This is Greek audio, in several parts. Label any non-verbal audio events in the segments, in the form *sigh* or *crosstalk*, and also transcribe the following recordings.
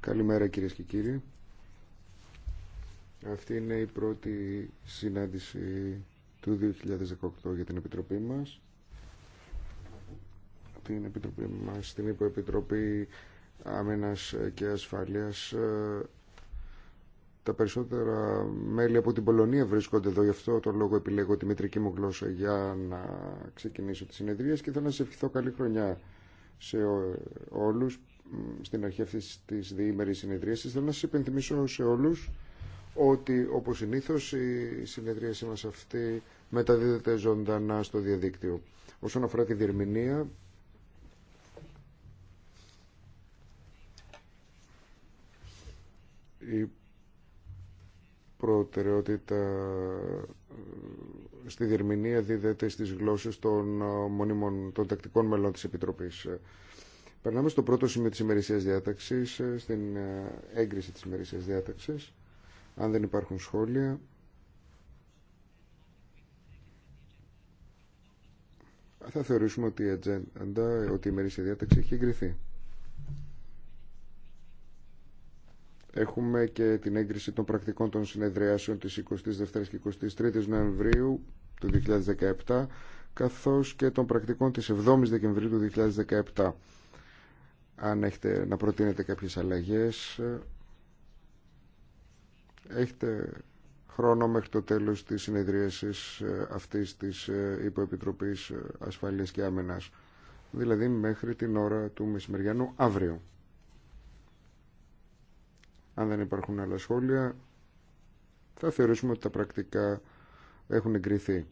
Καλημέρα κυρίε και κύριοι. Αυτή είναι η πρώτη συνάντηση του 2018 για την Επιτροπή μας. Την Επιτροπή μας, την Υποεπιτροπή Άμενας και Ασφάλειας. Τα περισσότερα μέλη από την Πολωνία βρίσκονται εδώ, γι' αυτό το λόγο επιλέγω τη μητρική μου γλώσσα για να ξεκινήσω τη συνεδρίες και θέλω να σας ευχηθώ καλή χρονιά σε όλου. στην αρχή αυτή της διήμερη συνεδρίασης. Θέλω να σα υπενθυμίσω σε όλους ότι όπως συνήθως η συνεδρίασή μας αυτή μεταδίδεται ζωντανά στο διαδίκτυο. Όσον αφορά τη διερμηνία, η προτεραιότητα στη διερμηνία δίδεται στις γλώσσες των ε, μονίμων, των τακτικών μελών της Επιτροπής. Περνάμε στο πρώτο σημείο της ημερησίας διάταξης, ε, στην ε, έγκριση της ημερησίας διάταξης. Αν δεν υπάρχουν σχόλια... Θα θεωρήσουμε ότι η ατζέντα, ότι η ημερήσια διάταξη έχει εγκριθεί. Έχουμε και την έγκριση των πρακτικών των συνεδριάσεων της 22ης και 23ης Νοεμβρίου του 2017 καθώς και των πρακτικών της 7ης Δεκεμβρίου του 2017. Αν έχετε να προτείνετε κάποιες αλλαγές, έχετε χρόνο μέχρι το τέλος της συνεδρίασης ε, αυτής της ε, Υποεπιτροπής ε, Ασφαλείας και Άμενας, δηλαδή μέχρι την ώρα του μεσημεριανού αύριο. Αν δεν υπάρχουν άλλα σχόλια, θα θεωρήσουμε ότι τα πρακτικά έχουν εγκριθεί.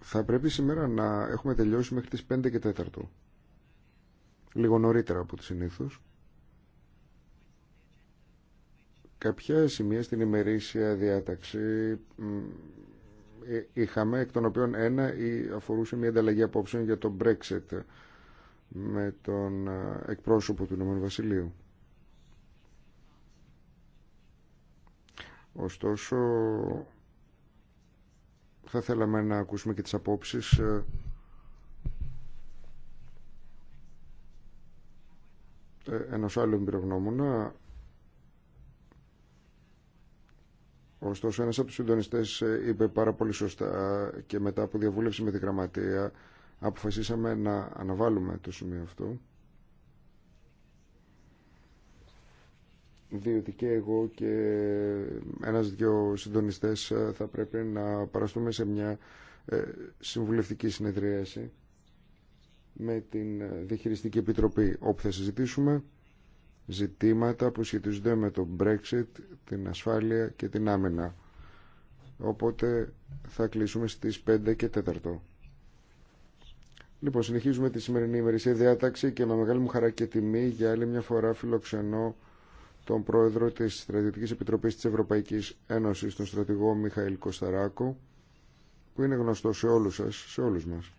Θα πρέπει σήμερα να έχουμε τελειώσει μέχρι τις 5 και 4. Λίγο νωρίτερα από τη συνήθως. Κάποια σημεία στην ημερήσια διάταξη ε, είχαμε, εκ των οποίων ένα αφορούσε μια ανταλλαγή απόψεων για το Brexit με τον ε, εκπρόσωπο του Ηνωμένου Βασιλείου. Ωστόσο, θα θέλαμε να ακούσουμε και τις απόψεις ε, ε, ενός άλλου εμπειρογνώμουνα. Ωστόσο, ένας από τους συντονιστές είπε πάρα πολύ σωστά και μετά από διαβούλευση με τη γραμματεία αποφασίσαμε να αναβάλουμε το σημείο αυτό. διότι και εγώ και ένας δυο συντονιστές ε, θα πρέπει να παραστούμε σε μια ε, συμβουλευτική συνεδρίαση με την ε, Διαχειριστική Επιτροπή όπου θα συζητήσουμε ζητήματα που σχετίζονται με το Brexit, την ασφάλεια και την άμενα. Οπότε θα κλείσουμε στις 5 και 4. Λοιπόν, συνεχίζουμε τη σημερινή ημερησία διάταξη και με μεγάλη μου χαρά και τιμή για άλλη μια φορά φιλοξενώ τον πρόεδρο της Στρατιωτική Επιτροπής της Ευρωπαϊκής Ένωσης, τον στρατηγό Μιχαήλ Κωνσταράκο, που είναι γνωστό σε όλους σας, σε όλους μας.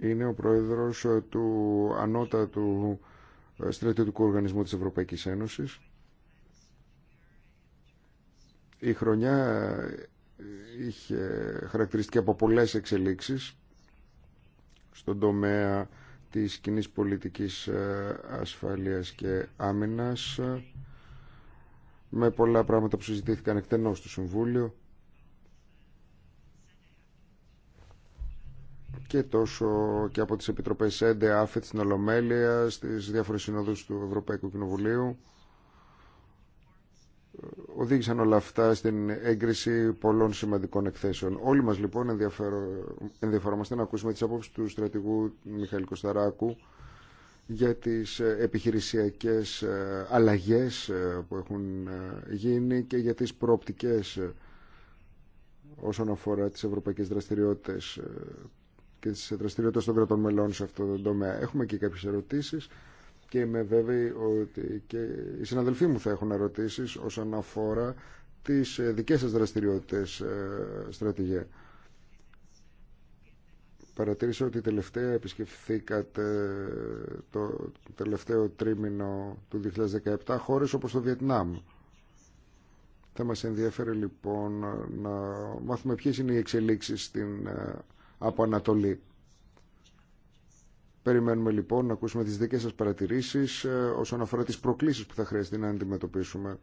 Είναι ο πρόεδρος ε, του ανώτατου ε, στρατιωτικού οργανισμού τη Ευρωπαϊκή Ένωση, Η χρονιά ε, είχε χαρακτηριστική από πολλές εξελίξεις στον τομέα της κοινή πολιτικής ε, ασφαλείας και άμυνας ε, με πολλά πράγματα που συζητήθηκαν εκτενώς στο Συμβούλιο και τόσο και από τις Επιτροπές ΕΝΤΕ, ΑΦΕΤ, στην Ολομέλεια, στις διάφορες συνόδους του Ευρωπαϊκού Κοινοβουλίου οδήγησαν όλα αυτά στην έγκριση πολλών σημαντικών εκθέσεων. Όλοι μας λοιπόν ενδιαφερόμαστε να ακούσουμε τις απόψεις του στρατηγού Μιχαήλ Κωνσταράκου για τις ε, επιχειρησιακές ε, αλλαγές ε, που έχουν γίνει και για τις προοπτικές όσον αφορά τις ευρωπαϊκές δραστηριότητες και τις δραστηριότητες των κρατών μελών σε αυτό το τομέα. Έχουμε και κάποιες ερωτήσεις και είμαι βέβαιη ότι και οι συναδελφοί μου θα έχουν ερωτήσεις όσον αφορά τις ε, δικές σας δραστηριότητες ε, στρατηγέ. Παρατήρησα ότι τελευταία επισκεφθήκατε ε, το τελευταίο τρίμηνο του 2017 χώρες όπως το Βιετνάμ. Θα μας ενδιαφέρει λοιπόν να μάθουμε ποιες είναι οι εξελίξεις στην από Ανατολή. Περιμένουμε λοιπόν να ακούσουμε τις δικές σας παρατηρήσεις ε, όσον αφορά τις προκλήσεις που θα χρειαστεί να αντιμετωπίσουμε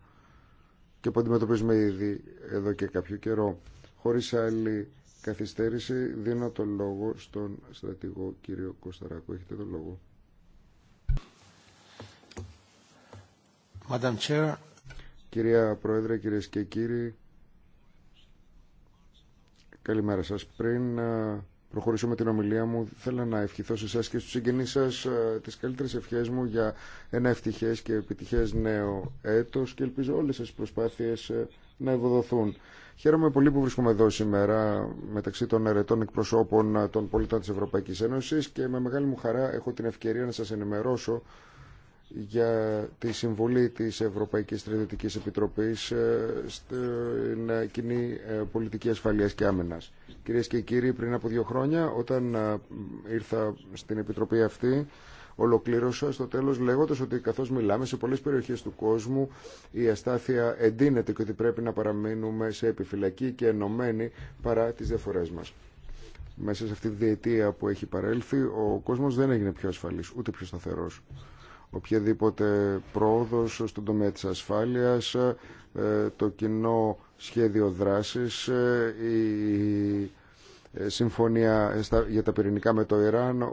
και που αντιμετωπίζουμε ήδη εδώ και κάποιο καιρό. Χωρίς άλλη καθυστέρηση δίνω το λόγο στον στρατηγό κύριο Κωνσταράκο. Έχετε το λόγο. Madam Chair. Κυρία Πρόεδρε, κυρίες και κύριοι, καλημέρα σας. Πριν ε, προχωρήσω με την ομιλία μου, θέλω να ευχηθώ σε εσά και στου συγγενεί σα ε, τι καλύτερε ευχέ μου για ένα ευτυχέ και επιτυχέ νέο έτο και ελπίζω όλε τι προσπάθειε ε, να ευοδοθούν. Χαίρομαι πολύ που βρίσκομαι εδώ σήμερα μεταξύ των ερετών εκπροσώπων ε, των πολιτών της Ευρωπαϊκής Ένωσης και με μεγάλη μου χαρά έχω την ευκαιρία να σα ενημερώσω για τη συμβολή της Ευρωπαϊκής Στρατιωτικής Επιτροπής ε, στην ε, κοινή ε, πολιτική ασφαλείας και άμενας. Κυρίες και κύριοι, πριν από δύο χρόνια, όταν ήρθα στην Επιτροπή αυτή, ολοκλήρωσα στο τέλος λέγοντας ότι καθώς μιλάμε σε πολλές περιοχές του κόσμου η αστάθεια εντείνεται και ότι πρέπει να παραμείνουμε σε επιφυλακή και ενωμένοι παρά τις διαφορές μας. Μέσα σε αυτή τη διετία που έχει παρέλθει, ο κόσμος δεν έγινε πιο ασφαλής, ούτε πιο σταθερός οποιαδήποτε πρόοδος στον τομέα της ασφάλειας, ε, το κοινό σχέδιο δράσης, ε, η ε, συμφωνία για τα πυρηνικά με το Ιράν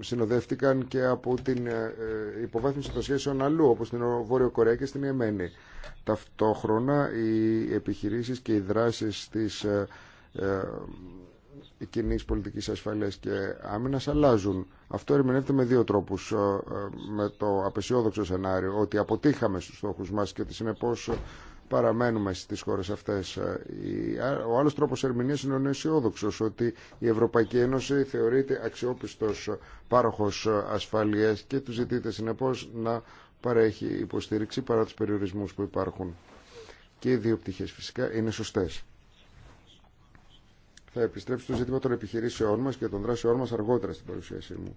συνοδεύτηκαν και από την υποβάθμιση των σχέσεων αλλού, όπως στην Βόρειο Κορέα και στην Ιεμένη. Ταυτόχρονα οι επιχειρήσεις και οι δράσεις της οι κοινή πολιτική ασφαλεία και άμυνα αλλάζουν. Αυτό ερμηνεύεται με δύο τρόπου. Ε, ε, με το απεσιόδοξο σενάριο ότι αποτύχαμε στου στόχου μα και ότι συνεπώ ε, παραμένουμε στι χώρε αυτέ. Ο άλλο τρόπο ερμηνεία είναι ο αισιόδοξο, ότι η Ευρωπαϊκή Ένωση θεωρείται αξιόπιστο πάροχο ασφαλεία και του ζητείται συνεπώ να παρέχει υποστήριξη παρά του περιορισμού που υπάρχουν. Και οι δύο πτυχέ φυσικά είναι σωστέ. Θα επιστρέψω στο ζήτημα των επιχειρήσεών μας και των δράσεών μας αργότερα στην παρουσίασή μου.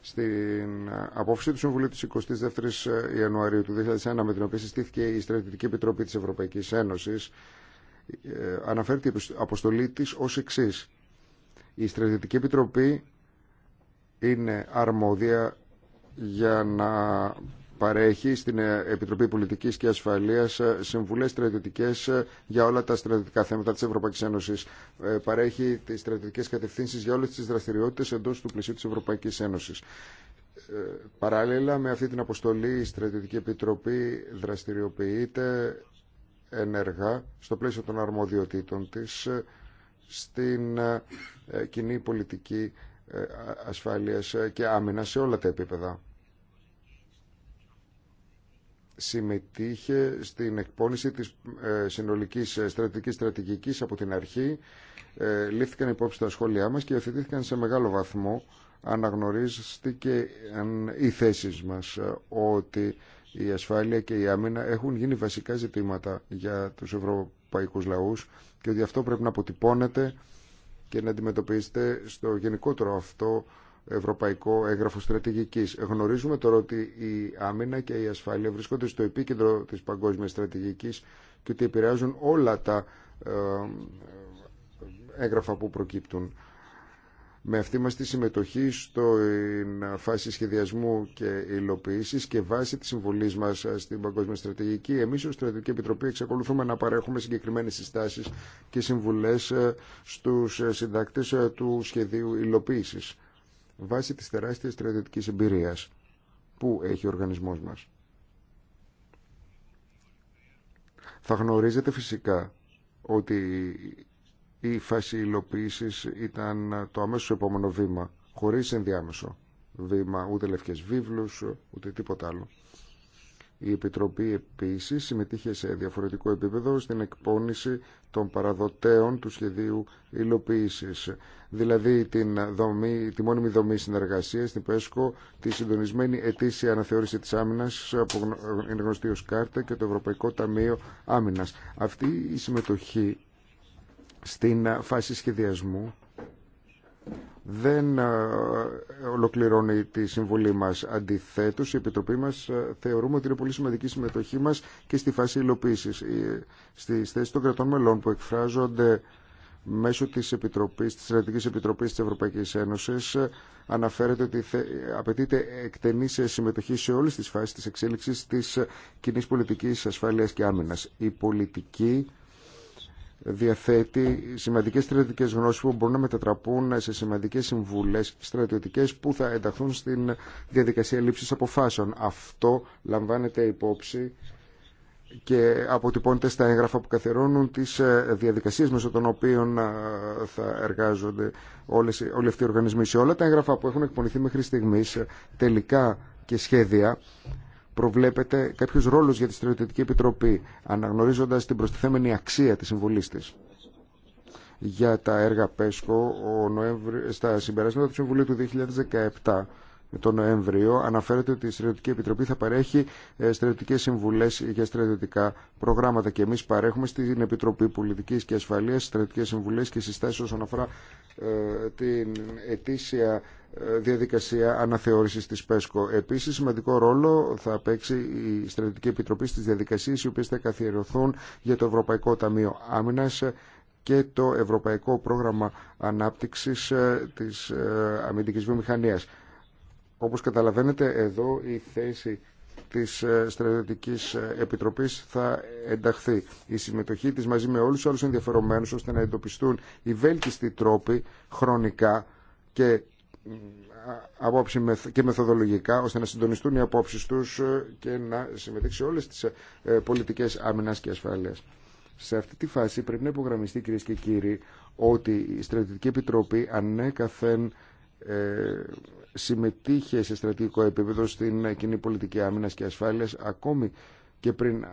Στην ε, απόφαση του Συμβουλίου της 22ης ε, Ιανουαρίου του 2001 με την οποία συστήθηκε η Στρατιωτική Επιτροπή της Ευρωπαϊκής Ένωσης ε, αναφέρει την αποστολή τη ως εξή. Η Στρατιωτική Επιτροπή είναι αρμόδια για να παρέχει στην ε, Επιτροπή Πολιτικής και Ασφαλείας ε, συμβουλές στρατιωτικές ε, για όλα τα στρατιωτικά θέματα της Ευρωπαϊκής Ένωσης. Παρέχει τις στρατιωτικές κατευθύνσεις για όλες τις δραστηριότητες εντός του πλαισίου της Ευρωπαϊκής Ένωσης. Παράλληλα με αυτή την αποστολή η Στρατιωτική Επιτροπή δραστηριοποιείται ενεργά στο πλαίσιο των αρμοδιοτήτων της στην κοινή πολιτική ασφάλειας και άμυνα σε όλα τα επίπεδα συμμετείχε στην εκπόνηση της ε, συνολικής ε, στρατηγικής στρατηγικής από την αρχή. Ε, λήφθηκαν υπόψη τα σχόλιά μας και υιοθετήθηκαν σε μεγάλο βαθμό. Αναγνωρίστηκε οι θέσεις μας ότι η ασφάλεια και η άμυνα έχουν γίνει βασικά ζητήματα για τους ευρωπαϊκούς λαούς και ότι αυτό πρέπει να αποτυπώνεται και να αντιμετωπίσετε στο γενικότερο αυτό Ευρωπαϊκό Έγγραφο Στρατηγική. Γνωρίζουμε τώρα ότι η άμυνα και η ασφάλεια βρίσκονται στο επίκεντρο τη παγκόσμια στρατηγική και ότι επηρεάζουν όλα τα ε, έγγραφα που προκύπτουν. Με αυτή μας τη συμμετοχή στην ε, φάση σχεδιασμού και υλοποίησης και βάσει της συμβολής μας ε, στην Παγκόσμια Στρατηγική, εμείς ως Στρατηγική Επιτροπή εξακολουθούμε να παρέχουμε συγκεκριμένες συστάσεις και συμβουλές στους συντάκτες του σχεδίου υλοποίησης βάσει της τεράστιας στρατιωτικής εμπειρίας που έχει ο οργανισμός μας. Θα γνωρίζετε φυσικά ότι η φάση υλοποίηση ήταν το αμέσως επόμενο βήμα, χωρίς ενδιάμεσο βήμα, ούτε λευκές βίβλους, ούτε τίποτα άλλο. Η Επιτροπή επίσης συμμετείχε σε διαφορετικό επίπεδο στην εκπόνηση των παραδοτέων του σχεδίου υλοποίηση. δηλαδή την δομή, τη μόνιμη δομή συνεργασία στην ΠΕΣΚΟ, τη συντονισμένη ετήσια αναθεώρηση της άμυνας που είναι γνωστή ως κάρτα και το Ευρωπαϊκό Ταμείο Άμυνα. Αυτή η συμμετοχή στην φάση σχεδιασμού δεν ε, ολοκληρώνει τη συμβολή μας. Αντιθέτως, η Επιτροπή μας ε, θεωρούμε ότι είναι πολύ σημαντική συμμετοχή μας και στη φάση υλοποίηση. Στις θέσεις των κρατών μελών που εκφράζονται μέσω της, Επιτροπής, της Στρατηγικής Επιτροπής της Ευρωπαϊκής Ένωσης ε, αναφέρεται ότι απαιτείται εκτενή συμμετοχή σε όλες τις φάσεις της εξέλιξης της κοινή πολιτικής ασφάλειας και άμυνας. Η πολιτική διαθέτει σημαντικές στρατιωτικές γνώσεις που μπορούν να μετατραπούν σε σημαντικές συμβουλές στρατιωτικές που θα ενταχθούν στην διαδικασία λήψης αποφάσεων. Αυτό λαμβάνεται υπόψη και αποτυπώνεται στα έγγραφα που καθερώνουν τις ε, διαδικασίες μέσω των οποίων ε, θα εργάζονται όλες, όλοι αυτοί οι οργανισμοί. Σε όλα τα έγγραφα που έχουν εκπονηθεί μέχρι στιγμής ε, τελικά και σχέδια προβλέπετε κάποιους ρόλους για τη Στρατιωτική Επιτροπή, αναγνωρίζοντας την προστιθέμενη αξία τη συμβολή τη. Για τα έργα ΠΕΣΚΟ, ο στα συμπεράσματα του Συμβουλίου του 2017, τον Νοέμβριο αναφέρεται ότι η Στρατιωτική Επιτροπή θα παρέχει ε, στρατιωτικές συμβουλές για στρατιωτικά προγράμματα και εμείς παρέχουμε στην Επιτροπή Πολιτικής και Ασφαλείας στρατιωτικές συμβουλές και συστάσεις όσον αφορά ε, την ετήσια ε, διαδικασία αναθεώρησης της ΠΕΣΚΟ. Επίσης, σημαντικό ρόλο θα παίξει η Στρατιωτική Επιτροπή στις διαδικασίες οι οποίες θα καθιερωθούν για το Ευρωπαϊκό Ταμείο Άμυνας και το Ευρωπαϊκό Πρόγραμμα Ανάπτυξης της Αμυντικής Βιομηχανίας. Όπως καταλαβαίνετε εδώ η θέση της ε, Στρατιωτικής ε, Επιτροπής θα ενταχθεί. Η συμμετοχή της μαζί με όλους τους ενδιαφερομένους ώστε να εντοπιστούν οι βέλτιστοι τρόποι χρονικά και απόψη και μεθοδολογικά ώστε να συντονιστούν οι απόψεις τους ε, και να συμμετέχει σε όλες τις πολιτικές άμυνας και ασφάλειας. Σε αυτή τη φάση πρέπει να υπογραμμιστεί κυρίε και κύριοι ότι η Στρατιωτική Επιτροπή ανέκαθεν συμμετείχε σε στρατηγικό επίπεδο στην κοινή πολιτική άμυνας και ασφάλειας ακόμη και πριν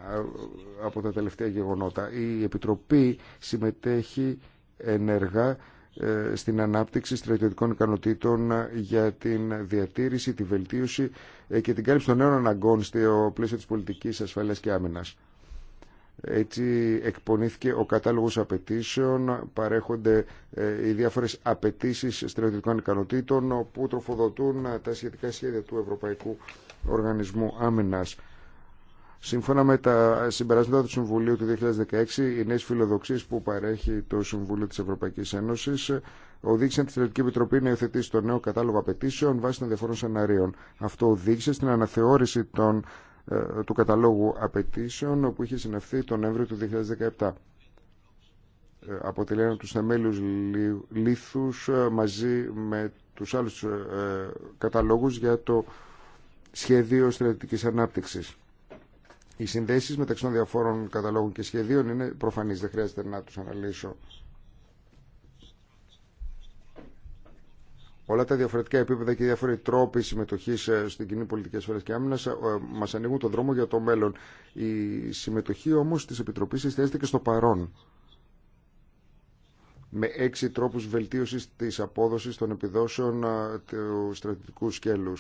από τα τελευταία γεγονότα. Η Επιτροπή συμμετέχει ενεργά ε, στην ανάπτυξη στρατιωτικών ικανοτήτων για την διατήρηση, τη βελτίωση ε, και την κάλυψη των νέων αναγκών στο πλαίσιο της πολιτικής ασφαλείας και άμυνας. Έτσι εκπονήθηκε ο κατάλογος απαιτήσεων, παρέχονται ε, οι διάφορες απαιτήσει στρατιωτικών ικανοτήτων που τροφοδοτούν ε, τα σχετικά σχέδια του Ευρωπαϊκού Οργανισμού Άμυνας. Σύμφωνα με τα συμπεράσματα του Συμβουλίου του 2016, οι νέε φιλοδοξίε που παρέχει το Συμβούλιο της Ευρωπαϊκής Ένωσης οδήγησαν τη Στρατιωτική Επιτροπή να υιοθετήσει το νέο κατάλογο απαιτήσεων βάσει των διαφόρων σενάριων. Αυτό οδήγησε στην αναθεώρηση των ε, του καταλόγου απαιτήσεων που είχε συνευθεί τον Νοέμβριο του 2017. Αποτελεί του τους θεμέλιους λίθους ε, μαζί με τους άλλους ε, καταλόγους για το σχέδιο στρατητικής ανάπτυξης. Οι συνδέσεις μεταξύ των διαφόρων καταλόγων και σχεδίων είναι προφανείς, δεν χρειάζεται να τους αναλύσω. όλα τα διαφορετικά επίπεδα και οι διάφοροι τρόποι συμμετοχή ε, στην κοινή πολιτική ασφαλεία και άμυνα ε, μα ανοίγουν το δρόμο για το μέλλον. Η συμμετοχή όμω τη Επιτροπή εστιάζεται και στο παρόν. Με έξι τρόπου βελτίωση τη απόδοση των επιδόσεων ε, του στρατιωτικού σκέλου.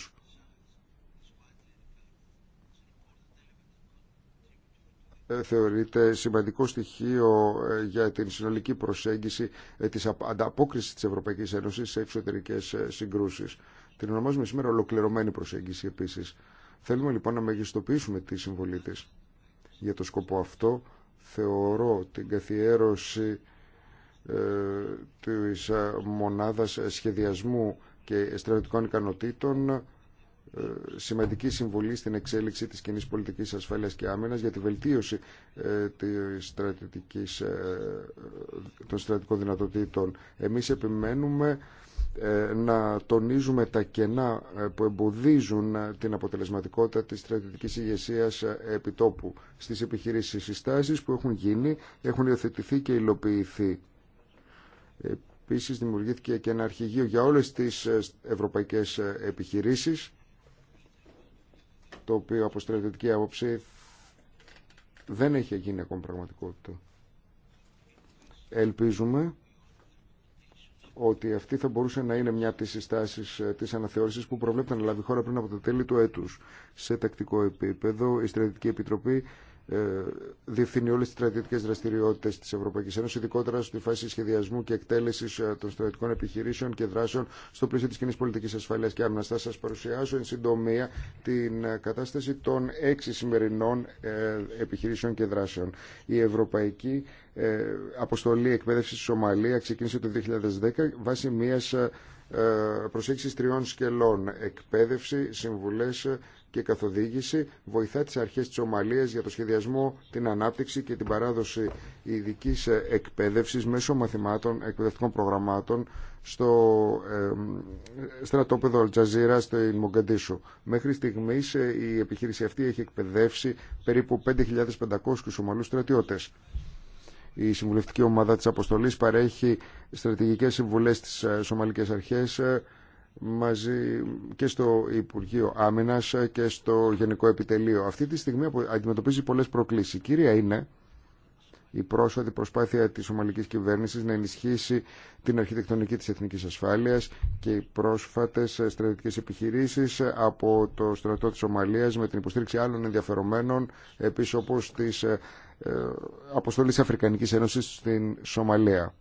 Ε, θεωρείται σημαντικό στοιχείο ε, για την συνολική προσέγγιση ε, της ανταπόκρισης της Ευρωπαϊκής Ένωσης σε εξωτερικές συγκρούσεις. Την ονομάζουμε σήμερα ολοκληρωμένη προσέγγιση επίσης. Θέλουμε λοιπόν να μεγιστοποιήσουμε τη συμβολή της. Για το σκοπό αυτό θεωρώ την καθιέρωση ε, της μονάδας σχεδιασμού και στρατιωτικών ικανοτήτων ε, σημαντική συμβολή στην εξέλιξη της κοινή πολιτικής ασφάλειας και άμυνας για τη βελτίωση ε, της ε, των στρατικών δυνατοτήτων. Εμείς επιμένουμε να τονίζουμε τα κενά που εμποδίζουν την αποτελεσματικότητα της στρατιωτικής ηγεσία επιτόπου στις επιχειρήσεις συστάσεις που έχουν γίνει, έχουν υιοθετηθεί και υλοποιηθεί. Επίσης δημιουργήθηκε και ένα αρχηγείο για όλες τις ευρωπαϊκές επιχειρήσεις το οποίο από στρατιωτική άποψη δεν έχει γίνει ακόμα πραγματικότητα. Ελπίζουμε ότι αυτή θα μπορούσε να είναι μια από τις συστάσεις ε, της αναθεώρησης που προβλέπεται να λάβει χώρα πριν από το τέλη του έτους. Σε τακτικό επίπεδο η Στρατιωτική Επιτροπή ε, διευθύνει όλε τι στρατιωτικέ δραστηριότητε τη Ευρωπαϊκή Ένωση, ειδικότερα στη φάση σχεδιασμού και εκτέλεση ε, των στρατιωτικών επιχειρήσεων και δράσεων στο πλαίσιο τη κοινή πολιτική ασφαλεία και άμυνα. Θα σα παρουσιάσω εν συντομία την ε, κατάσταση των έξι σημερινών επιχειρήσεων και δράσεων. Η Ευρωπαϊκή Αποστολή Εκπαίδευση στη Σομαλία ξεκίνησε το 2010 βάσει μια προσέγγιση τριών σκελών. Εκπαίδευση, συμβουλέ και καθοδήγηση βοηθά τις αρχές της Ομαλίας για το σχεδιασμό, την ανάπτυξη και την παράδοση ειδική ε, εκπαίδευση μέσω μαθημάτων, εκπαιδευτικών προγραμμάτων στο ε, στρατόπεδο Αλτζαζίρα στο Ιλμογκαντήσου. Μέχρι στιγμής ε, η επιχείρηση αυτή έχει εκπαιδεύσει περίπου 5.500 Ομαλούς στρατιώτες. Η συμβουλευτική ομάδα της αποστολής παρέχει στρατηγικές συμβουλές στις ε, Σομαλικές Αρχές μαζί και στο Υπουργείο Άμυνα και στο Γενικό Επιτελείο. Αυτή τη στιγμή αντιμετωπίζει πολλέ προκλήσει. κύρια είναι η πρόσφατη προσπάθεια της Ομαλικής Κυβέρνησης να ενισχύσει την αρχιτεκτονική της εθνικής ασφάλειας και οι πρόσφατες στρατιωτικές επιχειρήσεις από το στρατό της Ομαλίας με την υποστήριξη άλλων ενδιαφερομένων επίσης όπως της ε, ε, αποστολής Αφρικανικής Ένωσης στην Σομαλία.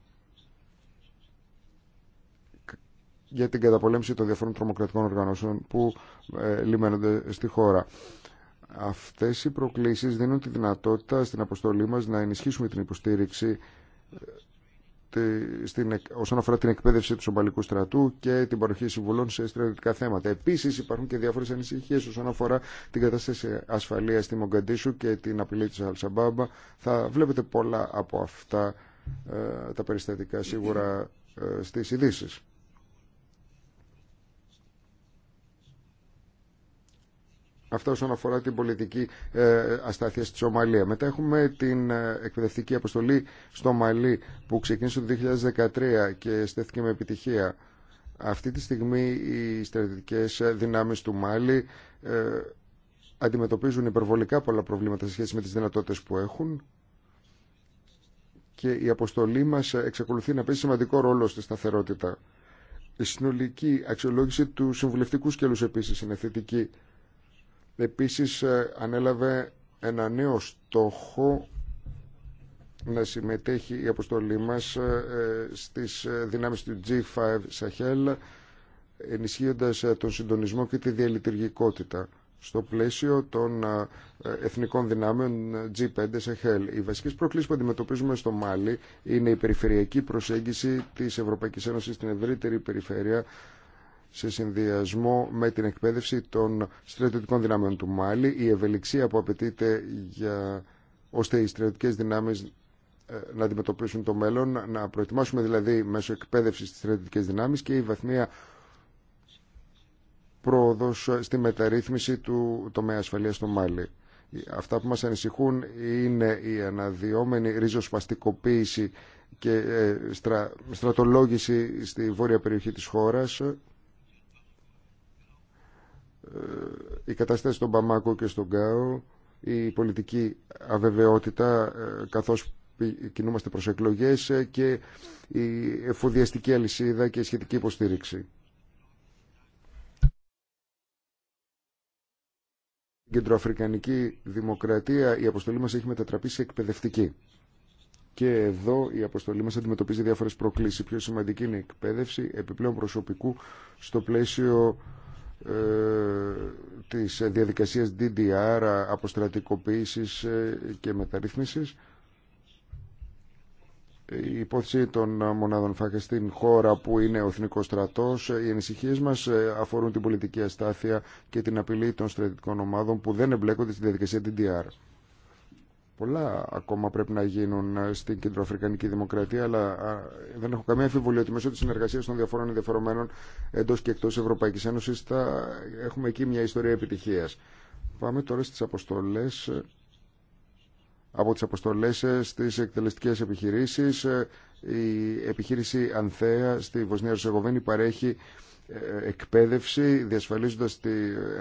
για την καταπολέμηση των διαφόρων τρομοκρατικών οργανώσεων που ε, λιμένονται στη χώρα. Αυτές οι προκλήσεις δίνουν τη δυνατότητα στην αποστολή μας να ενισχύσουμε την υποστήριξη ε, στην, όσον αφορά την εκπαίδευση του Σομπαλικού στρατού και την παροχή συμβουλών σε στρατιωτικά θέματα. Επίση, υπάρχουν και διάφορε ανησυχίε όσον αφορά την κατάσταση ασφαλεία στη Μογκαντήσου και την απειλή τη Αλσαμπάμπα. Θα βλέπετε πολλά από αυτά ε, τα περιστατικά σίγουρα στι ειδήσει. Αυτά όσον αφορά την πολιτική ε, αστάθεια στη Σομαλία. Μετά έχουμε την ε, εκπαιδευτική αποστολή στο Μαλί που ξεκίνησε το 2013 και στέθηκε με επιτυχία. Αυτή τη στιγμή οι στρατιωτικές δυνάμεις του Μάλι ε, αντιμετωπίζουν υπερβολικά πολλά προβλήματα σε σχέση με τις δυνατότητες που έχουν και η αποστολή μας εξακολουθεί να παίζει σημαντικό ρόλο στη σταθερότητα. Η συνολική αξιολόγηση του συμβουλευτικού σκέλους επίσης είναι θετική. Επίσης ε, ανέλαβε ένα νέο στόχο να συμμετέχει η αποστολή μας ε, ε, στις δυνάμεις του G5 Sahel ενισχύοντας τον συντονισμό και τη διαλειτουργικότητα στο πλαίσιο των εθνικών δυνάμεων G5 Sahel. Οι βασικές προκλήσεις που αντιμετωπίζουμε στο Μάλι είναι η περιφερειακή προσέγγιση της Ευρωπαϊκής Ένωσης στην ευρύτερη περιφέρεια σε συνδυασμό με την εκπαίδευση των στρατιωτικών δυνάμεων του Μάλι, η ευελιξία που απαιτείται για... ώστε οι στρατιωτικές δυνάμεις ε, να αντιμετωπίσουν το μέλλον, να προετοιμάσουμε δηλαδή μέσω εκπαίδευση τις στρατιωτικέ δυνάμεις και η βαθμία πρόοδο στη μεταρρύθμιση του τομέα ασφαλείας στο Μάλι. Αυτά που μα ανησυχούν είναι η αναδυόμενη ριζοσπαστικοποίηση και ε, στρατολόγηση στη βόρεια περιοχή της χώρας ε, η κατάσταση στον Παμάκο και στον ΚΑΟ, η πολιτική αβεβαιότητα ε, καθώς κινούμαστε προς εκλογές ε, και η εφοδιαστική αλυσίδα και η σχετική υποστήριξη. Η κεντροαφρικανική δημοκρατία, η αποστολή μας έχει μετατραπεί σε εκπαιδευτική. Και εδώ η αποστολή μας αντιμετωπίζει διάφορες προκλήσεις. πιο σημαντική είναι η εκπαίδευση επιπλέον προσωπικού στο πλαίσιο ε, της διαδικασίας DDR, αποστρατικοποίησης ε, και μεταρρύθμισης. Η υπόθεση των μονάδων ΦΑΚΕ στην χώρα που είναι ο Εθνικό Στρατό, οι ανησυχίε μα ε, αφορούν την πολιτική αστάθεια και την απειλή των στρατιωτικών ομάδων που δεν εμπλέκονται στη διαδικασία DDR. Πολλά ακόμα πρέπει να γίνουν ε, στην Κεντροαφρικανική Δημοκρατία, αλλά δεν έχω καμία αμφιβολία ότι μέσω τη συνεργασία των διαφόρων ενδιαφερομένων εντό και εκτό Ευρωπαϊκή Ένωση θα έχουμε εκεί μια ιστορία επιτυχία. Πάμε τώρα στι αποστολέ. Ε, από τι αποστολέ ε, στι εκτελεστικέ επιχειρήσει, η επιχείρηση Ανθέα στη Βοσνία Ερσεγοβίνη παρέχει εκπαίδευση διασφαλίζοντας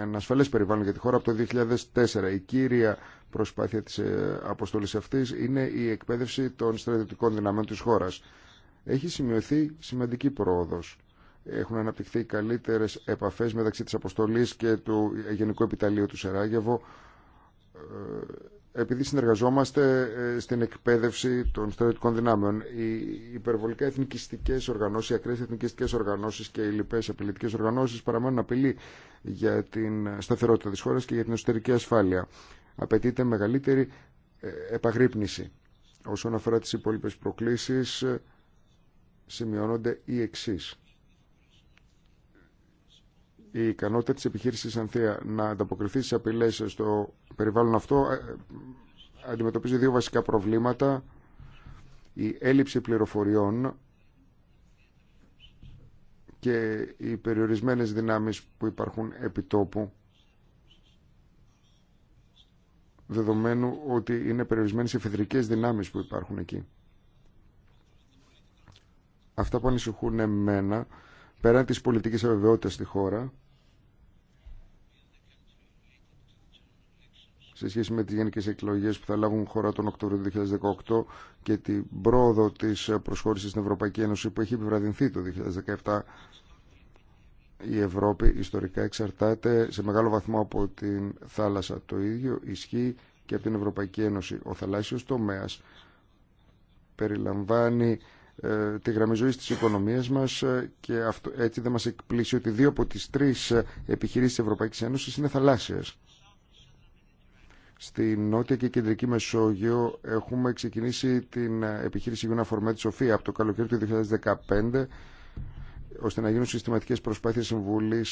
ένα ασφαλές περιβάλλον για τη χώρα από το 2004. Η κύρια προσπάθεια της ε, αποστολής αυτής είναι η εκπαίδευση των στρατιωτικών δυναμών της χώρας. Έχει σημειωθεί σημαντική πρόοδος. Έχουν αναπτυχθεί καλύτερες επαφές μεταξύ της αποστολής και του Γενικού Επιταλείου του Σεράγεβο ε, επειδή συνεργαζόμαστε ε, στην εκπαίδευση των στρατιωτικών δυνάμεων. Οι υπερβολικά εθνικιστικέ οργανώσει, οι ακραίες εθνικιστικές οργανώσεις και οι λοιπές απειλητικέ οργανώσει παραμένουν απειλή για την σταθερότητα τη χώρα και για την εσωτερική ασφάλεια. Απαιτείται μεγαλύτερη ε, επαγρύπνηση. Όσον αφορά τις υπόλοιπες προκλήσεις, ε, σημειώνονται οι εξή. Η ικανότητα της επιχείρησης Ανθία να ανταποκριθεί στις απειλές στο περιβάλλον αυτό ε, αντιμετωπίζει δύο βασικά προβλήματα. Η έλλειψη πληροφοριών και οι περιορισμένες δυνάμεις που υπάρχουν επί τόπου δεδομένου ότι είναι περιορισμένες οι εφεδρικές δυνάμεις που υπάρχουν εκεί. Αυτά που ανησυχούν εμένα, πέραν της πολιτικής αβεβαιότητας στη χώρα, σε σχέση με τις γενικές εκλογές που θα λάβουν χώρα τον Οκτώβριο του 2018 και την πρόοδο της προσχώρησης στην Ευρωπαϊκή Ένωση που έχει επιβραδυνθεί το 2017 η Ευρώπη ιστορικά εξαρτάται σε μεγάλο βαθμό από την θάλασσα. Το ίδιο ισχύει και από την Ευρωπαϊκή Ένωση. Ο θαλάσσιος τομέας περιλαμβάνει ε, τη γραμμή ζωής της οικονομίας μας ε, και αυτό, έτσι δεν μας εκπλήσει ότι δύο από τις τρεις ε, επιχειρήσεις της Ευρωπαϊκής Ένωσης είναι θαλάσσιες. Στη Νότια και Κεντρική Μεσόγειο έχουμε ξεκινήσει την ε, επιχείρηση Γιούνα Φορμέτ Σοφία από το καλοκαίρι του 2015 ώστε να γίνουν συστηματικές προσπάθειες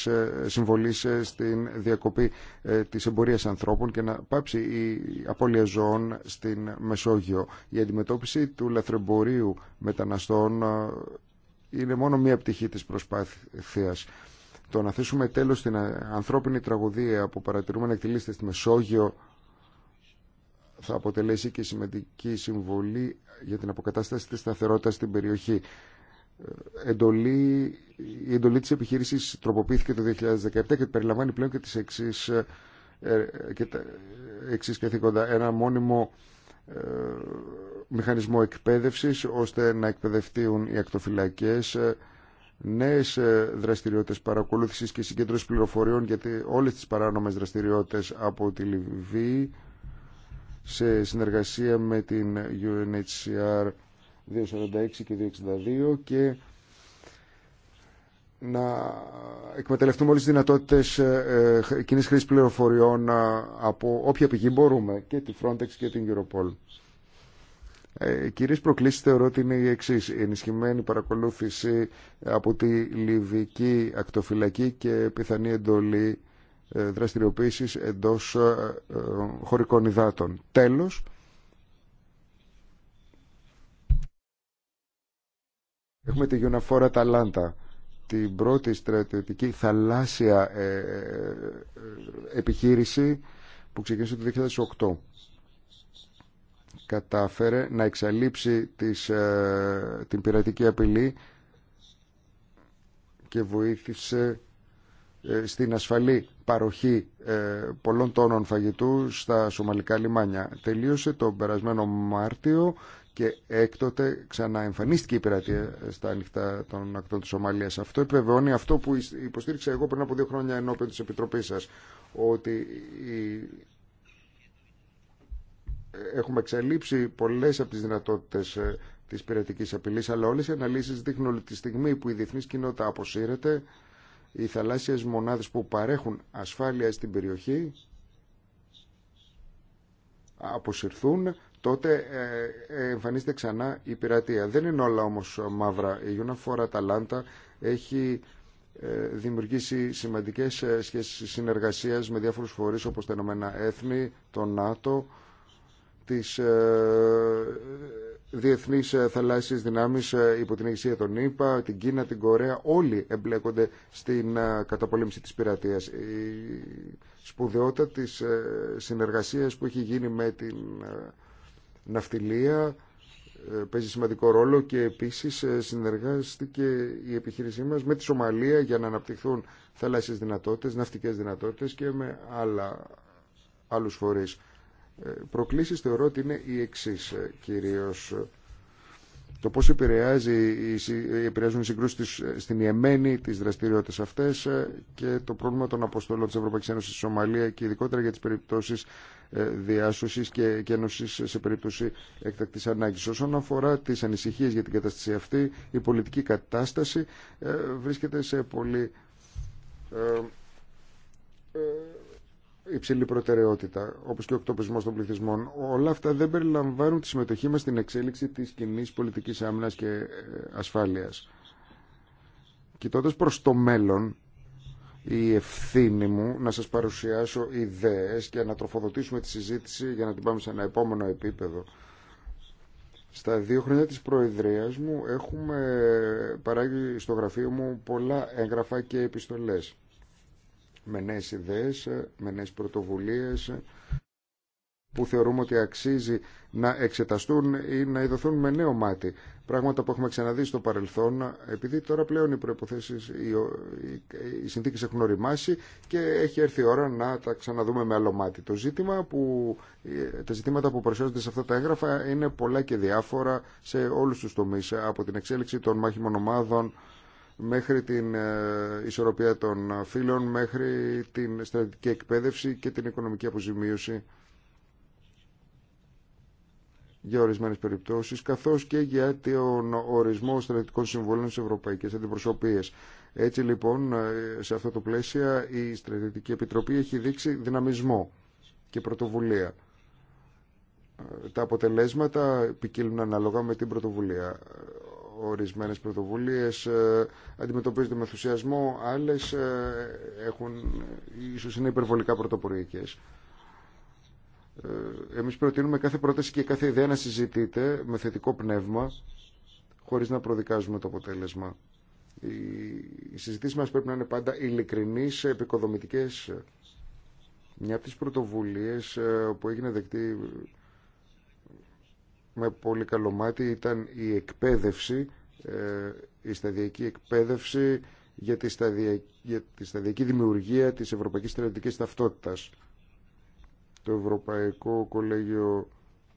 ε, συμβολή ε, στην διακοπή ε, της εμπορίας ανθρώπων και να πάψει η απώλεια ζώων στην Μεσόγειο. Η αντιμετώπιση του λαθρεμπορίου μεταναστών είναι μόνο μία πτυχή της προσπάθειας. Το να θέσουμε τέλος στην ανθρώπινη τραγωδία που παρατηρούμε να εκτελείστε στη Μεσόγειο θα αποτελέσει και σημαντική συμβολή για την αποκατάσταση της σταθερότητας στην περιοχή εντολή, η εντολή της επιχείρησης τροποποιήθηκε το 2017 και περιλαμβάνει πλέον και τις εξής, ε, ε, και εξής καθήκοντα. Ένα μόνιμο ε, μηχανισμό εκπαίδευσης ώστε να εκπαιδευτούν οι ακτοφυλακές νέες δραστηριότητες παρακολούθησης και συγκέντρωση πληροφοριών γιατί όλες τις παράνομες δραστηριότητες από τη Λιβύη σε συνεργασία με την UNHCR 246 και 262 και να εκμεταλλευτούμε όλες τις δυνατότητες ε, ε, κοινής χρήσης πληροφοριών ε, από όποια πηγή μπορούμε και τη Frontex και την Europol. Ε, κυρίες προκλήσεις θεωρώ ότι είναι η εξή. Η ενισχυμένη παρακολούθηση από τη Λιβική ακτοφυλακή και πιθανή εντολή δραστηριοποίησης εντός χωρικών υδάτων. Τέλος, Έχουμε τη Γιουναφόρα Ταλάντα, την πρώτη στρατιωτική θαλάσσια ε, ε, ε, επιχείρηση που ξεκίνησε το 2008 κατάφερε να εξαλείψει της, την πειρατική απειλή και βοήθησε στην ασφαλή παροχή πολλών τόνων φαγητού στα Σομαλικά λιμάνια. Τελείωσε τον περασμένο Μάρτιο και έκτοτε ξανά εμφανίστηκε η πειρατεία στα ανοιχτά των ακτών της Σομαλίας. Αυτό επιβεβαιώνει αυτό που υποστήριξα εγώ πριν από δύο χρόνια ενώπιον της Επιτροπής σας, ότι έχουμε εξαλείψει πολλές από τις δυνατότητες ε, της πειρατικής απειλής, αλλά όλες οι αναλύσεις δείχνουν ότι τη στιγμή που η διεθνής κοινότητα αποσύρεται, οι θαλάσσιες μονάδες που παρέχουν ασφάλεια στην περιοχή αποσυρθούν τότε ε, ε, εμφανίζεται ξανά η πειρατεία. Δεν είναι όλα όμως μαύρα. Η Unifor Atalanta έχει ε, δημιουργήσει σημαντικές σχέσεις συνεργασίας με διάφορους φορείς όπως τα Ηνωμένα Έθνη, το ΝΑΤΟ, τις διεθνείς θαλάσσιες δυνάμεις υπό την ηγεσία των ΗΠΑ, την Κίνα, την Κορέα, όλοι εμπλέκονται στην καταπολέμηση της πειρατείας. Η σπουδαιότητα της συνεργασίας που έχει γίνει με την ναυτιλία ε, παίζει σημαντικό ρόλο και επίσης ε, συνεργάστηκε η επιχείρησή μας με τη Σομαλία για να αναπτυχθούν θαλάσσιες δυνατότητες, ναυτικές δυνατότητες και με άλλα, άλλους φορείς. Ε, προκλήσεις θεωρώ ότι είναι οι εξής κυρίως το πώς επηρεάζει, επηρεάζουν οι συγκρούσεις ε, στην Ιεμένη, τις δραστηριότητες αυτές ε, και το πρόβλημα των αποστολών της Ευρωπαϊκής Ένωσης στη Σομαλία και ειδικότερα για τις περιπτώσεις ε, διάσωσης και, και ένωσης σε περίπτωση εκτακτής ανάγκης. Όσον αφορά τις ανησυχίες για την κατάσταση αυτή, η πολιτική κατάσταση βρίσκεται σε πολύ υψηλή προτεραιότητα, όπως και ο εκτοπισμό των πληθυσμών. Όλα αυτά δεν περιλαμβάνουν τη συμμετοχή μας στην εξέλιξη της κοινή πολιτική άμυνα και ε, ασφάλειας. Κοιτώντα προ το μέλλον, η ευθύνη μου να σας παρουσιάσω ιδέες και να τροφοδοτήσουμε τη συζήτηση για να την πάμε σε ένα επόμενο επίπεδο. Στα δύο χρόνια της Προεδρίας μου έχουμε παράγει στο γραφείο μου πολλά έγγραφα και επιστολές με νέες ιδέες, με νέες πρωτοβουλίες που θεωρούμε ότι αξίζει να εξεταστούν ή να ειδωθούν με νέο μάτι. Πράγματα που έχουμε ξαναδεί στο παρελθόν, επειδή τώρα πλέον οι προϋποθέσεις, οι, οι συνθήκες έχουν οριμάσει και έχει έρθει η ώρα να τα ξαναδούμε με άλλο μάτι. Το ζήτημα που, τα ζητήματα που παρουσιάζονται σε αυτά τα έγγραφα είναι πολλά και διάφορα σε όλους τους τομείς, από την εξέλιξη των μάχημων ομάδων, μέχρι την ε, ισορροπία των φύλων, μέχρι την στρατηγική εκπαίδευση και την οικονομική αποζημίωση για ορισμένε περιπτώσει, καθώ και για τον ορισμό στρατητικών συμβολών στι ευρωπαϊκέ αντιπροσωπείε. Έτσι λοιπόν, ε, σε αυτό το πλαίσιο, η στρατηγική Επιτροπή έχει δείξει δυναμισμό και πρωτοβουλία. Ε, τα αποτελέσματα ποικίλουν ανάλογα με την πρωτοβουλία. Ορισμένες πρωτοβουλίες ε, αντιμετωπίζονται με ενθουσιασμό, άλλες ε, έχουν, ίσως είναι υπερβολικά πρωτοποριακές. Ε, εμείς προτείνουμε κάθε πρόταση και κάθε ιδέα να συζητείται με θετικό πνεύμα, χωρίς να προδικάζουμε το αποτέλεσμα. Οι συζήτηση μας πρέπει να είναι πάντα ειλικρινείς, επικοδομητικές. Μια από τις πρωτοβουλίες που έγινε δεκτή με πολύ καλό μάτι ήταν η εκπαίδευση, ε, η σταδιακή εκπαίδευση για τη, σταδιακή, για τη σταδιακή δημιουργία της Ευρωπαϊκής Στρατιωτικής Ταυτότητας. Το Ευρωπαϊκό Κολέγιο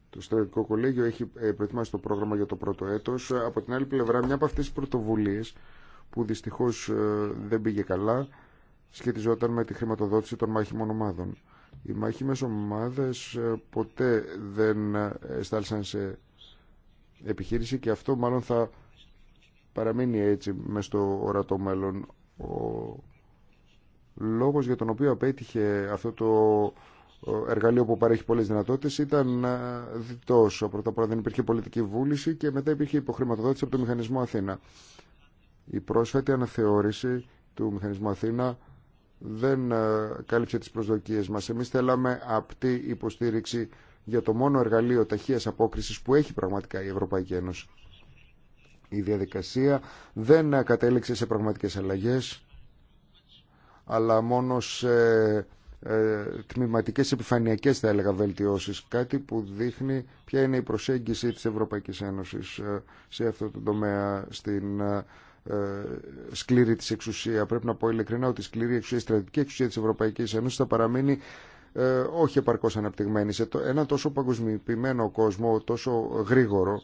το Στρατιωτικό Κολέγιο έχει ε, προετοιμάσει το πρόγραμμα για το πρώτο έτος. Από την άλλη πλευρά, μια από αυτές τις πρωτοβουλίες που δυστυχώς ε, δεν πήγε καλά σχετιζόταν με τη χρηματοδότηση των μάχημων ομάδων. Οι μαχήμες ομάδες ε, ποτέ δεν ε, εστάλσαν σε επιχείρηση και αυτό μάλλον θα παραμείνει έτσι με στο ορατό μέλλον. Ο λόγος για τον οποίο απέτυχε αυτό το ε, εργαλείο που παρέχει πολλές δυνατότητες ήταν διτός. Πρώτα απ' όλα δεν υπήρχε πολιτική βούληση και μετά υπήρχε υποχρηματοδότηση από το Μηχανισμό Αθήνα. Η πρόσφατη αναθεώρηση του Μηχανισμού Αθήνα δεν ε, κάλυψε τις προσδοκίες μας. Εμείς θέλαμε απτή υποστήριξη για το μόνο εργαλείο ταχείας απόκρισης που έχει πραγματικά η Ευρωπαϊκή Ένωση. Η διαδικασία δεν ε, κατέληξε σε πραγματικές αλλαγές, αλλά μόνο σε ε, τμηματικές επιφανειακές θα έλεγα βελτιώσεις κάτι που δείχνει ποια είναι η προσέγγιση της Ευρωπαϊκής Ένωσης ε, σε αυτό το τομέα στην ε, σκλήρη της εξουσία. Πρέπει να πω ειλικρινά ότι η σκληρή εξουσία, η στρατηγική εξουσία της Ευρωπαϊκής Ένωσης θα παραμείνει ε, όχι επαρκώς αναπτυγμένη. Σε ένα τόσο παγκοσμιοποιημένο κόσμο, τόσο γρήγορο,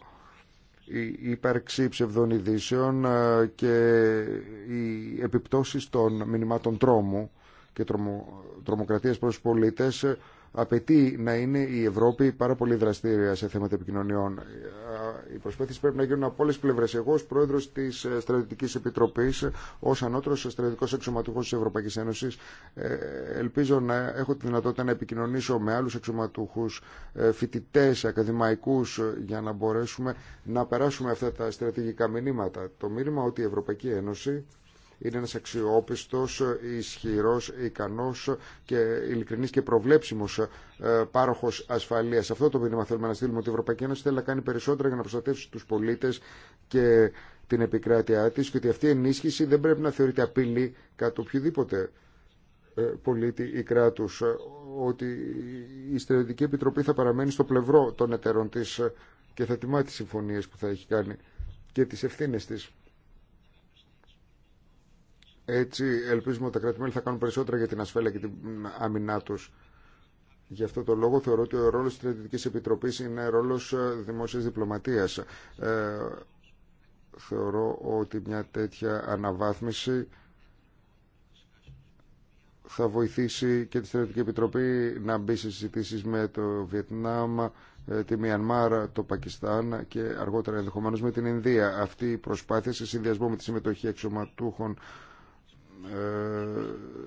η ύπαρξη ψευδών ειδήσεων ε, και οι επιπτώσεις των μηνυμάτων τρόμου και τρομοκρατίας προς πολίτες απαιτεί να είναι η Ευρώπη πάρα πολύ δραστήρια σε θέματα επικοινωνιών. Ε, οι προσπάθειε πρέπει να γίνουν από όλε τι πλευρέ. Εγώ, ω πρόεδρο τη ε, Στρατιωτική Επιτροπή, ω ανώτερο στρατιωτικό αξιωματούχο τη Ευρωπαϊκή Ένωση, ε, ελπίζω να έχω τη δυνατότητα να επικοινωνήσω με άλλου αξιωματούχου, φοιτητέ, ακαδημαϊκού, για να μπορέσουμε να περάσουμε αυτά τα στρατηγικά μηνύματα. Το μήνυμα ότι η Ευρωπαϊκή Ένωση είναι ένας αξιόπιστος, ισχυρός, ικανός και ειλικρινής και προβλέψιμος ε, πάροχος ασφαλείας. Αυτό το μήνυμα θέλουμε να στείλουμε ότι η Ευρωπαϊκή Ένωση θέλει να κάνει περισσότερα για να προστατεύσει τους πολίτες και την επικράτειά της και ότι αυτή η ενίσχυση δεν πρέπει να θεωρείται απειλή κάτω οποιοδήποτε ε, πολίτη ή κράτους ότι η Στρατιωτική Επιτροπή θα παραμένει στο πλευρό των εταίρων της και θα τιμά τις συμφωνίες που θα έχει κάνει και τις ευθύνες της. Έτσι ελπίζουμε ότι τα κράτη-μέλη θα κάνουν περισσότερα για την ασφάλεια και την αμυνά του. Γι' αυτό το λόγο θεωρώ ότι ο ρόλο τη Στρατιωτικής Επιτροπής είναι ρόλο ε, δημόσια διπλωματία. Ε, θεωρώ ότι μια τέτοια αναβάθμιση θα βοηθήσει και τη Στρατιωτική Επιτροπή να μπει σε συζητήσει με το Βιετνάμ, ε, τη Μιανμάρα, το Πακιστάν και αργότερα ενδεχομένω με την Ινδία. Αυτή η προσπάθεια σε συνδυασμό με τη συμμετοχή αξιωματούχων ε,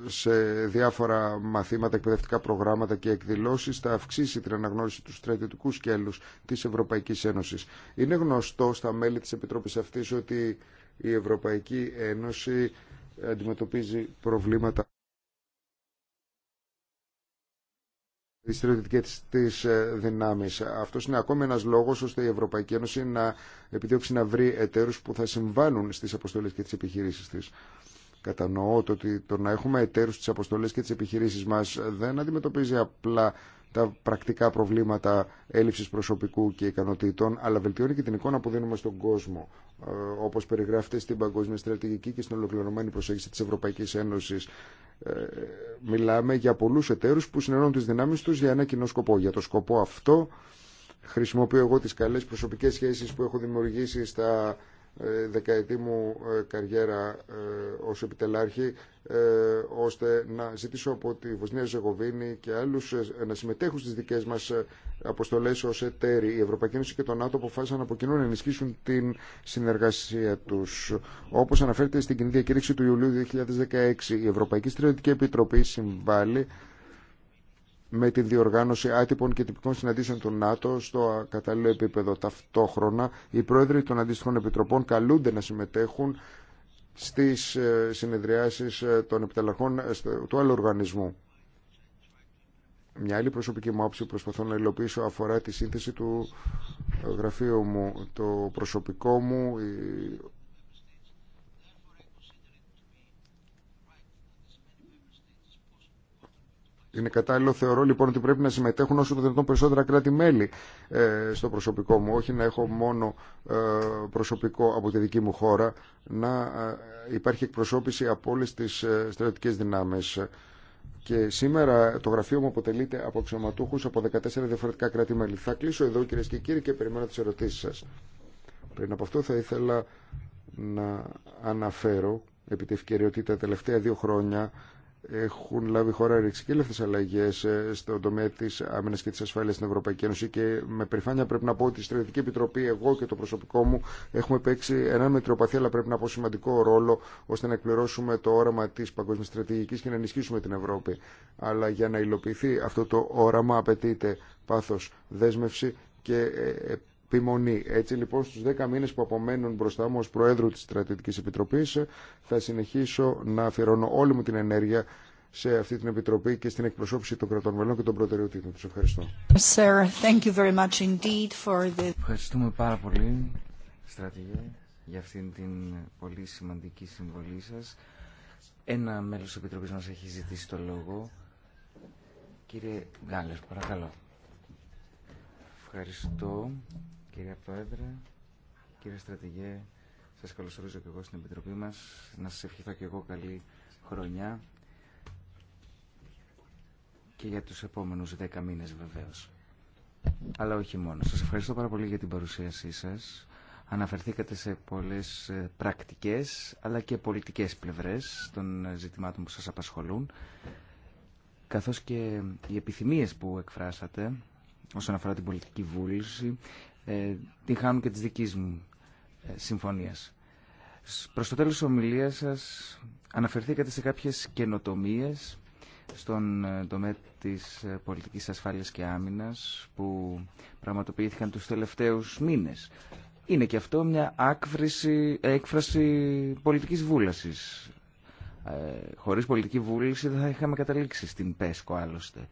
σε διάφορα μαθήματα, εκπαιδευτικά προγράμματα και εκδηλώσεις θα αυξήσει την αναγνώριση του στρατιωτικού σκέλους της Ευρωπαϊκής Ένωσης. Είναι γνωστό στα μέλη της Επιτρόπης αυτής ότι η Ευρωπαϊκή Ένωση αντιμετωπίζει προβλήματα τις στρατιωτικές της ε, δυνάμεις. Αυτός είναι ακόμη ένας λόγος ώστε η Ευρωπαϊκή Ένωση να επιδιώξει να βρει εταίρους που θα συμβάλλουν στις αποστολές και τις επιχειρήσεις της. Κατανοώ το ότι το να έχουμε εταίρους στις αποστολές και τις επιχειρήσεις μας δεν αντιμετωπίζει απλά τα πρακτικά προβλήματα έλλειψης προσωπικού και ικανοτήτων, αλλά βελτιώνει και την εικόνα που δίνουμε στον κόσμο, ε, όπως περιγράφεται στην παγκόσμια στρατηγική και στην ολοκληρωμένη προσέγγιση της Ευρωπαϊκής Ένωσης. Ε, μιλάμε για πολλούς εταίρους που συνενώνουν τις δυνάμεις τους για ένα κοινό σκοπό. Για το σκοπό αυτό χρησιμοποιώ εγώ τις καλές προσωπικές σχέσεις που έχω δημιουργήσει στα ε, δεκαετή μου ε, καριέρα ε, ως επιτελάρχη ώστε να ζητήσω από τη Βοσνία Ζεγοβίνη και άλλους να συμμετέχουν στις δικές μας αποστολές ως εταίροι. Η Ευρωπαϊκή Ένωση και το ΝΑΤΟ αποφάσισαν από κοινού να ενισχύσουν την συνεργασία τους. Όπως αναφέρεται στην κοινή διακήρυξη του Ιουλίου 2016, η Ευρωπαϊκή Στρατιωτική Επιτροπή συμβάλλει με τη διοργάνωση άτυπων και τυπικών συναντήσεων του ΝΑΤΟ στο κατάλληλο επίπεδο. Ταυτόχρονα, οι πρόεδροι των αντίστοιχων επιτροπών καλούνται να συμμετέχουν στις ε, συνεδριάσεις ε, των επιταλαρχών ε, του άλλου οργανισμού. Μια άλλη προσωπική μου άποψη που προσπαθώ να υλοποιήσω αφορά τη σύνθεση του γραφείου μου. Το προσωπικό μου, Είναι κατάλληλο, θεωρώ λοιπόν ότι πρέπει να συμμετέχουν όσο το δυνατόν περισσότερα κράτη-μέλη ε, στο προσωπικό μου, όχι να έχω μόνο ε, προσωπικό από τη δική μου χώρα, να ε, υπάρχει εκπροσώπηση από όλε τι στρατιωτικέ δυνάμει. Και σήμερα το γραφείο μου αποτελείται από αξιωματούχου από 14 διαφορετικά κράτη-μέλη. Θα κλείσω εδώ κυρίε και κύριοι και περιμένω τι ερωτήσει σα. Πριν από αυτό θα ήθελα να αναφέρω επί τη ευκαιρία ότι τα τελευταία δύο χρόνια έχουν λάβει χώρα ρηξικέλευτε αλλαγέ ε, στον τομέα τη άμυνα και της ασφάλεια στην Ευρωπαϊκή Ένωση και με περηφάνεια πρέπει να πω ότι η Στρατιωτική Επιτροπή, εγώ και το προσωπικό μου, έχουμε παίξει έναν μετριοπαθή αλλά πρέπει να πω σημαντικό ρόλο ώστε να εκπληρώσουμε το όραμα της παγκόσμιας στρατηγικής και να ενισχύσουμε την Ευρώπη. Αλλά για να υλοποιηθεί αυτό το όραμα απαιτείται πάθος, δέσμευση και ε, ε, επιμονή. Έτσι λοιπόν στους 10 μήνες που απομένουν μπροστά μου ως Προέδρου της Στρατιωτικής Επιτροπής θα συνεχίσω να αφιερώνω όλη μου την ενέργεια σε αυτή την Επιτροπή και στην εκπροσώπηση των κρατών μελών και των προτεραιοτήτων. Σας ευχαριστώ. Sir, thank you very much for the... Ευχαριστούμε πάρα πολύ, στρατηγέ, για αυτήν την πολύ σημαντική συμβολή σας. Ένα μέλος της Επιτροπής μας έχει ζητήσει το λόγο. Κύριε Γκάλερ, παρακαλώ. Ευχαριστώ. Κυρία Πρόεδρε, κύριε Στρατηγέ, σας καλωσορίζω και εγώ στην Επιτροπή μας. Να σα ευχηθώ και εγώ καλή χρονιά και για τους επόμενους δέκα μήνες βεβαίω. Αλλά όχι μόνο. Σας ευχαριστώ πάρα πολύ για την παρουσίασή σας. Αναφερθήκατε σε πολλές ε, πρακτικές αλλά και πολιτικές πλευρές των ζητημάτων που σας απασχολούν καθώς και οι επιθυμίες που εκφράσατε όσον αφορά την πολιτική βούληση ε, την χάνουν και της δική μου ε, συμφωνίας. Προς το τέλος της ομιλίας σας αναφερθήκατε σε κάποιες καινοτομίες στον ε, τομέα της ε, πολιτικής ασφάλειας και άμυνας που πραγματοποιήθηκαν τους τελευταίους μήνες. Είναι και αυτό μια έκφραση πολιτικής βούλασης. Ε, χωρίς πολιτική βούληση δεν θα είχαμε καταλήξει στην ΠΕΣΚΟ άλλωστε.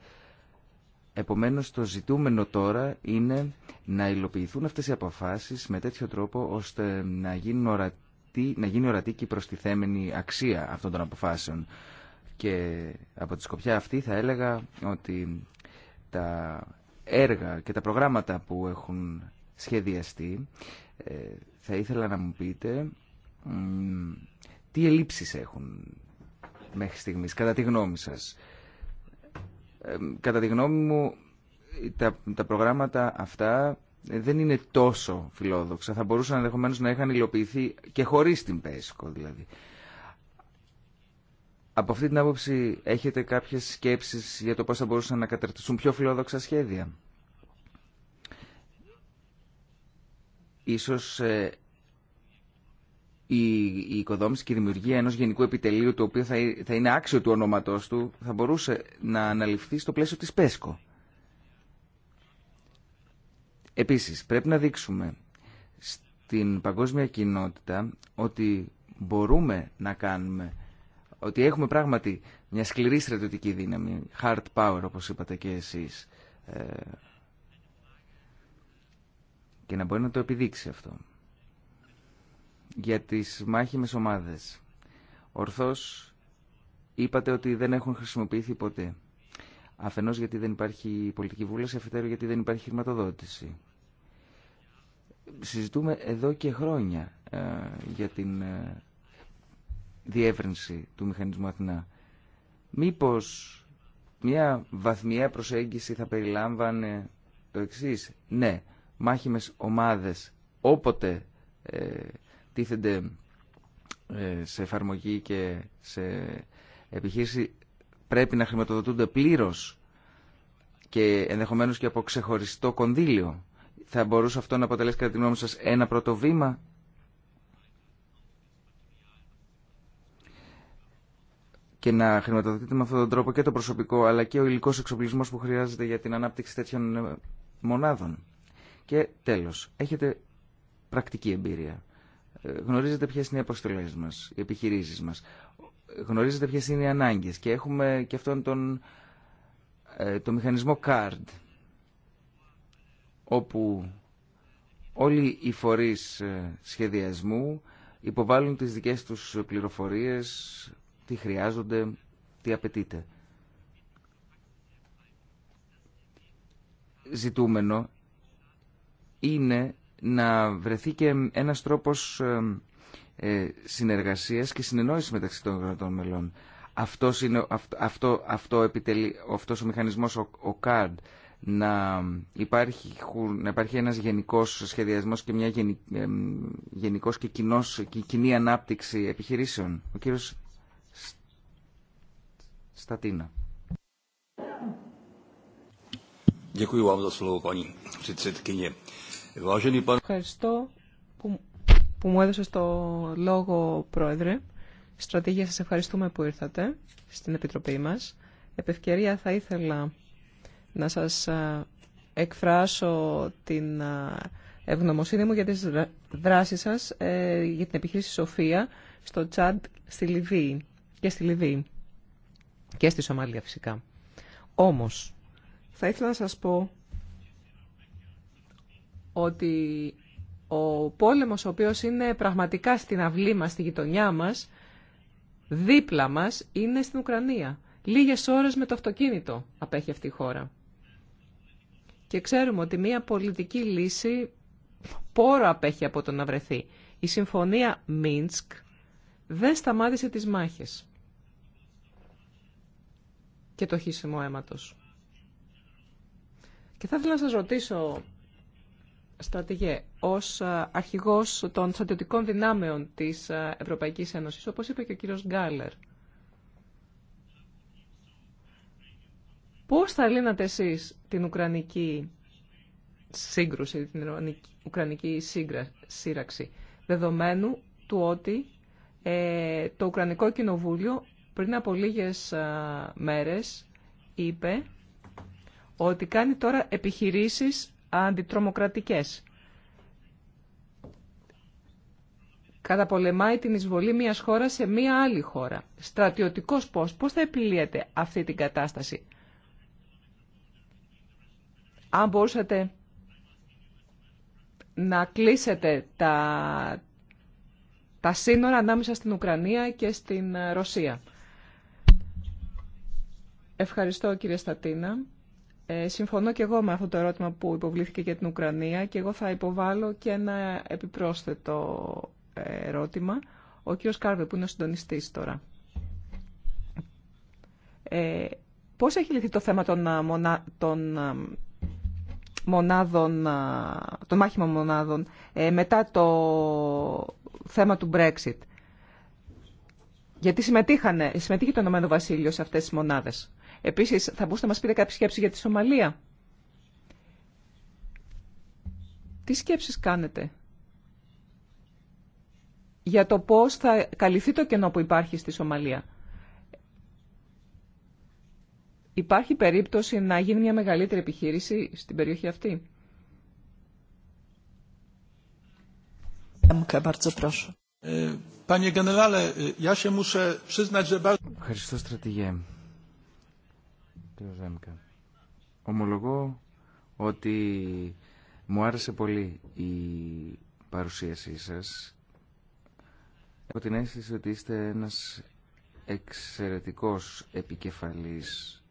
Επομένως το ζητούμενο τώρα είναι να υλοποιηθούν αυτές οι αποφάσεις με τέτοιο τρόπο ώστε να γίνει ορατή, να γίνει ορατή και η προστιθέμενη αξία αυτών των αποφάσεων. Και από τη σκοπιά αυτή θα έλεγα ότι τα έργα και τα προγράμματα που έχουν σχεδιαστεί ε, θα ήθελα να μου πείτε τι ελλείψεις έχουν μέχρι στιγμής, κατά τη γνώμη σας κατά τη γνώμη μου τα, τα προγράμματα αυτά δεν είναι τόσο φιλόδοξα. Θα μπορούσαν ενδεχομένω να είχαν υλοποιηθεί και χωρίς την ΠΕΣΚΟ δηλαδή. Από αυτή την άποψη έχετε κάποιες σκέψεις για το πώς θα μπορούσαν να καταρτιστούν πιο φιλόδοξα σχέδια. Ίσως ε, η, η οικοδόμηση και η δημιουργία ενός γενικού επιτελείου το οποίο θα, θα είναι άξιο του ονόματός του θα μπορούσε να αναλυφθεί στο πλαίσιο της ΠΕΣΚΟ. Επίσης, πρέπει να δείξουμε στην παγκόσμια κοινότητα ότι μπορούμε να κάνουμε, ότι έχουμε πράγματι μια σκληρή στρατιωτική δύναμη, hard power όπως είπατε και εσείς, ε, και να μπορεί να το επιδείξει αυτό για τις μάχημες ομάδες. Ορθώς είπατε ότι δεν έχουν χρησιμοποιηθεί ποτέ. Αφενός γιατί δεν υπάρχει πολιτική βούληση, αφετέρου γιατί δεν υπάρχει χρηματοδότηση. Συζητούμε εδώ και χρόνια ε, για την ε, διεύρυνση του μηχανισμού Αθηνά. Μήπως μια βαθμιαία προσέγγιση θα περιλάμβανε το εξής. Ναι, μάχημες ομάδες όποτε ε, τίθενται ε, σε εφαρμογή και σε επιχείρηση πρέπει να χρηματοδοτούνται πλήρως και ενδεχομένως και από ξεχωριστό κονδύλιο. Θα μπορούσε αυτό να αποτελέσει κατά τη γνώμη σας ένα πρώτο βήμα. και να χρηματοδοτείται με αυτόν τον τρόπο και το προσωπικό αλλά και ο υλικός εξοπλισμός που χρειάζεται για την ανάπτυξη τέτοιων ε, μονάδων. Και τέλος, έχετε πρακτική εμπειρία γνωρίζετε ποιες είναι οι αποστολές μας, οι επιχειρήσεις μας. Γνωρίζετε ποιες είναι οι ανάγκες και έχουμε και αυτόν τον ε, το μηχανισμό CARD όπου όλοι οι φορείς ε, σχεδιασμού υποβάλλουν τις δικές τους πληροφορίες, τι χρειάζονται, τι απαιτείται. Ζητούμενο είναι να βρεθεί και ένας τρόπος ε, συνεργασίας και συνεννόησης μεταξύ των κρατών μελών. Αυτός, είναι, αυτό, αυτό, αυτό αυτός ο μηχανισμός, ο, ο CARD, να υπάρχει, να υπάρχει ένας γενικός σχεδιασμός και μια γενι, γενικός και, κοινός, και κοινή ανάπτυξη επιχειρήσεων. Ο κύριος Στατίνα. Děkuji vám za slovo, paní Λοιπόν. Ευχαριστώ που, που μου έδωσε το λόγο, Πρόεδρε. Στρατηγία, σας ευχαριστούμε που ήρθατε στην Επιτροπή μας. Επ' θα ήθελα να σας εκφράσω την ευγνωμοσύνη μου για τις δράσεις σας ε, για την επιχείρηση Σοφία στο Τσάντ στη Λιβύη και στη Λιβύη και στη Σομαλία φυσικά. Όμως, θα ήθελα να σας πω ότι ο πόλεμος ο οποίος είναι πραγματικά στην αυλή μας, στη γειτονιά μας, δίπλα μας, είναι στην Ουκρανία. Λίγες ώρες με το αυτοκίνητο απέχει αυτή η χώρα. Και ξέρουμε ότι μια πολιτική λύση πόρο απέχει από το να βρεθεί. Η συμφωνία Μίνσκ δεν σταμάτησε τις μάχες και το χύσιμο αίματος. Και θα ήθελα να σας ρωτήσω, στρατηγέ, ως ε, αρχηγός των στρατιωτικών δυνάμεων της ε, Ευρωπαϊκής Ένωσης, όπως είπε και ο κύριος Γκάλερ, πώς θα λύνατε εσείς την Ουκρανική σύγκρουση, την Ουκρανική σύραξη, δεδομένου του ότι ε, το Ουκρανικό Κοινοβούλιο πριν από λίγες μέρες είπε ότι κάνει τώρα επιχειρήσεις αντιτρομοκρατικές. Καταπολεμάει την εισβολή μιας χώρας σε μια άλλη χώρα. Στρατιωτικός πώς, πώς θα επιλύεται αυτή την κατάσταση. Αν μπορούσατε να κλείσετε τα, τα σύνορα ανάμεσα στην Ουκρανία και στην Ρωσία. Ευχαριστώ κύριε Στατίνα. Ε, συμφωνώ και εγώ με αυτό το ερώτημα που υποβλήθηκε για την Ουκρανία και εγώ θα υποβάλω και ένα επιπρόσθετο ερώτημα. Ο κύριος Κάρβε που είναι ο συντονιστής τώρα. Ε, πώς έχει λυθεί το θέμα των, ε, μονα, ε, μονάδων, ε, των μάχημων μονάδων μετά το θέμα του Brexit. Γιατί συμμετείχανε, συμμετείχε το Ηνωμένο Βασίλειο σε αυτές τις μονάδες. Επίσης, θα μπορούσατε να μας πείτε κάποια σκέψη για τη Σομαλία. Τι σκέψεις κάνετε για το πώς θα καλυφθεί το κενό που υπάρχει στη Σομαλία. Υπάρχει περίπτωση να γίνει μια μεγαλύτερη επιχείρηση στην περιοχή αυτή. Ε, ε, Ευχαριστώ, στρατηγέ. Κύριο Ομολογώ ότι μου άρεσε πολύ η παρουσίασή σας. Έχω την αίσθηση ότι είστε ένας εξαιρετικός επικεφαλής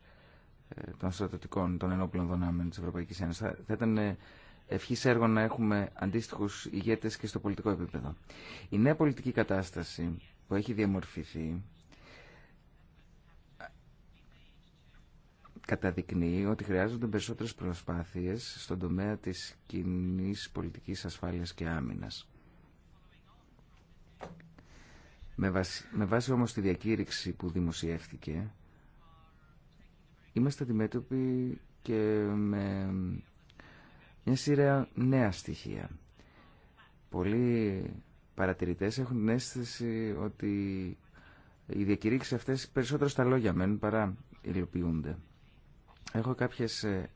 ε, των στρατιωτικών, των ενόπλων δυνάμεων της Ευρωπαϊκής Ένωσης. Θα ήταν ε, ευχή έργο να έχουμε αντίστοιχους ηγέτες και στο πολιτικό επίπεδο. Η νέα πολιτική κατάσταση που έχει διαμορφηθεί καταδεικνύει ότι χρειάζονται περισσότερες προσπάθειες στον τομέα της κοινή πολιτικής ασφάλειας και άμυνας. Με βάση, με βάση όμως τη διακήρυξη που δημοσιεύτηκε, είμαστε αντιμέτωποι και με μια σειρά νέα στοιχεία. Πολλοί παρατηρητές έχουν την αίσθηση ότι οι διακηρύξεις αυτές περισσότερο στα λόγια μένουν παρά υλοποιούνται. Έχω κάποιες ε,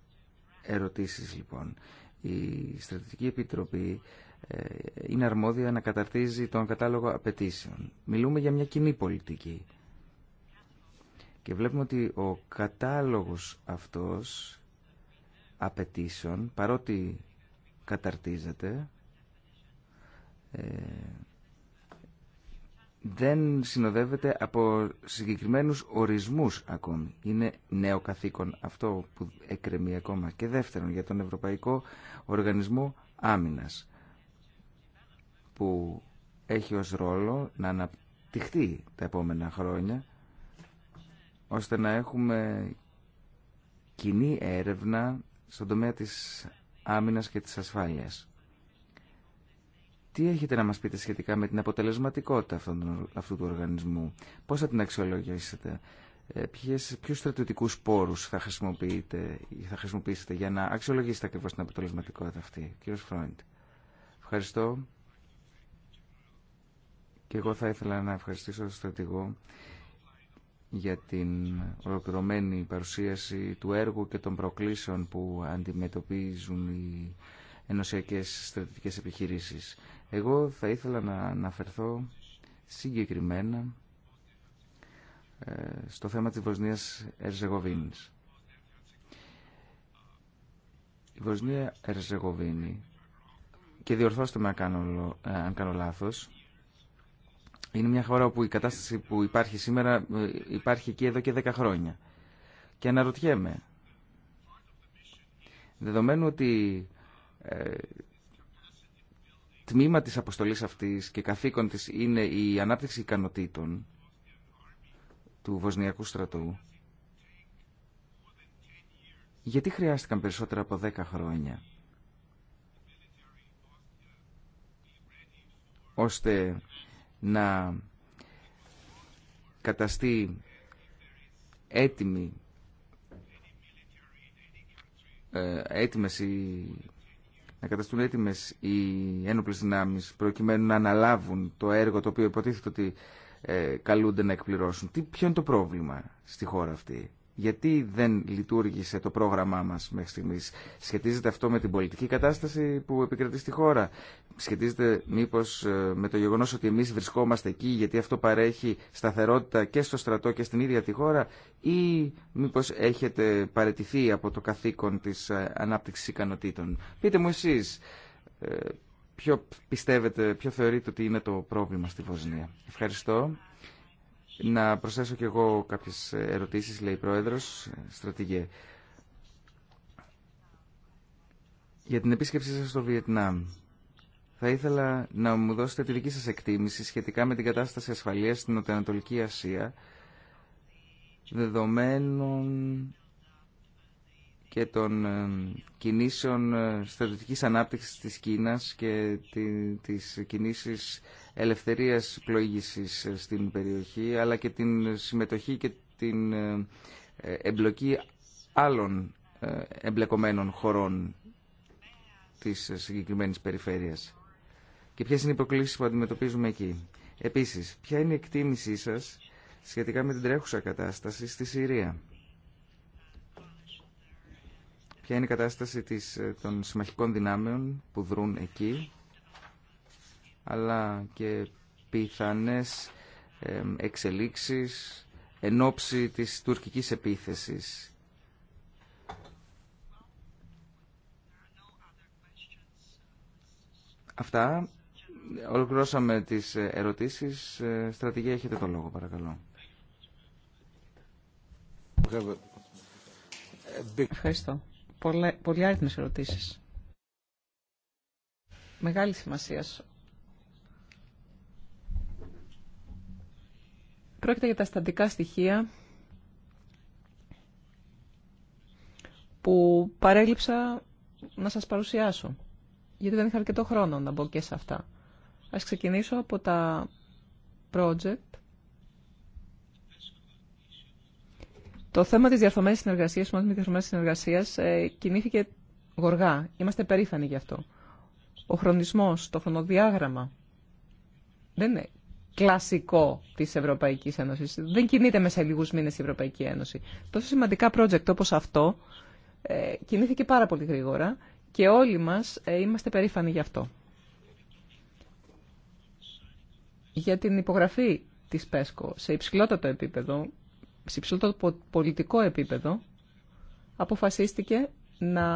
ερωτήσεις λοιπόν. Η Στρατητική Επιτροπή ε, είναι αρμόδια να καταρτίζει τον κατάλογο απαιτήσεων. Μιλούμε για μια κοινή πολιτική. Και βλέπουμε ότι ο κατάλογος αυτός απαιτήσεων, παρότι καταρτίζεται, ε, δεν συνοδεύεται από συγκεκριμένους ορισμούς ακόμη. Είναι νέο καθήκον αυτό που εκκρεμεί ακόμα. Και δεύτερον, για τον Ευρωπαϊκό Οργανισμό Άμυνας, που έχει ως ρόλο να αναπτυχθεί τα επόμενα χρόνια, ώστε να έχουμε κοινή έρευνα στον τομέα της άμυνας και της ασφάλειας. Τι έχετε να μας πείτε σχετικά με την αποτελεσματικότητα αυτού του οργανισμού, πώς θα την αξιολογήσετε, ε, ποιες, ποιους στρατιωτικούς πόρους θα, θα χρησιμοποιήσετε για να αξιολογήσετε ακριβώς την αποτελεσματικότητα αυτή. Κύριος Φρόιντ, ευχαριστώ. Και εγώ θα ήθελα να ευχαριστήσω τον στρατηγό για την ολοκληρωμένη παρουσίαση του έργου και των προκλήσεων που αντιμετωπίζουν οι ενωσιακές στρατιωτικές επιχειρήσεις. Εγώ θα ήθελα να αναφερθώ συγκεκριμένα ε, στο θέμα της Βοσνίας Ερζεγοβίνης. Η Βοσνία Ερζεγοβίνη και διορθώστε με αν κάνω, ε, αν λάθος είναι μια χώρα όπου η κατάσταση που υπάρχει σήμερα ε, υπάρχει εκεί εδώ και 10 χρόνια. Και αναρωτιέμαι δεδομένου ότι τμήμα της αποστολής αυτής και καθήκον της είναι η ανάπτυξη ικανοτήτων του Βοσνιακού στρατού, γιατί χρειάστηκαν περισσότερα από 10 χρόνια, ώστε να καταστεί έτοιμη, ε, έτοιμες οι να καταστούν έτοιμε οι ένοπλες δυνάμει προκειμένου να αναλάβουν το έργο το οποίο υποτίθεται ότι ε, καλούνται να εκπληρώσουν. Τι, ποιο είναι το πρόβλημα στη χώρα αυτή γιατί δεν λειτουργήσε το πρόγραμμά μας μέχρι στιγμής. Σχετίζεται αυτό με την πολιτική κατάσταση που επικρατεί στη χώρα. Σχετίζεται μήπως ε, με το γεγονός ότι εμείς βρισκόμαστε εκεί γιατί αυτό παρέχει σταθερότητα και στο στρατό και στην ίδια τη χώρα ή μήπως έχετε παρετηθεί από το καθήκον της ε, ανάπτυξης ικανοτήτων. Πείτε μου εσείς ε, ποιο πιστεύετε, ποιο θεωρείτε ότι είναι το πρόβλημα στη Βοσνία. Ευχαριστώ. Να προσθέσω και εγώ κάποιες ερωτήσεις, λέει η Πρόεδρος, στρατηγέ. Για την επίσκεψή σας στο Βιετνάμ, θα ήθελα να μου δώσετε τη δική σας εκτίμηση σχετικά με την κατάσταση ασφαλείας στην Νοτιοανατολική Ασία, δεδομένων και των κινήσεων ε, στρατιωτικής ανάπτυξης της Κίνας και της κινήσεις ελευθερίας πλοήγησης ε, στην περιοχή, αλλά και την συμμετοχή και την ε, εμπλοκή άλλων εμπλεκομένων χωρών της συγκεκριμένης περιφέρειας. Και ποιες είναι οι προκλήσεις που αντιμετωπίζουμε εκεί. Επίσης, ποια είναι η εκτίμησή σας σχετικά με την τρέχουσα κατάσταση στη Συρία ποια είναι η κατάσταση της, ε, των συμμαχικών δυνάμεων που δρούν εκεί, αλλά και πιθανές εξελίξεις εν ώψη της τουρκικής επίθεσης. Αυτά. Ολοκληρώσαμε τις ε, ερωτήσεις. Ε, Στρατηγία, έχετε το λόγο, παρακαλώ. Ευχαριστώ. Πολύ άριθμες ερωτήσεις. Μεγάλη σημασία Πρόκειται για τα στατικά στοιχεία που παρέλειψα να σας παρουσιάσω, γιατί δεν είχα αρκετό χρόνο να μπω και σε αυτά. Ας ξεκινήσω από τα project Το θέμα της διαρθωμένης συνεργασίας, του μόνιμης διαρθωμένη συνεργασίας, ε, κινήθηκε γοργά. Είμαστε περήφανοι γι' αυτό. Ο χρονισμό, το χρονοδιάγραμμα δεν είναι κλασικό τη Ευρωπαϊκή Ένωση. Δεν κινείται μέσα σε λίγου μήνες η Ευρωπαϊκή Ένωση. Τόσο σημαντικά project όπω αυτό ε, κινήθηκε πάρα πολύ γρήγορα και όλοι μα ε, είμαστε περήφανοι γι' αυτό. Για την υπογραφή της ΠΕΣΚΟ σε υψηλότατο επίπεδο σε υψηλότερο πολιτικό επίπεδο αποφασίστηκε να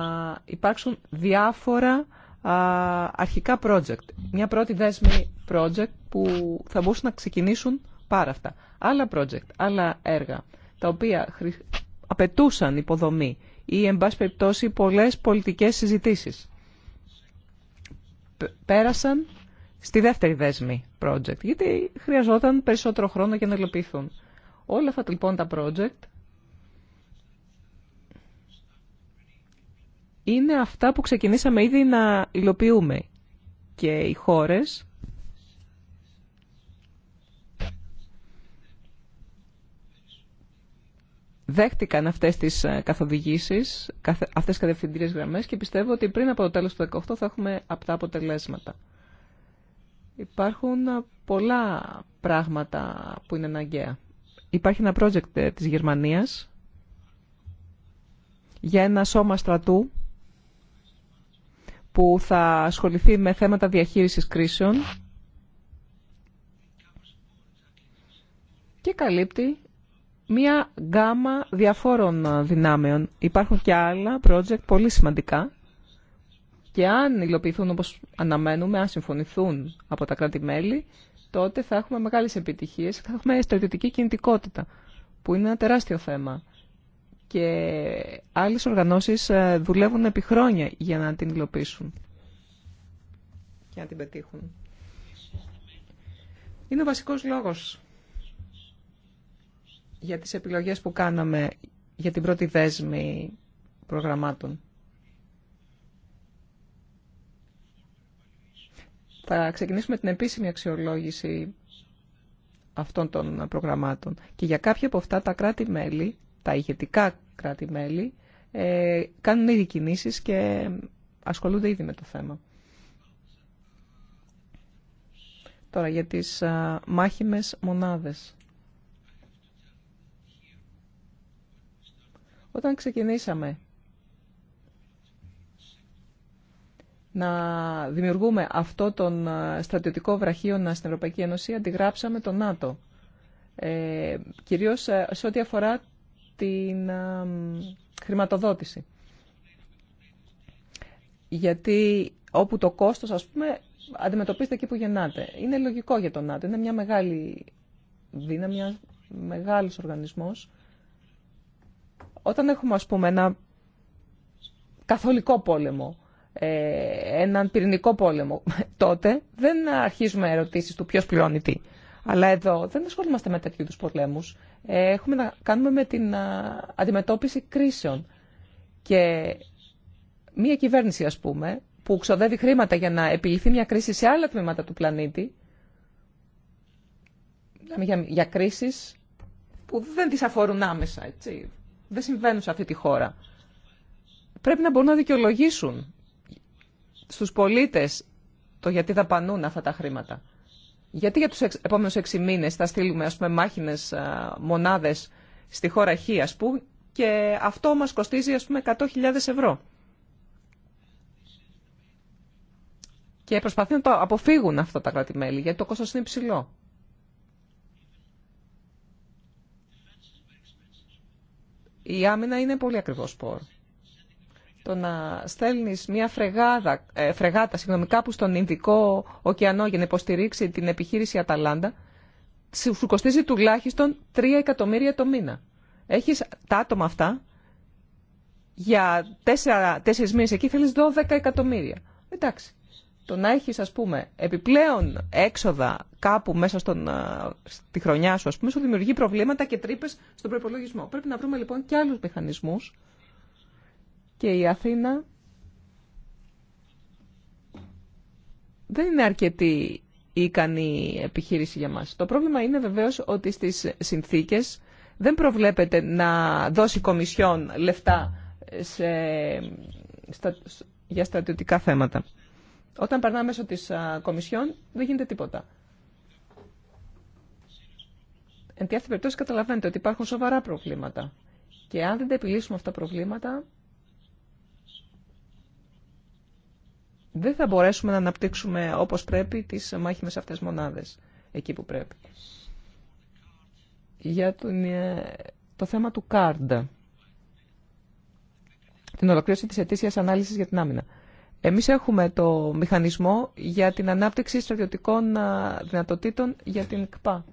υπάρξουν διάφορα αρχικά project. Μια πρώτη δέσμη project που θα μπορούσαν να ξεκινήσουν πάρα αυτά. Άλλα project, άλλα έργα, τα οποία απαιτούσαν υποδομή ή, εν πάση περιπτώσει, πολλές πολιτικές συζητήσεις. Πέρασαν στη δεύτερη δέσμη project, γιατί χρειαζόταν περισσότερο χρόνο για να υλοποιηθούν. Όλα αυτά λοιπόν τα project είναι αυτά που ξεκινήσαμε ήδη να υλοποιούμε και οι χώρες δέχτηκαν αυτές τις ε, καθοδηγήσεις, αυτές τις κατευθυντήριες γραμμές και πιστεύω ότι πριν από το τέλος του 18 θα έχουμε αυτά αποτελέσματα. Υπάρχουν ε, πολλά πράγματα που είναι αναγκαία. Υπάρχει ένα project ε, της Γερμανίας για ένα σώμα στρατού που θα ασχοληθεί με θέματα διαχείρισης κρίσεων και καλύπτει μία γκάμα διαφόρων δυνάμεων. Υπάρχουν και άλλα project πολύ σημαντικά και αν υλοποιηθούν όπως αναμένουμε, αν συμφωνηθούν από τα κράτη-μέλη, τότε θα έχουμε μεγάλες επιτυχίες, θα έχουμε στρατιωτική κινητικότητα, που είναι ένα τεράστιο θέμα. Και άλλες οργανώσεις ε, δουλεύουν επί χρόνια για να την υλοποιήσουν και να την πετύχουν. Είναι ο βασικός λόγος για τις επιλογές που κάναμε για την πρώτη δέσμη προγραμμάτων. Θα ξεκινήσουμε την επίσημη αξιολόγηση αυτών των προγραμμάτων. Και για κάποια από αυτά τα κράτη-μέλη, τα ηγετικά κράτη-μέλη, ε, κάνουν ήδη κινήσεις και ασχολούνται ήδη με το θέμα. Τώρα για τις α, μάχημες μονάδες. Όταν ξεκινήσαμε να δημιουργούμε αυτό τον ε, στρατιωτικό βραχίωνα στην Ευρωπαϊκή Ένωση, αντιγράψαμε τον ΝΑΤΟ. Ε, κυρίως ε, σε ό,τι αφορά την ε, χρηματοδότηση. Γιατί όπου το κόστος, ας πούμε, αντιμετωπίζεται εκεί που γεννάτε. Είναι λογικό για τον ΝΑΤΟ. Είναι μια μεγάλη δύναμη, ένα μεγάλος οργανισμός. Όταν έχουμε, ας πούμε, ένα καθολικό πόλεμο, ε, έναν πυρηνικό πόλεμο, *laughs* τότε δεν αρχίζουμε ερωτήσεις του ποιος πληρώνει τι. Αλλά εδώ δεν ασχολούμαστε με τέτοιου τους πολέμους. Ε, έχουμε να κάνουμε με την αντιμετώπιση κρίσεων. Και μία κυβέρνηση, ας πούμε, που ξοδεύει χρήματα για να επιληθεί μια κρίση σε άλλα τμήματα του πλανήτη, για, για κρίσεις που δεν τις αφορούν άμεσα, έτσι. Δεν συμβαίνουν σε αυτή τη χώρα. Πρέπει να μπορούν να δικαιολογήσουν στους πολίτες το γιατί δαπανούν αυτά τα χρήματα. Γιατί για τους επόμενους έξι μήνες θα στείλουμε ας πούμε, μάχινες μονάδες στη χώρα Χ, ας πούμε, και αυτό μας κοστίζει ας πούμε 100.000 ευρώ. Και προσπαθούν να το αποφύγουν αυτά τα κράτη-μέλη, γιατί το κόστος είναι υψηλό. Η άμυνα είναι πολύ ακριβώς σπόρο. Το να στέλνεις μια φρεγάδα, ε, φρεγάτα συγγνώμη, κάπου στον Ινδικό ωκεανό για να υποστηρίξει την επιχείρηση Αταλάντα, σου κοστίζει τουλάχιστον 3 εκατομμύρια το μήνα. Έχεις τα άτομα αυτά για 4, 4 μήνες εκεί θέλεις 12 εκατομμύρια. Εντάξει. Το να έχει, ας πούμε επιπλέον έξοδα κάπου μέσα στον, στη χρονιά σου α πούμε σου δημιουργεί προβλήματα και τρύπε στον προπολογισμό. Πρέπει να βρούμε λοιπόν και άλλου μηχανισμού. Και η Αθήνα δεν είναι αρκετή ικανή επιχείρηση για μας. Το πρόβλημα είναι βεβαίως ότι στις συνθήκες δεν προβλέπεται να δώσει κομισιόν λεφτά σε, στα, για στρατιωτικά θέματα. Όταν περνά μέσω της κομισιόν δεν γίνεται τίποτα. Εν τη περιπτώσει καταλαβαίνετε ότι υπάρχουν σοβαρά προβλήματα. Και αν δεν τα επιλύσουμε αυτά τα προβλήματα δεν θα μπορέσουμε να αναπτύξουμε όπως πρέπει τις μάχημες αυτές μονάδες εκεί που πρέπει. Για ε, το θέμα του ΚΑΡΝΤΑ, την ολοκλήρωση της ετήσιας ανάλυσης για την άμυνα. Εμείς έχουμε το μηχανισμό για την ανάπτυξη στρατιωτικών ε, δυνατοτήτων για την ΚΠΑ.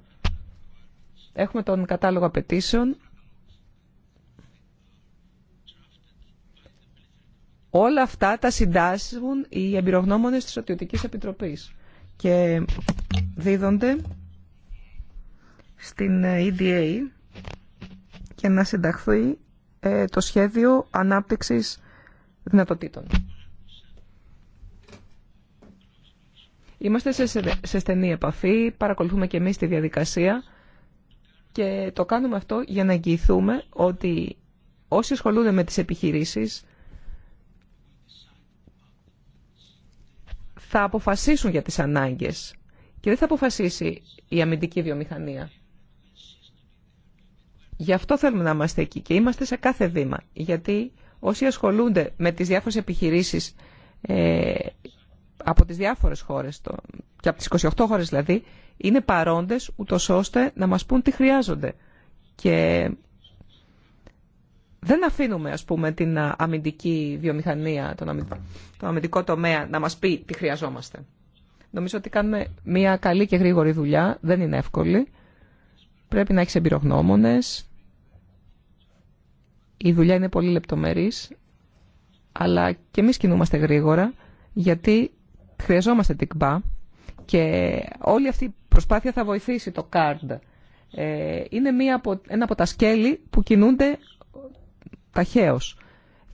Έχουμε τον κατάλογο απαιτήσεων Όλα αυτά τα συντάσσουν οι εμπειρογνώμονες της Στρατιωτικής Επιτροπής και δίδονται στην ε, EDA και να συνταχθεί ε, το σχέδιο ανάπτυξης δυνατοτήτων. Είμαστε σε στενή επαφή, παρακολουθούμε και εμείς τη διαδικασία και το κάνουμε αυτό για να εγγυηθούμε ότι όσοι ασχολούνται με τις επιχειρήσεις θα αποφασίσουν για τις ανάγκες και δεν θα αποφασίσει η αμυντική βιομηχανία. Γι' αυτό θέλουμε να είμαστε εκεί και είμαστε σε κάθε βήμα. Γιατί όσοι ασχολούνται με τις διάφορες επιχειρήσεις ε, από τις διάφορες χώρες το, και από τις 28 χώρες δηλαδή, είναι παρόντες ούτω ώστε να μας πούν τι χρειάζονται. Και δεν αφήνουμε ας πούμε την αμυντική βιομηχανία, τον, αμυντικό, τομέα να μας πει τι χρειαζόμαστε. Νομίζω ότι κάνουμε μια καλή και γρήγορη δουλειά, δεν είναι εύκολη. Πρέπει να έχει εμπειρογνώμονες. Η δουλειά είναι πολύ λεπτομερής, αλλά και εμείς κινούμαστε γρήγορα, γιατί χρειαζόμαστε την ΚΠΑ και όλη αυτή η προσπάθεια θα βοηθήσει το CARD. Ε, είναι μία από, ένα από τα σκέλη που κινούνται ταχαίως.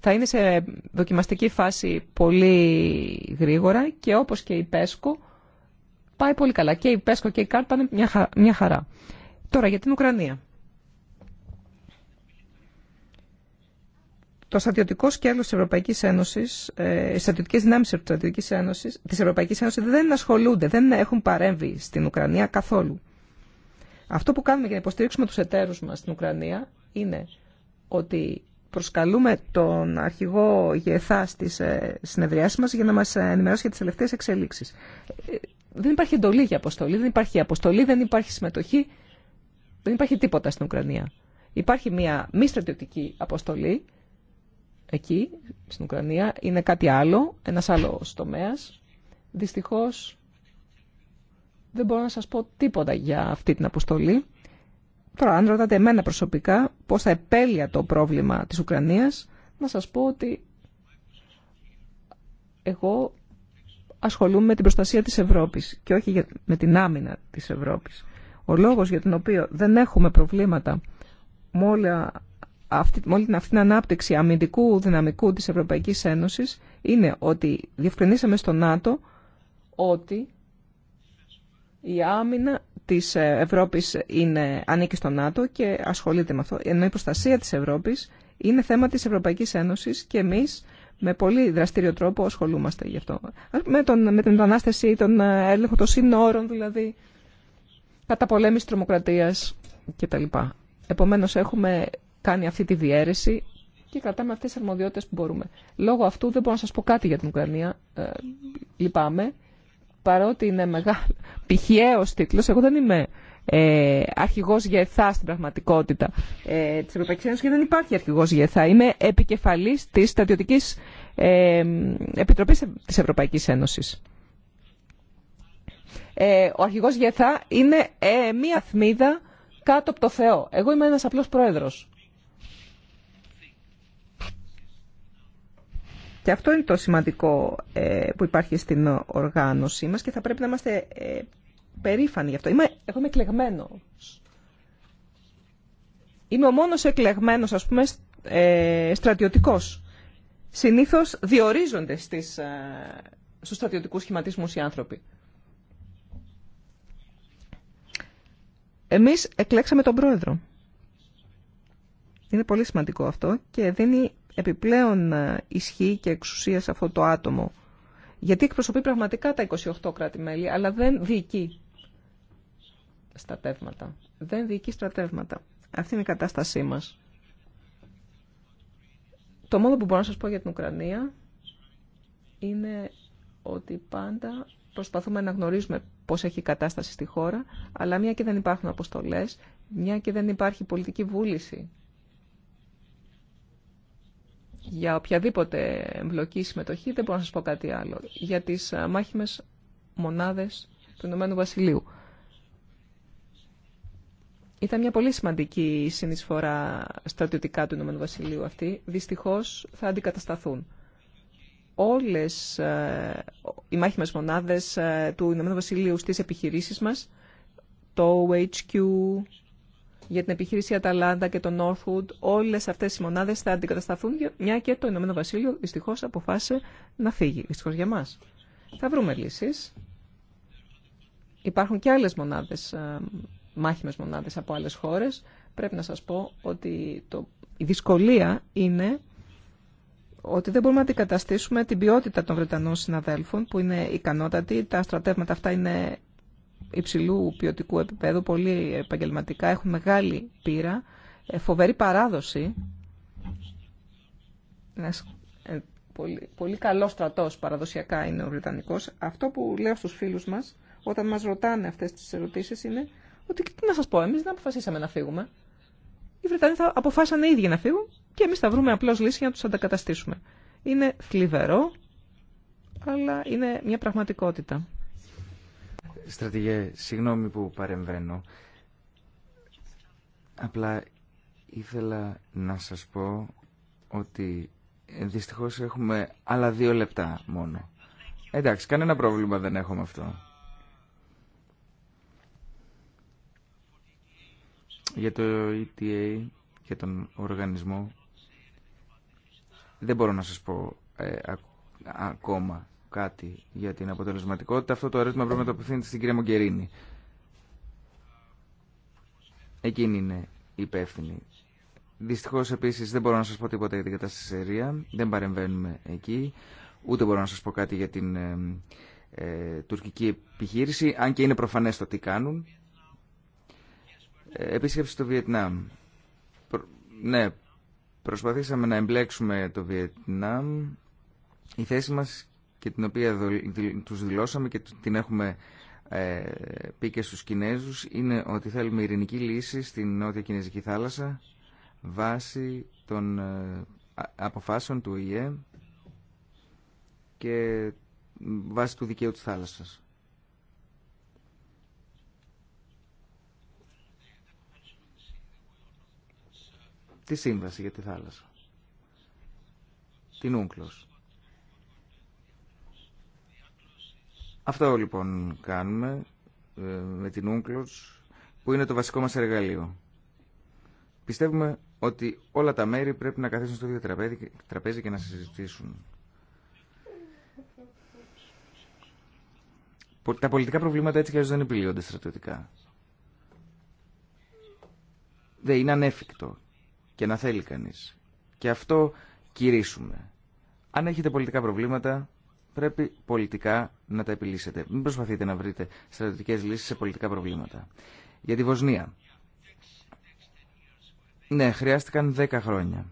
Θα είναι σε δοκιμαστική φάση πολύ γρήγορα και όπως και η ΠΕΣΚΟ πάει πολύ καλά. Και η ΠΕΣΚΟ και η ΚΑΡΤ πάνε μια χαρά. Τώρα για την Ουκρανία. Το στρατιωτικό σκέλος τη Ευρωπαϊκής Ένωση, ε, οι στρατιωτικές δυνάμεις τη Ευρωπαϊκής Ένωση, της Ευρωπαϊκής δεν ασχολούνται, δεν έχουν παρέμβει στην Ουκρανία καθόλου. Αυτό που κάνουμε για να υποστηρίξουμε του εταίρου μα στην Ουκρανία είναι ότι προσκαλούμε τον αρχηγό Γεθά στις ε, συνεδριάσεις μας για να μας ενημερώσει για τις τελευταίες εξελίξεις. Ε, δεν υπάρχει εντολή για αποστολή, δεν υπάρχει αποστολή, δεν υπάρχει συμμετοχή, δεν υπάρχει τίποτα στην Ουκρανία. Υπάρχει μια μη στρατιωτική αποστολή εκεί, στην Ουκρανία, είναι κάτι άλλο, ένα άλλο τομέα. Δυστυχώ δεν μπορώ να σα πω τίποτα για αυτή την αποστολή. Τώρα, αν ρωτάτε εμένα προσωπικά πώς θα επέλεια το πρόβλημα της Ουκρανίας, να σας πω ότι εγώ ασχολούμαι με την προστασία της Ευρώπης και όχι με την άμυνα της Ευρώπης. Ο λόγος για τον οποίο δεν έχουμε προβλήματα με, αυτή, με όλη την, αυτή την ανάπτυξη αμυντικού δυναμικού της Ευρωπαϊκής Ένωσης είναι ότι διευκρινίσαμε στο ΝΑΤΟ ότι η άμυνα της Ευρώπης είναι, ανήκει στο ΝΑΤΟ και ασχολείται με αυτό, ενώ η προστασία της Ευρώπης είναι θέμα της Ευρωπαϊκής Ένωσης και εμείς με πολύ δραστήριο τρόπο ασχολούμαστε γι' αυτό. Με, τον, με την μετανάστευση τον ε, έλεγχο των συνόρων, δηλαδή, κατά πολέμηση τρομοκρατίας κτλ. Επομένως έχουμε κάνει αυτή τη διαίρεση και κρατάμε αυτές τις αρμοδιότητες που μπορούμε. Λόγω αυτού δεν μπορώ να σας πω κάτι για την Ουκρανία, ε, λυπάμαι παρότι είναι μεγάλο, πηχαίο τίτλος, εγώ δεν είμαι ε, αρχηγός ΓΕΘΑ στην πραγματικότητα ε, της Ευρωπαϊκής Ένωσης και δεν υπάρχει αρχηγός ΓΕΘΑ. Είμαι επικεφαλής της Στρατιωτικής ε, Επιτροπής της Ευρωπαϊκής Ένωσης. Ε, ο αρχηγός ΓΕΘΑ είναι ε, μία θμίδα κάτω από το Θεό. Εγώ είμαι ένας απλός πρόεδρος. Και αυτό είναι το σημαντικό ε, που υπάρχει στην οργάνωσή μας και θα πρέπει να είμαστε ε, περήφανοι γι' αυτό. Είμαι, εγώ είμαι εκλεγμένο. Είμαι ο μόνος εκλεγμένος, ας πούμε, ε, στρατιωτικός. Συνήθως διορίζονται στις, ε, στους στρατιωτικούς σχηματισμούς οι άνθρωποι. Εμείς εκλέξαμε τον πρόεδρο. Είναι πολύ σημαντικό αυτό και δίνει επιπλέον ε, ισχύει και εξουσία σε αυτό το άτομο. Γιατί εκπροσωπεί πραγματικά τα 28 κράτη-μέλη, αλλά δεν διοικεί στρατεύματα. Δεν διοικεί στρατεύματα. Αυτή είναι η κατάστασή μας. Το μόνο που μπορώ να σας πω για την Ουκρανία είναι ότι πάντα προσπαθούμε να γνωρίζουμε πώς έχει η κατάσταση στη χώρα, αλλά μια και δεν υπάρχουν αποστολές, μια και δεν υπάρχει πολιτική βούληση για οποιαδήποτε εμπλοκή συμμετοχή δεν μπορώ να σας πω κάτι άλλο. Για τις μάχημες μονάδες του Ηνωμένου Βασιλείου. Ήταν μια πολύ σημαντική συνεισφορά στρατιωτικά του Ηνωμένου Βασιλείου αυτή. Δυστυχώς θα αντικατασταθούν. Όλες οι μάχημες μονάδες του Ηνωμένου Βασιλείου στις επιχειρήσεις μας, το OHQ, για την επιχείρηση Αταλάντα και το Northwood, όλε αυτέ οι μονάδε θα αντικατασταθούν, μια και το Ηνωμένο Βασίλειο Δυστυχώ αποφάσισε να φύγει, Δυστυχώ για μα. Θα βρούμε λύσει. Υπάρχουν και άλλε μονάδε, μάχημε μονάδες από άλλε χώρε. Πρέπει να σα πω ότι το, η δυσκολία είναι ότι δεν μπορούμε να αντικαταστήσουμε την ποιότητα των Βρετανών συναδέλφων που είναι ικανότατοι, τα στρατεύματα αυτά είναι υψηλού ποιοτικού επίπεδου, πολύ επαγγελματικά, έχουν μεγάλη πείρα, ε, φοβερή παράδοση. Ένας ε, πολύ, πολύ καλό στρατός παραδοσιακά είναι ο Βρετανικός. Αυτό που λέω στους φίλους μας, όταν μας ρωτάνε αυτές τις ερωτήσεις, είναι ότι τι να σας πω, εμείς δεν αποφασίσαμε να φύγουμε. Οι Βρετανοί θα αποφάσανε οι ίδιοι να φύγουν και εμείς θα βρούμε απλώς λύση για να τους αντακαταστήσουμε. Είναι θλιβερό, αλλά είναι μια πραγματικότητα στρατηγέ, συγγνώμη που παρεμβαίνω. Απλά ήθελα να σας πω ότι δυστυχώς έχουμε άλλα δύο λεπτά μόνο. Εντάξει, κανένα πρόβλημα δεν έχω αυτό. Για το ETA και τον οργανισμό δεν μπορώ να σας πω ε, ακόμα κάτι για την αποτελεσματικότητα. Αυτό το ερώτημα πρέπει να το απευθύνεται στην κυρία Μογκερίνη. Εκείνη είναι υπεύθυνη. Δυστυχώ επίση δεν μπορώ να σα πω τίποτα για την κατάσταση στη Δεν παρεμβαίνουμε εκεί. Ούτε μπορώ να σα πω κάτι για την ε, ε, τουρκική επιχείρηση, αν και είναι προφανέ το τι κάνουν. Ε, επίσκεψη στο Βιετνάμ. ναι, προσπαθήσαμε να εμπλέξουμε το Βιετνάμ. Η θέση μας και την οποία τους δηλώσαμε και την έχουμε ε, πει και στους Κινέζους είναι ότι θέλουμε ειρηνική λύση στην Νότια Κινέζικη θάλασσα βάσει των ε, αποφάσεων του ΙΕ και βάσει του δικαίου της θάλασσας. Τη σύμβαση για τη θάλασσα. Την Ούγκλος. Αυτό λοιπόν κάνουμε ε, με την UNCLOS που είναι το βασικό μας εργαλείο. Πιστεύουμε ότι όλα τα μέρη πρέπει να καθίσουν στο ίδιο τραπέζι και να συζητήσουν. Τα πολιτικά προβλήματα έτσι και δεν επιλύονται στρατιωτικά. Δεν είναι ανέφικτο και να θέλει κανείς. Και αυτό κηρύσουμε. Αν έχετε πολιτικά προβλήματα, πρέπει πολιτικά να τα επιλύσετε. Μην προσπαθείτε να βρείτε στρατιωτικέ λύσεις σε πολιτικά προβλήματα. Για τη Βοσνία. Ναι, χρειάστηκαν 10 χρόνια.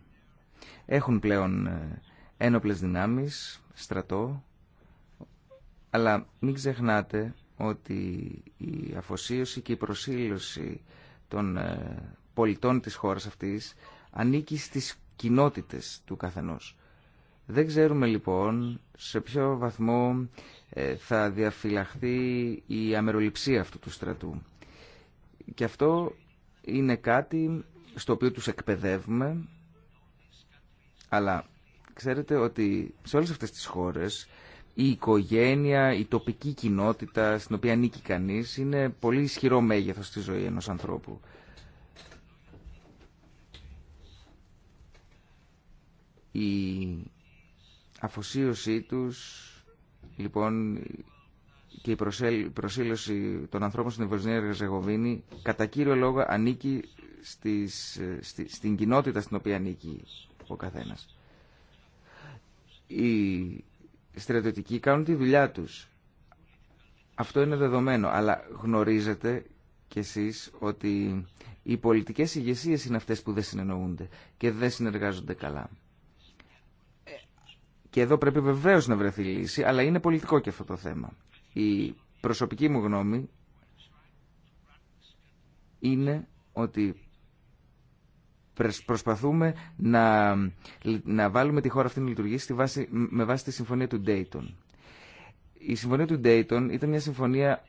Έχουν πλέον ε, ένοπλες δυνάμεις, στρατό, αλλά μην ξεχνάτε ότι η αφοσίωση και η προσήλωση των ε, πολιτών της χώρας αυτής ανήκει στις κοινότητες του καθενός. Δεν ξέρουμε λοιπόν σε ποιο βαθμό ε, θα διαφυλαχθεί η αμεροληψία αυτού του στρατού. Και αυτό είναι κάτι στο οποίο τους εκπαιδεύουμε, αλλά ξέρετε ότι σε όλες αυτές τις χώρες η οικογένεια, η τοπική κοινότητα στην οποία ανήκει κανείς είναι πολύ ισχυρό μέγεθος στη ζωή ενός ανθρώπου αφοσίωσή τους λοιπόν και η προσήλωση των ανθρώπων στην Βοσνία Ρεζεγοβίνη κατά κύριο λόγο ανήκει στην κοινότητα στην οποία ανήκει ο καθένας. Οι στρατιωτικοί κάνουν τη δουλειά τους. Αυτό είναι δεδομένο, αλλά γνωρίζετε κι εσείς ότι οι πολιτικές ηγεσίες είναι αυτές που δεν συνεννοούνται και δεν συνεργάζονται καλά και εδώ πρέπει βεβαίως να βρεθεί λύση, αλλά είναι πολιτικό και αυτό το θέμα. Η προσωπική μου γνώμη είναι ότι προσπαθούμε να, να βάλουμε τη χώρα αυτή να λειτουργήσει στη βάση, με βάση τη συμφωνία του Dayton. Η συμφωνία του Dayton ήταν μια συμφωνία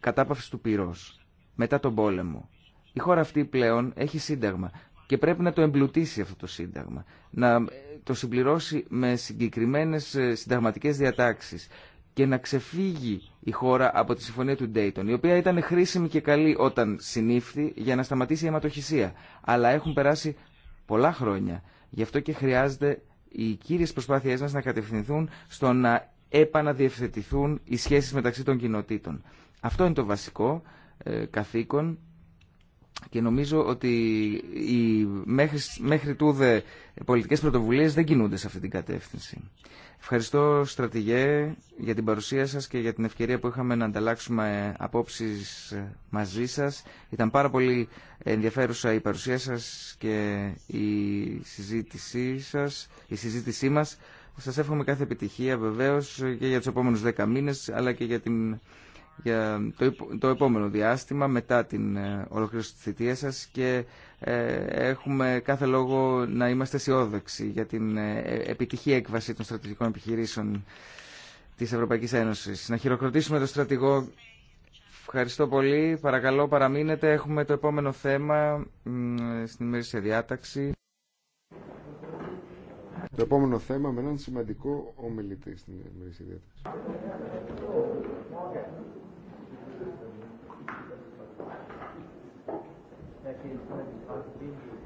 κατάπαυσης του πυρός μετά τον πόλεμο. Η χώρα αυτή πλέον έχει σύνταγμα και πρέπει να το εμπλουτίσει αυτό το σύνταγμα. Να το συμπληρώσει με συγκεκριμένες ε, συνταγματικές διατάξεις και να ξεφύγει η χώρα από τη συμφωνία του Ντέιτον, η οποία ήταν χρήσιμη και καλή όταν συνήφθη για να σταματήσει η αιματοχυσία. Αλλά έχουν περάσει πολλά χρόνια. Γι' αυτό και χρειάζεται οι κύριες προσπάθειές μας να κατευθυνθούν στο να επαναδιευθετηθούν οι σχέσεις μεταξύ των κοινοτήτων. Αυτό είναι το βασικό ε, καθήκον και νομίζω ότι μέχρι, μέχρι τούδε πολιτικές πρωτοβουλίες δεν κινούνται σε αυτή την κατεύθυνση. Ευχαριστώ στρατηγέ για την παρουσία σας και για την ευκαιρία που είχαμε να ανταλλάξουμε απόψεις μαζί σας. Ήταν πάρα πολύ ενδιαφέρουσα η παρουσία σας και η συζήτησή, σας, η συζήτησή μας. Σας εύχομαι κάθε επιτυχία βεβαίως και για τους επόμενους δέκα μήνες αλλά και για την για το επόμενο διάστημα μετά την ε, ολοκλήρωση της θητείας σας και ε, έχουμε κάθε λόγο να είμαστε αισιόδοξοι για την ε, επιτυχή έκβαση των στρατηγικών επιχειρήσεων της Ευρωπαϊκής Ένωσης. Να χειροκροτήσουμε τον στρατηγό. Ευχαριστώ πολύ. Παρακαλώ παραμείνετε. Έχουμε το επόμενο θέμα στην ημερήσια διάταξη. Το επόμενο θέμα με έναν σημαντικό ομιλητή στην ημερήσια διάταξη. that is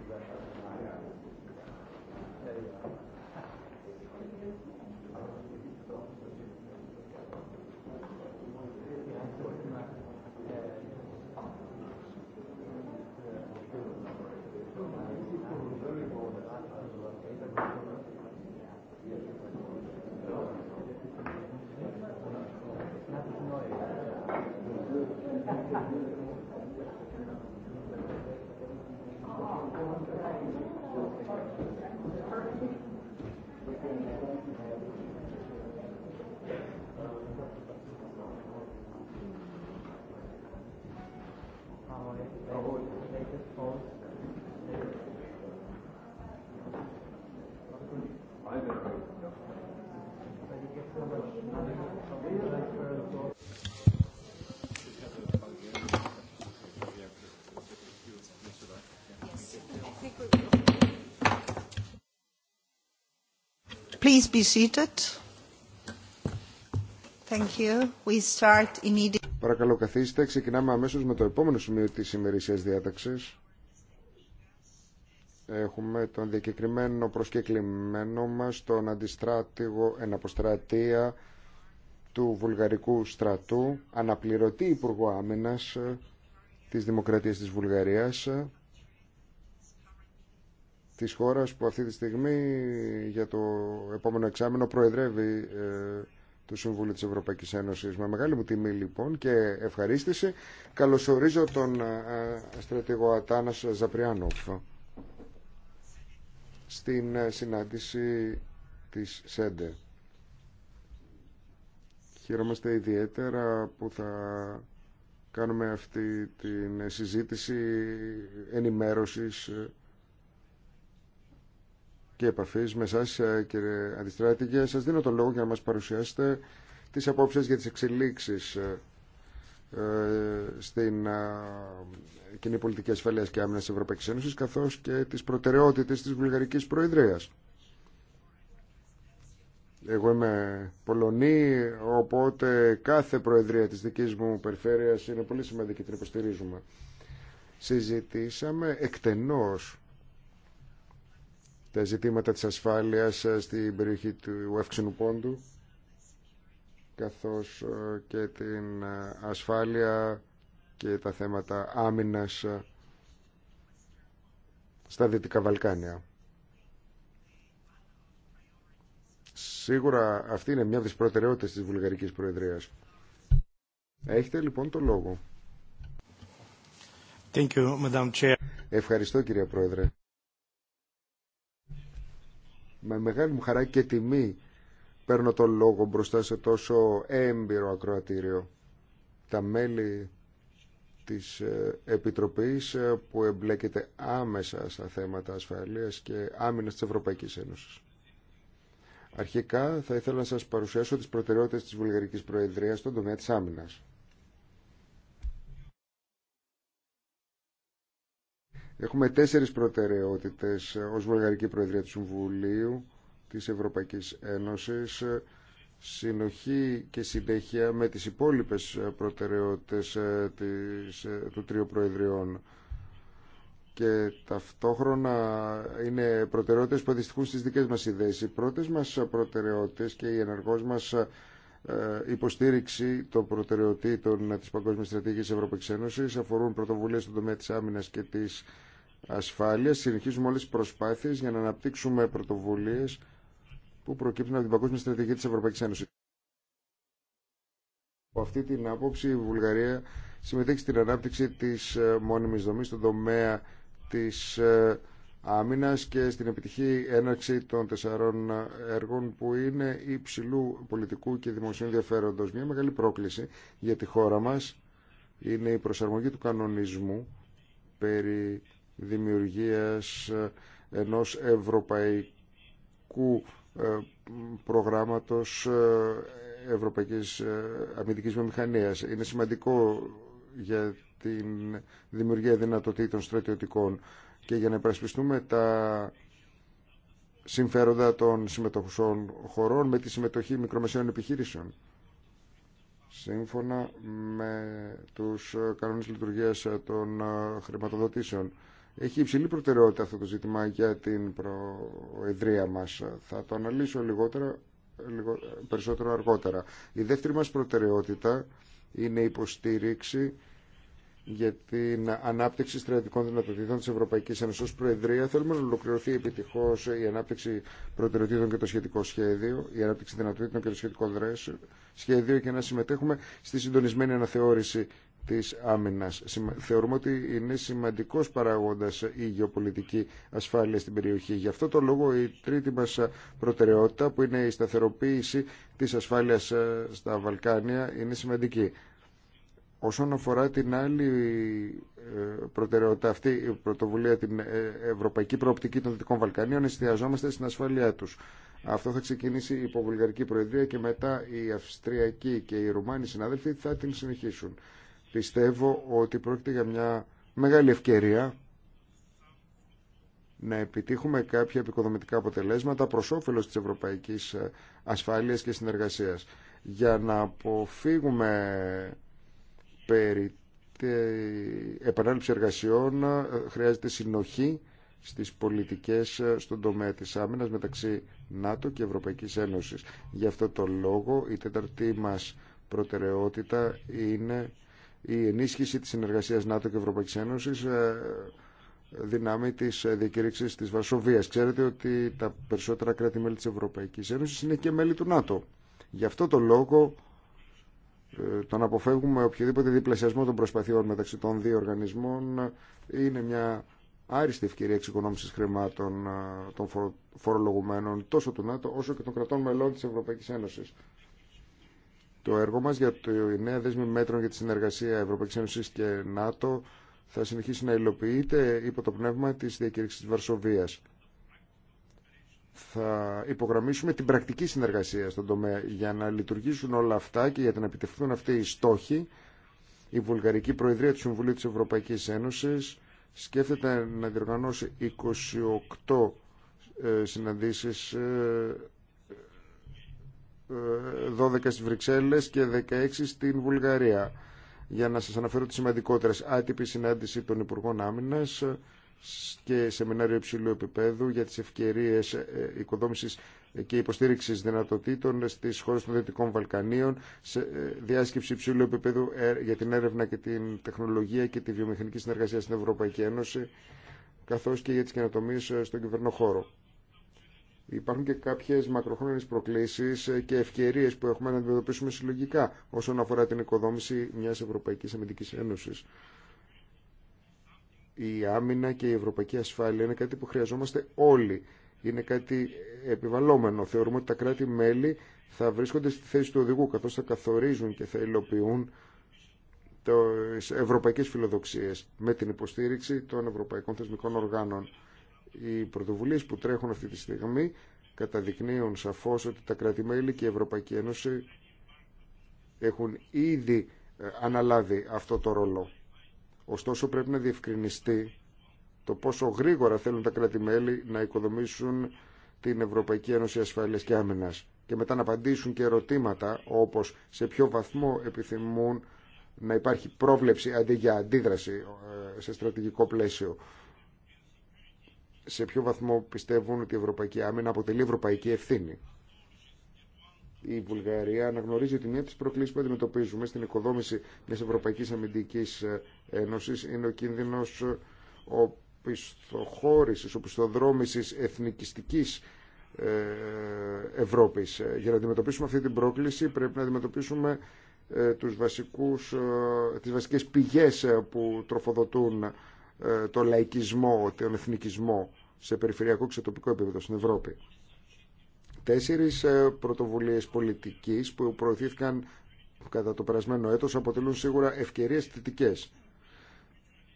Please be seated. Thank you. We start immediately. Παρακαλώ καθίστε. Ξεκινάμε αμέσως με το επόμενο σημείο της ημερησίας διάταξης. Έχουμε τον διακεκριμένο προσκεκλημένο μας, τον αντιστράτηγο αποστρατεία του Βουλγαρικού στρατού, αναπληρωτή Υπουργό Άμυνας της Δημοκρατίας της Βουλγαρίας, της χώρας που αυτή τη στιγμή για το επόμενο εξάμενο προεδρεύει ε, του Συμβουλίου της Ευρωπαϊκής Ένωσης. Με μεγάλη μου τιμή λοιπόν και ευχαρίστηση καλωσορίζω τον ε, ε, στρατηγό Ατάνας Ζαπριάνοφ στην ε, συνάντηση της ΣΕΝΤΕ. Χαίρομαστε ιδιαίτερα που θα κάνουμε αυτή τη συζήτηση ενημέρωσης και επαφή με εσά, κύριε Αντιστράτη, και σα δίνω το λόγο για να μα παρουσιάσετε τι απόψει για τι εξελίξει ε, ε, στην ε, κοινή πολιτική ασφαλεία και άμυνα τη Ευρωπαϊκή Ένωση, καθώ και τι προτεραιότητε τη Βουλγαρική Προεδρία. Εγώ είμαι Πολωνή, οπότε κάθε προεδρία της δικής μου περιφέρειας είναι πολύ σημαντική, και την υποστηρίζουμε. Συζητήσαμε εκτενώς τα ζητήματα της ασφάλειας ε, στην περιοχή του Εύξενου Πόντου καθώς ε, και την ε, ασφάλεια και τα θέματα άμυνας στα Δυτικά Βαλκάνια. Σίγουρα αυτή είναι μια από τις προτεραιότητες της Βουλγαρικής Προεδρίας. Έχετε λοιπόν το λόγο. Thank you, Madam Chair. Ευχαριστώ κυρία Πρόεδρε με μεγάλη μου χαρά και τιμή παίρνω το λόγο μπροστά σε τόσο έμπειρο ακροατήριο. Τα μέλη της ε, Επιτροπής ε, που εμπλέκεται άμεσα στα θέματα ασφαλείας και άμυνας της Ευρωπαϊκής Ένωσης. Αρχικά θα ήθελα να σας παρουσιάσω τις προτεραιότητες της Βουλγαρικής Προεδρίας στον τομέα της άμυνας. Έχουμε τέσσερις προτεραιότητες ως Βουλγαρική Προεδρία του Συμβουλίου της Ευρωπαϊκής Ένωσης συνοχή και συνέχεια με τις υπόλοιπες προτεραιότητες ε, ε, του Τρίου Προεδριών και ταυτόχρονα είναι προτεραιότητες που αντιστοιχούν στις δικές μας ιδέες. Οι πρώτες μας προτεραιότητες και η ενεργός μας ε, υποστήριξη των προτεραιοτήτων της Παγκόσμιας Στρατηγικής Ευρωπαϊκής Ένωσης αφορούν πρωτοβουλίες στον τομέα της άμυνας και της Ασφάλεια, συνεχίζουμε όλες τι προσπάθειες για να αναπτύξουμε πρωτοβουλίε που προκύπτουν από την παγκόσμια στρατηγική τη Ευρωπαϊκής Ένωση. Από αυτή την άποψη η Βουλγαρία συμμετέχει στην ανάπτυξη της ε, μόνιμης δομής στον τομέα της ε, Άμυνα και στην επιτυχή έναρξη των τεσσάρων ε, έργων που είναι υψηλού πολιτικού και δημοσίου ενδιαφέροντο. Μια μεγάλη πρόκληση για τη χώρα μα. είναι η προσαρμογή του κανονισμού περί δημιουργίας ε, ενός ευρωπαϊκού ε, προγράμματος ε, ευρωπαϊκής αμυντικής μηχανίας. Είναι σημαντικό για την δημιουργία δυνατοτήτων στρατιωτικών και για να υπερασπιστούμε τα συμφέροντα των συμμετοχών χωρών με τη συμμετοχή μικρομεσαίων επιχείρησεων σύμφωνα με τους κανόνες λειτουργίας των χρηματοδοτήσεων. Έχει υψηλή προτεραιότητα αυτό το ζήτημα για την προεδρία μας. Θα το αναλύσω λιγότερα, λιγο, περισσότερο αργότερα. Η δεύτερη μας προτεραιότητα είναι η υποστήριξη για την ανάπτυξη στρατιωτικών δυνατοτήτων της Ευρωπαϊκής Ένωσης ως Προεδρία. Θέλουμε να ολοκληρωθεί επιτυχώς η ανάπτυξη προτεραιοτήτων και το σχετικό σχέδιο, η ανάπτυξη δυνατοτήτων και το σχετικό σχέδιο και να συμμετέχουμε στη συντονισμένη αναθεώρηση της άμυνας. Θεωρούμε ότι είναι σημαντικός παραγόντας η γεωπολιτική ασφάλεια στην περιοχή. Γι' αυτό το λόγο η τρίτη μας προτεραιότητα που είναι η σταθεροποίηση της ασφάλειας ε, στα Βαλκάνια είναι σημαντική. Όσον αφορά την άλλη ε, προτεραιότητα αυτή, η πρωτοβουλία, την ε, ευρωπαϊκή προοπτική των Δυτικών Βαλκανίων, εστιαζόμαστε στην ασφάλειά τους. Αυτό θα ξεκινήσει η Βουλγαρική προεδρία και μετά η αυστριακή και οι ρουμάνοι συνάδελφοι θα την συνεχίσουν. Πιστεύω ότι πρόκειται για μια μεγάλη ευκαιρία να επιτύχουμε κάποια επικοδομητικά αποτελέσματα προς όφελος της ευρωπαϊκής ε, ασφάλειας και συνεργασίας για να αποφύγουμε περί επανάληψη εργασιών ε, χρειάζεται συνοχή στις πολιτικές ε, στον τομέα της άμυνας μεταξύ ΝΑΤΟ και Ευρωπαϊκής Ένωσης. Γι' αυτό το λόγο η τέταρτη μας προτεραιότητα είναι η ενίσχυση της συνεργασίας ΝΑΤΟ και Ευρωπαϊκής Ένωσης ε, δυνάμει τη ε, διακήρυξη της Βασοβίας. Ξέρετε ότι τα περισσότερα κράτη-μέλη της Ευρωπαϊκής Ένωσης είναι και μέλη του ΝΑΤΟ. Γι' αυτό το λόγο ε, τον αποφεύγουμε οποιοδήποτε διπλασιασμό των προσπαθειών μεταξύ των δύο οργανισμών είναι μια άριστη ευκαιρία εξοικονόμησης χρημάτων των φορολογουμένων τόσο του ΝΑΤΟ όσο και των κρατών μελών της Ευρωπαϊκής Ένωσης. Το έργο μας για το νέα δέσμη μέτρων για τη συνεργασία Ευρωπαϊκής Ένωσης και ΝΑΤΟ θα συνεχίσει να υλοποιείται υπό το πνεύμα της διακήρυξης τη Βαρσοβίας. Θα υπογραμμίσουμε την πρακτική συνεργασία στον τομέα για να λειτουργήσουν όλα αυτά και για να επιτευχθούν αυτοί οι στόχοι. Η Βουλγαρική Προεδρία του Συμβουλίου της Ευρωπαϊκής Ένωσης σκέφτεται να διοργανώσει 28 ε, συναντήσεις ε, 12 στις Βρυξέλλες και 16 στην Βουλγαρία. Για να σας αναφέρω τις σημαντικότερες άτυπη συνάντηση των Υπουργών Άμυνας και σεμινάριο υψηλού επίπεδου για τις ευκαιρίες ε, οικοδόμησης και υποστήριξη δυνατοτήτων στι χώρε των Δυτικών Βαλκανίων, σε ε, διάσκεψη υψηλού επίπεδου ε, για την έρευνα και την τεχνολογία και τη βιομηχανική συνεργασία στην Ευρωπαϊκή Ένωση, καθώ και για τι καινοτομίε στον χώρο. Υπάρχουν και κάποιες μακροχρόνιες προκλήσεις και ευκαιρίες που έχουμε να αντιμετωπίσουμε συλλογικά όσον αφορά την οικοδόμηση μιας Ευρωπαϊκής Αμυντικής Ένωσης. Η άμυνα και η ευρωπαϊκή ασφάλεια είναι κάτι που χρειαζόμαστε όλοι. Είναι κάτι επιβαλλόμενο. Θεωρούμε ότι τα κράτη-μέλη θα βρίσκονται στη θέση του οδηγού καθώς θα καθορίζουν και θα υλοποιούν τις ευρωπαϊκές φιλοδοξίες με την υποστήριξη των ευρωπαϊκών θεσμικών οργάνων. Οι πρωτοβουλίες που τρέχουν αυτή τη στιγμή καταδεικνύουν σαφώς ότι τα κράτη-μέλη και η Ευρωπαϊκή Ένωση έχουν ήδη ε, αναλάβει αυτό το ρόλο. Ωστόσο πρέπει να διευκρινιστεί το πόσο γρήγορα θέλουν τα κράτη-μέλη να οικοδομήσουν την Ευρωπαϊκή Ένωση Ασφάλειας και Άμυνας και μετά να απαντήσουν και ερωτήματα όπως σε ποιο βαθμό επιθυμούν να υπάρχει πρόβλεψη αντί για αντίδραση ε, σε στρατηγικό πλαίσιο σε ποιο βαθμό πιστεύουν ότι η ευρωπαϊκή άμυνα αποτελεί ευρωπαϊκή ευθύνη. Η Βουλγαρία αναγνωρίζει ότι μία από τι προκλήσει που αντιμετωπίζουμε στην οικοδόμηση μια Ευρωπαϊκή Αμυντική Ένωση είναι ο κίνδυνο οπισθοχώρηση, οπισθοδρόμηση εθνικιστική ε, Ευρώπη. Ε, για να αντιμετωπίσουμε αυτή την πρόκληση πρέπει να αντιμετωπίσουμε ε, τους βασικούς, τις βασικές πηγές που τροφοδοτούν ε, το λαϊκισμό, τον εθνικισμό σε περιφερειακό και σε τοπικό επίπεδο στην Ευρώπη. Τέσσερις ε, πρωτοβουλίες πολιτικής που προωθήθηκαν κατά το περασμένο έτος αποτελούν σίγουρα ευκαιρίες θετικές.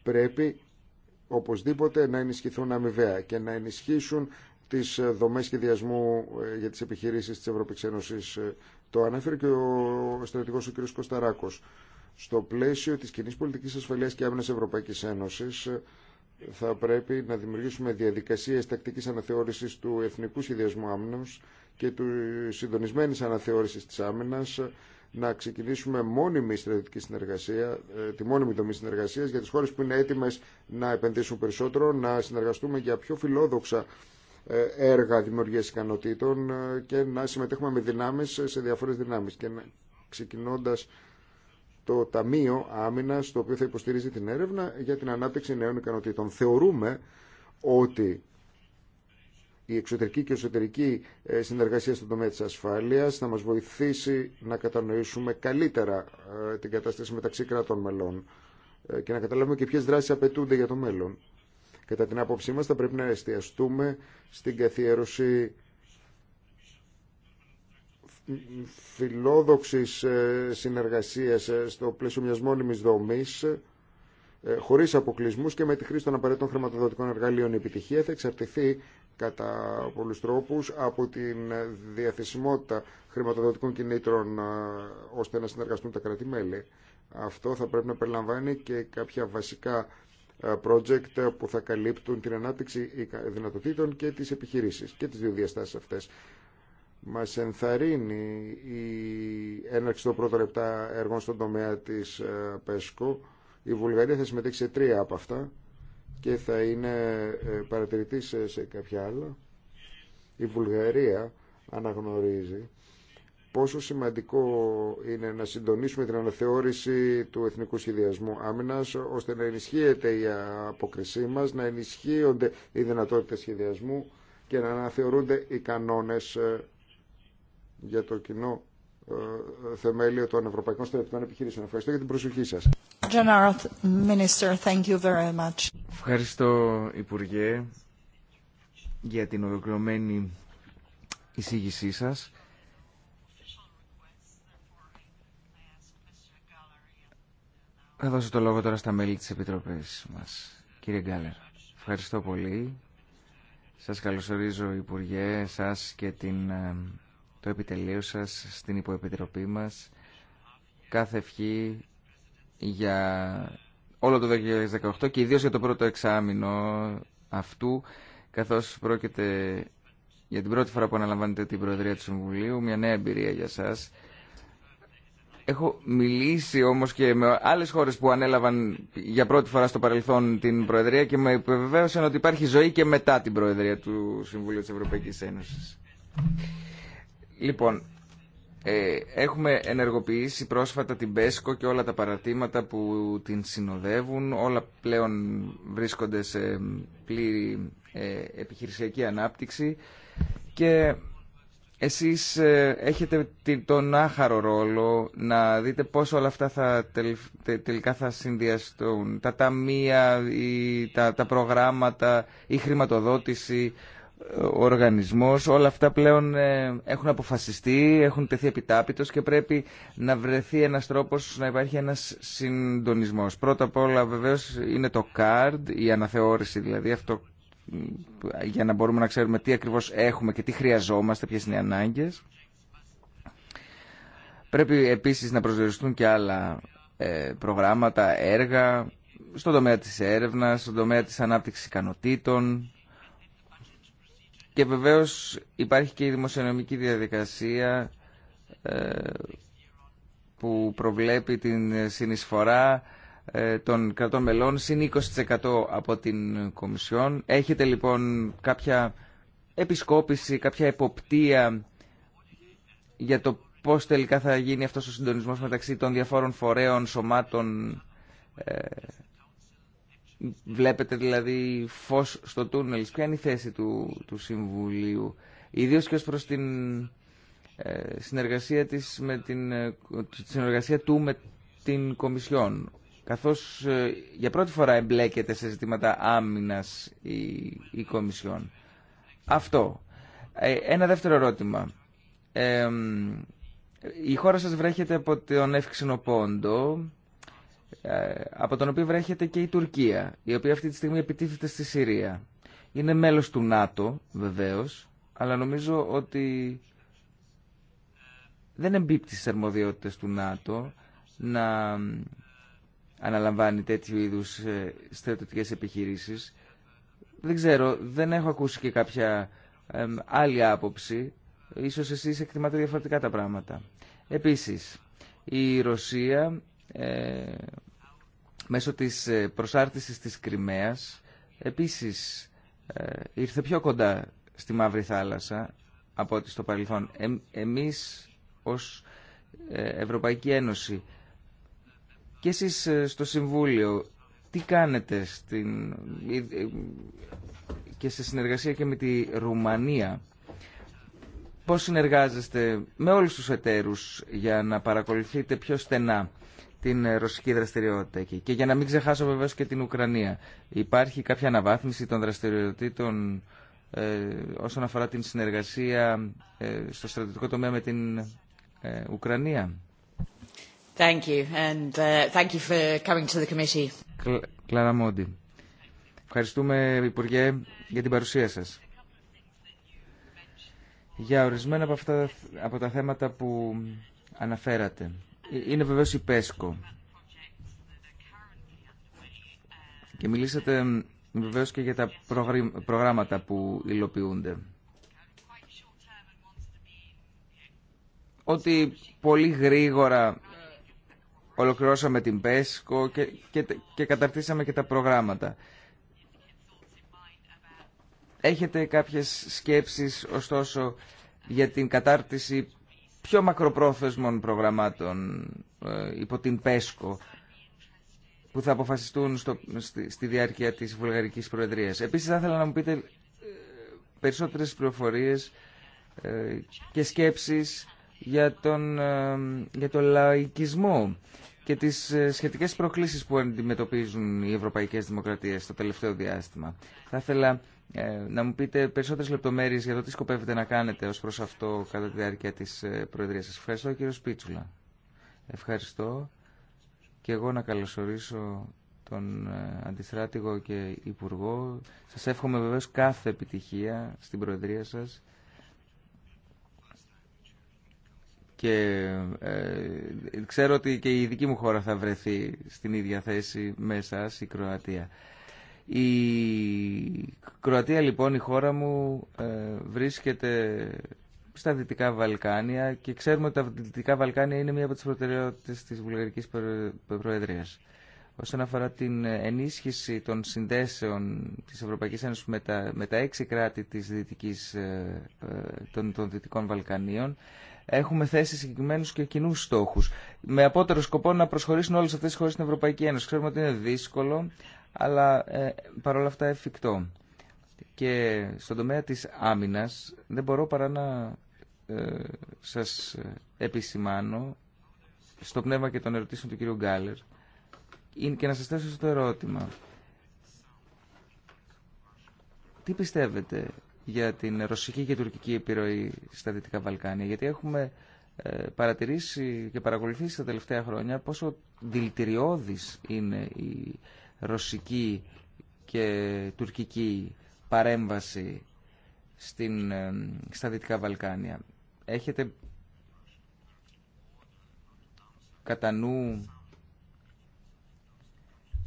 Πρέπει οπωσδήποτε να ενισχυθούν αμοιβαία και να ενισχύσουν τις ε, δομές σχεδιασμού για τις επιχειρήσεις της Ευρωπαϊκής Ένωσης. Το ανέφερε και ο στρατηγός ο κ. Κωνσταράκος. Στο πλαίσιο της κοινή πολιτικής ασφαλείας και άμυνας Ευρωπαϊκής Ένωσης θα πρέπει να δημιουργήσουμε διαδικασίες τακτικής αναθεώρησης του Εθνικού Σχεδιασμού Άμυνας και του συντονισμένης αναθεώρησης της άμυνας να ξεκινήσουμε μόνιμη στρατιωτική συνεργασία, ε, τη μόνιμη δομή συνεργασίας για τις χώρες που είναι έτοιμες να επενδύσουν περισσότερο, να συνεργαστούμε για πιο φιλόδοξα ε, έργα δημιουργίας ικανοτήτων ε, και να συμμετέχουμε με δυνάμεις σε διάφορες δυνάμεις. Και ξεκινώντας το Ταμείο Άμυνα, το οποίο θα υποστηρίζει την έρευνα για την ανάπτυξη νέων ικανοτήτων. Θεωρούμε ότι η εξωτερική και εσωτερική ε, συνεργασία στον τομέα της ασφάλειας θα μας βοηθήσει να κατανοήσουμε καλύτερα ε, την κατάσταση μεταξύ κρατών μελών ε, και να καταλάβουμε και ποιες δράσεις απαιτούνται για το μέλλον. Κατά την άποψή μας θα πρέπει να εστιαστούμε στην καθιέρωση φιλόδοξης ε, συνεργασίας ε, στο πλαίσιο μιας μόνιμης δομής ε, χωρί αποκλεισμού και με τη χρήση των απαραίτητων χρηματοδοτικών εργαλείων. Η επιτυχία θα εξαρτηθεί κατά πολλούς τρόπους από την διαθεσιμότητα χρηματοδοτικών κινήτρων ώστε να συνεργαστούν τα κράτη-μέλη. Αυτό θα πρέπει να περιλαμβάνει και κάποια βασικά project που θα καλύπτουν την ανάπτυξη δυνατοτήτων και τις επιχειρήσεις και τις δύο διαστάσεις αυτές μα ενθαρρύνει η έναρξη των πρώτων λεπτά έργων στον τομέα της ε, ΠΕΣΚΟ. Η Βουλγαρία θα συμμετέχει σε τρία από αυτά και θα είναι ε, παρατηρητής σε κάποια άλλα. Η Βουλγαρία αναγνωρίζει πόσο σημαντικό είναι να συντονίσουμε την αναθεώρηση του εθνικού σχεδιασμού άμυνας ώστε να ενισχύεται η αποκρισή μας, να ενισχύονται οι δυνατότητες σχεδιασμού και να αναθεωρούνται οι κανόνες ε, για το κοινό ε, θεμέλιο των Ευρωπαϊκών Στρατιωτικών Επιχειρήσεων. Ευχαριστώ για την προσοχή σας. thank you very much. Ευχαριστώ Υπουργέ για την ολοκληρωμένη εισήγησή σας. Θα δώσω το λόγο τώρα στα μέλη της Επιτροπής μας. Κύριε Γκάλερ, ευχαριστώ πολύ. Σας καλωσορίζω Υπουργέ, σας και την ε, το επιτελείο σας στην υποεπιτροπή μας. Κάθε ευχή για όλο το 2018 και ιδίως για το πρώτο εξάμεινο αυτού, καθώς πρόκειται για την πρώτη φορά που αναλαμβάνετε την Προεδρία του Συμβουλίου, μια νέα εμπειρία για σας. Έχω μιλήσει όμως και με άλλες χώρες που ανέλαβαν για πρώτη φορά στο παρελθόν την Προεδρία και με επιβεβαίωσαν ότι υπάρχει ζωή και μετά την Προεδρία του Συμβουλίου της Ευρωπαϊκής Ένωσης. Λοιπόν, ε, έχουμε ενεργοποιήσει πρόσφατα την ΠΕΣΚΟ και όλα τα παρατήματα που την συνοδεύουν. Όλα πλέον βρίσκονται σε πλήρη ε, επιχειρησιακή ανάπτυξη και εσείς ε, έχετε τον άχαρο ρόλο να δείτε πώς όλα αυτά θα τελικά θα συνδυαστούν. Τα ταμεία, τα, τα προγράμματα, η χρηματοδότηση, οργανισμός, όλα αυτά πλέον ε, έχουν αποφασιστεί, έχουν τεθεί επιτάπητος και πρέπει να βρεθεί ένας τρόπος να υπάρχει ένας συντονισμός. Πρώτα απ' όλα βεβαίως είναι το CARD, η αναθεώρηση δηλαδή, αυτό για να μπορούμε να ξέρουμε τι ακριβώς έχουμε και τι χρειαζόμαστε, ποιες είναι οι ανάγκες. Πρέπει επίσης να προσδιοριστούν και άλλα ε, προγράμματα, έργα, στον τομέα της έρευνας, στον τομέα της ανάπτυξης ικανοτήτων, και βεβαίως υπάρχει και η δημοσιονομική διαδικασία ε, που προβλέπει την συνεισφορά ε, των κρατών μελών συν 20% από την Κομισιόν. Έχετε λοιπόν κάποια επισκόπηση, κάποια εποπτεία για το πώς τελικά θα γίνει αυτός ο συντονισμός μεταξύ των διαφόρων φορέων, σωμάτων ε, Βλέπετε δηλαδή φως στο τούνελ. Ποια είναι η θέση του, του Συμβουλίου, Ιδίω και ως προς την ε, συνεργασία, της με την, ε, συνεργασία του με την Κομισιόν, καθώς ε, για πρώτη φορά εμπλέκεται σε ζητήματα άμυνας η, η Κομισιόν. Αυτό. ένα δεύτερο ερώτημα. η χώρα σας βρέχεται από τον Εύξηνο Πόντο, ε, από τον οποίο βρέχεται και η Τουρκία, η οποία αυτή τη στιγμή επιτίθεται στη Συρία. Είναι μέλος του ΝΑΤΟ, βεβαίως, αλλά νομίζω ότι δεν εμπίπτει στις αρμοδιότητες του ΝΑΤΟ να αναλαμβάνει τέτοιου είδους ε, στρατιωτικές επιχειρήσεις. Δεν ξέρω, δεν έχω ακούσει και κάποια άλλη άποψη. Ίσως εσείς εκτιμάτε διαφορετικά τα πράγματα. Επίσης, η Ρωσία ε, μέσω της ε, προσάρτησης της Κρυμαίας επίσης ε, ήρθε πιο κοντά στη Μαύρη Θάλασσα από ό,τι στο παρελθόν. Ε, εμείς ως ε, Ευρωπαϊκή Ένωση και εσείς στο Συμβούλιο τι κάνετε στην... και σε συνεργασία και με τη Ρουμανία πώς συνεργάζεστε με όλους τους εταίρους για να παρακολουθείτε πιο στενά την ε, ρωσική δραστηριότητα εκεί. Και για να μην ξεχάσω βεβαίω και την Ουκρανία. Υπάρχει κάποια αναβάθμιση των δραστηριοτήτων ε, όσον αφορά την συνεργασία ε, στο στρατιωτικό τομέα με την ε, Ουκρανία. Thank you and uh, thank you for coming to the committee. Ευχαριστούμε Υπουργέ για την παρουσία σας. Για ορισμένα από αυτά από τα θέματα που αναφέρατε είναι βεβαίως η ΠΕΣΚΟ. Και μιλήσατε βεβαίως και για τα προγράμματα που υλοποιούνται. Ότι πολύ γρήγορα ολοκληρώσαμε την ΠΕΣΚΟ και, και, και καταρτήσαμε και τα προγράμματα. Έχετε κάποιες σκέψεις ωστόσο για την κατάρτιση πιο μακροπρόθεσμων προγραμμάτων ε, υπό την ΠΕΣΚΟ που θα αποφασιστούν στο, στη, στη διάρκεια της Βουλγαρικής Προεδρίας. Επίσης θα ήθελα να μου πείτε ε, περισσότερες πληροφορίες ε, και σκέψεις για, τον, για τον λαϊκισμό και τις σχετικές προκλήσεις που αντιμετωπίζουν οι ευρωπαϊκές δημοκρατίες στο τελευταίο διάστημα. Θα ήθελα ε, να μου πείτε περισσότερες λεπτομέρειες για το τι σκοπεύετε να κάνετε ως προς αυτό κατά τη διάρκεια της ε, Προεδρίας σας. Ευχαριστώ κύριο Σπίτσουλα. Ευχαριστώ και εγώ να καλωσορίσω τον ε, Αντιστράτηγο και Υπουργό. Σας εύχομαι βεβαίως κάθε επιτυχία στην Προεδρία σας. Και ε, ξέρω ότι και η δική μου χώρα θα βρεθεί στην ίδια θέση με εσάς, η Κροατία. Η Κροατία λοιπόν, η χώρα μου, ε, βρίσκεται στα Δυτικά Βαλκάνια και ξέρουμε ότι τα Δυτικά Βαλκάνια είναι μία από τις προτεραιότητες της Βουλγαρικής Προεδρίας. Όσον αφορά την ενίσχυση των συνδέσεων της Ευρωπαϊκής Ένωσης με τα, με τα έξι κράτη της Δυτικής, ε, ε, των, Δυτικών Βαλκανίων, έχουμε θέσει συγκεκριμένου και κοινού στόχου. Με απότερο σκοπό να προσχωρήσουν όλε αυτέ οι χώρε στην Ευρωπαϊκή Ένωση. Ξέρουμε ότι είναι δύσκολο, αλλά ε, παρόλα αυτά εφικτό. Και στον τομέα της άμυνας δεν μπορώ παρά να ε, σας επισημάνω στο πνεύμα και των ερωτήσεων του κύριου Γκάλερ και να σας θέσω στο ερώτημα. Τι πιστεύετε για την ρωσική και τουρκική επιρροή στα Δυτικά Βαλκάνια, γιατί έχουμε ε, παρατηρήσει και παρακολουθήσει τα τελευταία χρόνια πόσο δηλητηριώδης είναι η ρωσική και τουρκική παρέμβαση στην, ε, στα Δυτικά Βαλκάνια. Έχετε κατά νου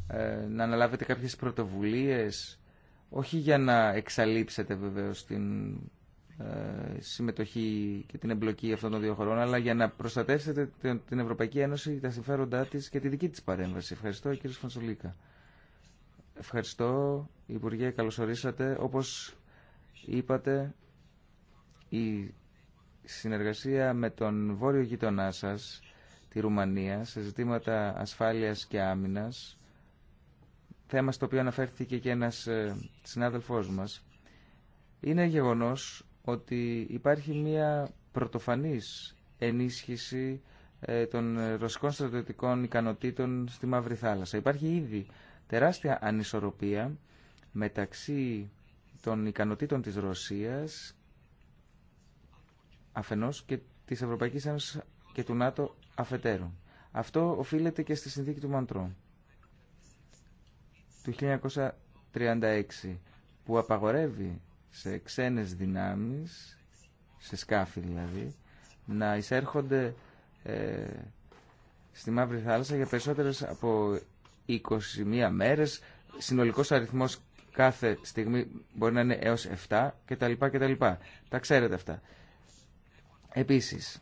ε, να αναλάβετε κάποιες πρωτοβουλίες, όχι για να εξαλείψετε βεβαίως την ε, συμμετοχή και την εμπλοκή αυτών των δύο χωρών, αλλά για να προστατεύσετε την Ευρωπαϊκή Ένωση, τα συμφέροντά της και τη δική της παρέμβαση. Ευχαριστώ, κύριε Φανσολίκα. Ευχαριστώ, Υπουργέ, ορίσατε. Όπως είπατε, η συνεργασία με τον βόρειο γείτονά σας, τη Ρουμανία, σε ζητήματα ασφάλειας και άμυνας, θέμα στο οποίο αναφέρθηκε και ένας ε, συνάδελφός μας, είναι γεγονός ότι υπάρχει μια πρωτοφανής ενίσχυση ε, των ρωσικών στρατιωτικών ικανοτήτων στη Μαύρη Θάλασσα. Υπάρχει ήδη τεράστια ανισορροπία μεταξύ των ικανοτήτων της Ρωσίας αφενός και της Ευρωπαϊκής Ένωσης και του ΝΑΤΟ αφετέρου. Αυτό οφείλεται και στη συνθήκη του Μαντρό του 1936 που απαγορεύει σε ξένες δυνάμεις, σε σκάφη δηλαδή, να εισέρχονται ε, στη Μαύρη Θάλασσα για περισσότερες από 21 μέρες, συνολικός αριθμός κάθε στιγμή μπορεί να είναι έως 7 κτλ. κτλ. Τα ξέρετε αυτά. Επίσης,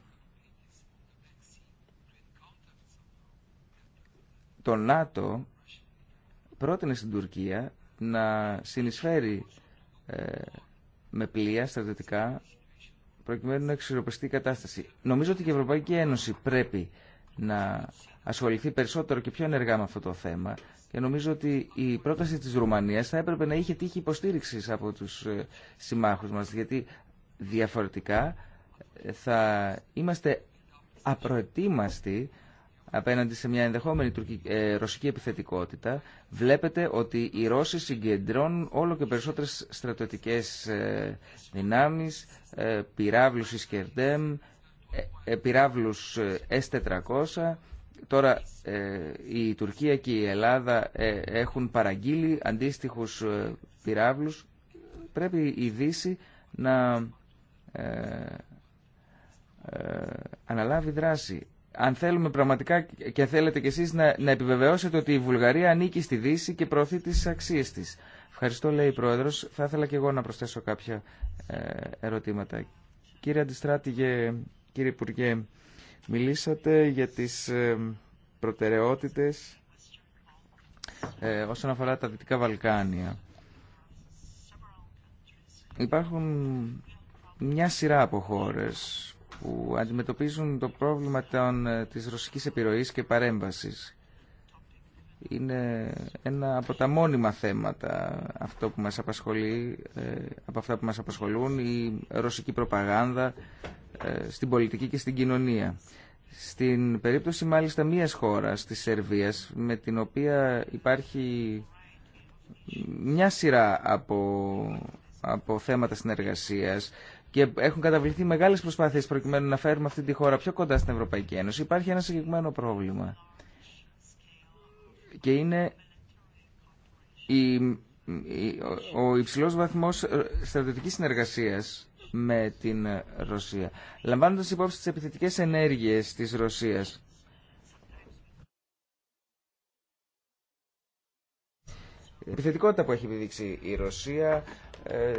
το ΝΑΤΟ πρότεινε στην Τουρκία να συνεισφέρει ε, με πλοία στρατιωτικά προκειμένου να εξορροπιστεί η κατάσταση. Νομίζω ότι και η Ευρωπαϊκή Ένωση πρέπει να ασχοληθεί περισσότερο και πιο ενεργά με αυτό το θέμα και νομίζω ότι η πρόταση της Ρουμανίας θα έπρεπε να είχε τύχει υποστήριξη από τους ε, συμμάχους μας γιατί διαφορετικά ε, θα είμαστε απροετοίμαστοι απέναντι σε μια ενδεχόμενη ε, ρωσική επιθετικότητα. Βλέπετε ότι οι Ρώσοι συγκεντρώνουν όλο και περισσότερες στρατιωτικές δυνάμεις, πυράβλους Ισκερντέμ, επιράβλους s ε, S-400. Τώρα ε, η Τουρκία και η Ελλάδα ε, έχουν παραγγείλει αντίστοιχους πυράβλους. Πρέπει η Δύση να αναλάβει δράση. Αν θέλουμε πραγματικά και θέλετε κι εσείς να, να επιβεβαιώσετε ότι η Βουλγαρία ανήκει στη Δύση και προωθεί τις αξίες της. Ευχαριστώ, λέει η Πρόεδρος. Θα ήθελα και εγώ να προσθέσω κάποια ερωτήματα. Κύριε Αντιστράτηγε, Κύριε Υπουργέ, μιλήσατε για τις ε, προτεραιότητες ε, όσον αφορά τα Δυτικά Βαλκάνια. Υπάρχουν μια σειρά από χώρες που αντιμετωπίζουν το πρόβλημα των, ε, της ρωσικής επιρροής και παρέμβασης είναι ένα από τα μόνιμα θέματα αυτό που μας απασχολεί, ε, από αυτά που μας απασχολούν, η ρωσική προπαγάνδα ε, στην πολιτική και στην κοινωνία. Στην περίπτωση μάλιστα μίας χώρας, της Σερβίας, με την οποία υπάρχει μια σειρά από, από θέματα συνεργασίας, και έχουν καταβληθεί μεγάλες προσπάθειες προκειμένου να φέρουμε αυτή τη χώρα πιο κοντά στην Ευρωπαϊκή Ένωση. Υπάρχει ένα συγκεκριμένο πρόβλημα και είναι ο υψηλός βαθμός ε, στρατιωτικής συνεργασίας με την ε, Ρωσία. Λαμβάνοντας υπόψη τις επιθετικές ενέργειες της Ρωσίας, η επιθετικότητα που έχει επιδείξει η Ρωσία, ε,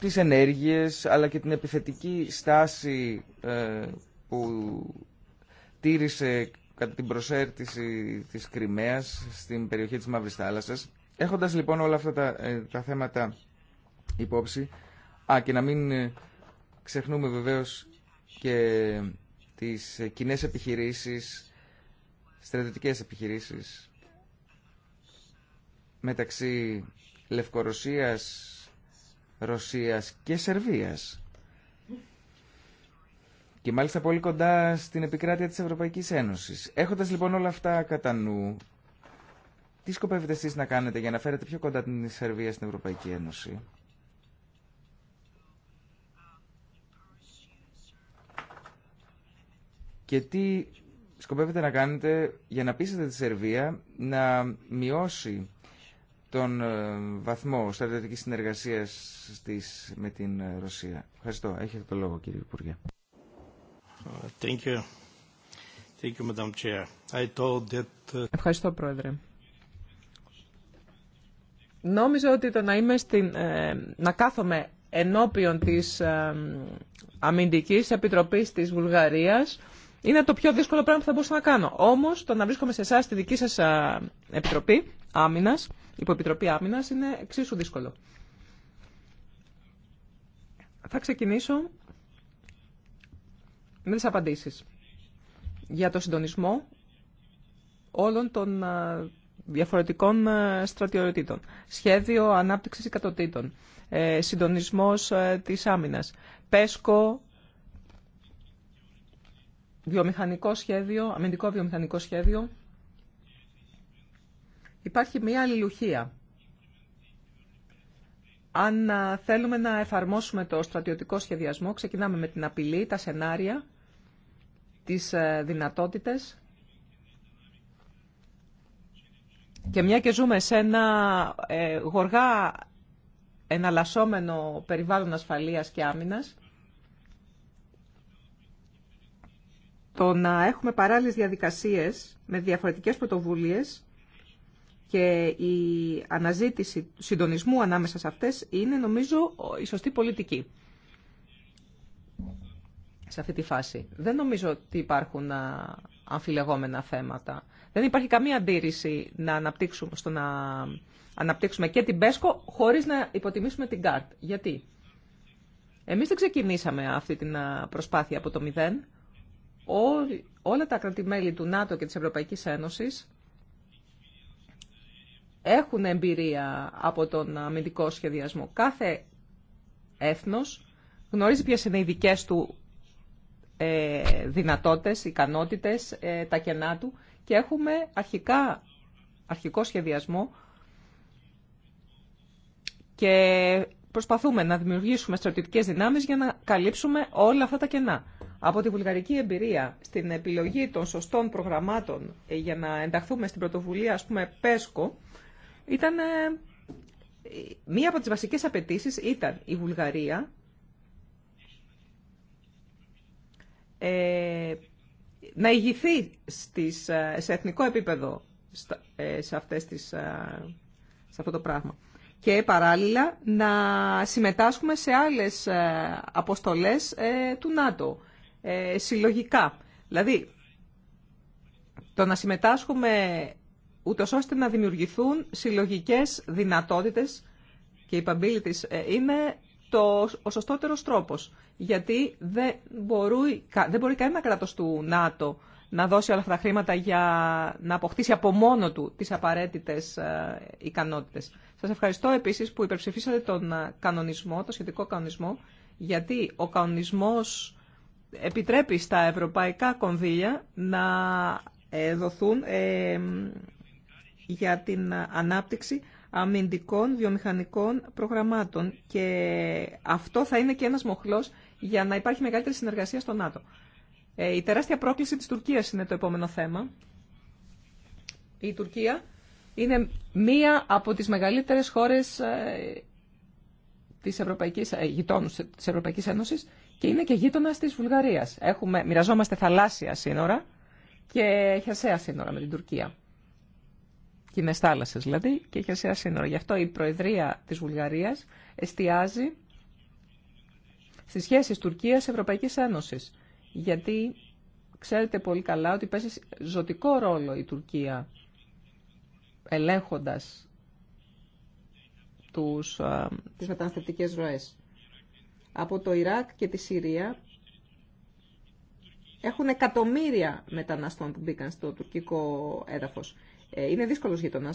τις ενέργειες, αλλά και την επιθετική στάση που τήρησε κατά την προσέρτηση της Κρυμαίας στην περιοχή της Μαύρης Θάλασσας. Έχοντας λοιπόν όλα αυτά τα, ε, θέματα υπόψη, α, και να μην ε, ξεχνούμε βεβαίως και τις ε, κοινέ επιχειρήσεις, στρατιωτικές επιχειρήσεις μεταξύ Λευκορωσίας, Ρωσίας και Σερβίας και μάλιστα πολύ κοντά στην επικράτεια της Ευρωπαϊκής Ένωσης. Έχοντας λοιπόν όλα αυτά κατά νου, τι σκοπεύετε εσείς να κάνετε για να φέρετε πιο κοντά την Σερβία στην Ευρωπαϊκή Ένωση. Και τι σκοπεύετε να κάνετε για να πείσετε τη Σερβία να μειώσει τον ε, βαθμό στρατιωτικής συνεργασίας της με την ε, Ρωσία. Ευχαριστώ. Έχετε το λόγο κύριε Υπουργέ. Uh, Ευχαριστώ, Πρόεδρε. Νόμιζα ότι το να, είμαι στην, ε, να κάθομαι ενώπιον της ε, Αμυντικής Επιτροπής της Βουλγαρίας είναι το πιο δύσκολο πράγμα που θα μπορούσα να κάνω. Όμως το να βρίσκομαι σε εσά στη δική σας ε, Επιτροπή Άμυνας, Υποεπιτροπή Άμυνας, είναι εξίσου δύσκολο. Θα ξεκινήσω με τις απαντήσεις για το συντονισμό όλων των ε, διαφορετικών ε, στρατιωτήτων. Σχέδιο ανάπτυξης εκατοτήτων, ε, συντονισμός της άμυνας, πέσκο, βιομηχανικό σχέδιο, αμυντικό βιομηχανικό σχέδιο. Υπάρχει μία αλληλουχία αν θέλουμε να εφαρμόσουμε το στρατιωτικό σχεδιασμό, ξεκινάμε με την απειλή, τα σενάρια, τις ε, δυνατότητες. Και μια και ζούμε σε ένα ε, γοργά εναλλασσόμενο περιβάλλον ασφαλείας και άμυνας, το να έχουμε παράλληλες διαδικασίες με διαφορετικές πρωτοβουλίες και η αναζήτηση του συντονισμού ανάμεσα σε αυτές είναι νομίζω η σωστή πολιτική σε αυτή τη φάση. Δεν νομίζω ότι υπάρχουν αμφιλεγόμενα θέματα. Δεν υπάρχει καμία αντίρρηση να αναπτύξουμε, στο να αναπτύξουμε και την ΠΕΣΚΟ χωρίς να υποτιμήσουμε την ΚΑΡΤ. Γιατί? Εμείς δεν ξεκινήσαμε αυτή την προσπάθεια από το μηδέν. όλα τα κρατημέλη του ΝΑΤΟ και της Ευρωπαϊκής Ένωσης έχουν εμπειρία από τον αμυντικό σχεδιασμό. Κάθε έθνος γνωρίζει ποιες είναι οι δικές του ε, δυνατότητες, ικανότητες, ε, τα κενά του και έχουμε αρχικά, αρχικό σχεδιασμό και προσπαθούμε να δημιουργήσουμε στρατιωτικές δυνάμεις για να καλύψουμε όλα αυτά τα κενά. Από τη βουλγαρική εμπειρία στην επιλογή των σωστών προγραμμάτων ε, για να ενταχθούμε στην πρωτοβουλία, ας πούμε, ΠΕΣΚΟ, ήταν... Μία από τις βασικές απαιτήσεις ήταν η Βουλγαρία ε, να ηγηθεί στις, ε, σε εθνικό επίπεδο ε, σε, αυτές τις, σε αυτό το πράγμα. Και παράλληλα να συμμετάσχουμε σε άλλες αποστολές του ΝΑΤΟ, συλλογικά. Δηλαδή, το να συμμετάσχουμε ούτω ώστε να δημιουργηθούν συλλογικέ δυνατότητες και capabilities ε, είναι το, ο σωστότερο τρόπος. Γιατί δεν μπορεί, δεν μπορεί κανένα κράτος του ΝΑΤΟ να δώσει όλα αυτά τα χρήματα για να αποκτήσει από μόνο του τις απαραίτητες ε, ικανότητες. Σας ευχαριστώ επίσης που υπερψηφίσατε τον ε, κανονισμό, το σχετικό κανονισμό, γιατί ο κανονισμό επιτρέπει στα ευρωπαϊκά κονδύλια να δοθούν για την ανάπτυξη αμυντικών βιομηχανικών προγραμμάτων και αυτό θα είναι και ένας μοχλός για να υπάρχει μεγαλύτερη συνεργασία στο ΝΑΤΟ. Ε, η τεράστια πρόκληση της Τουρκίας είναι το επόμενο θέμα. Η Τουρκία είναι μία από τις μεγαλύτερες χώρες ε, της Ευρωπαϊκής, ε, γειτόνους Ευρωπαϊκής Ένωσης και είναι και γείτονα της Βουλγαρίας. μοιραζόμαστε θαλάσσια σύνορα και χερσαία σύνορα με την Τουρκία κοινέ θάλασσε δηλαδή και χερσαία σύνορα. Γι' αυτό η Προεδρία της Βουλγαρία εστιάζει στι σχέσει Τουρκία Ευρωπαϊκή Ένωση. Γιατί ξέρετε πολύ καλά ότι παίζει ζωτικό ρόλο η Τουρκία ελέγχοντα τους, μεταναστευτικέ τις Από το Ιράκ και τη Συρία έχουν εκατομμύρια μεταναστών που μπήκαν στο τουρκικό έδαφος. Ε, είναι δύσκολο γείτονα,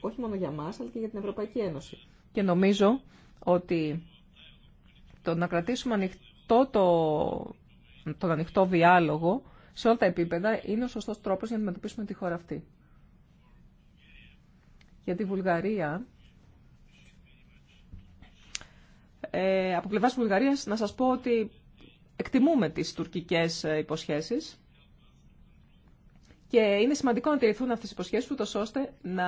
όχι μόνο για μας, αλλά και για την Ευρωπαϊκή Ένωση. Και νομίζω ότι το να κρατήσουμε ανοιχτό το, τον ανοιχτό διάλογο σε όλα τα επίπεδα είναι ο σωστός τρόπος για να αντιμετωπίσουμε τη χώρα αυτή. Για τη Βουλγαρία, ε, από πλευρά Βουλγαρίας να σας πω ότι εκτιμούμε τις τουρκικές ε, υποσχέσεις και είναι σημαντικό να τηρηθούν αυτές οι υποσχέσει, ούτω ώστε να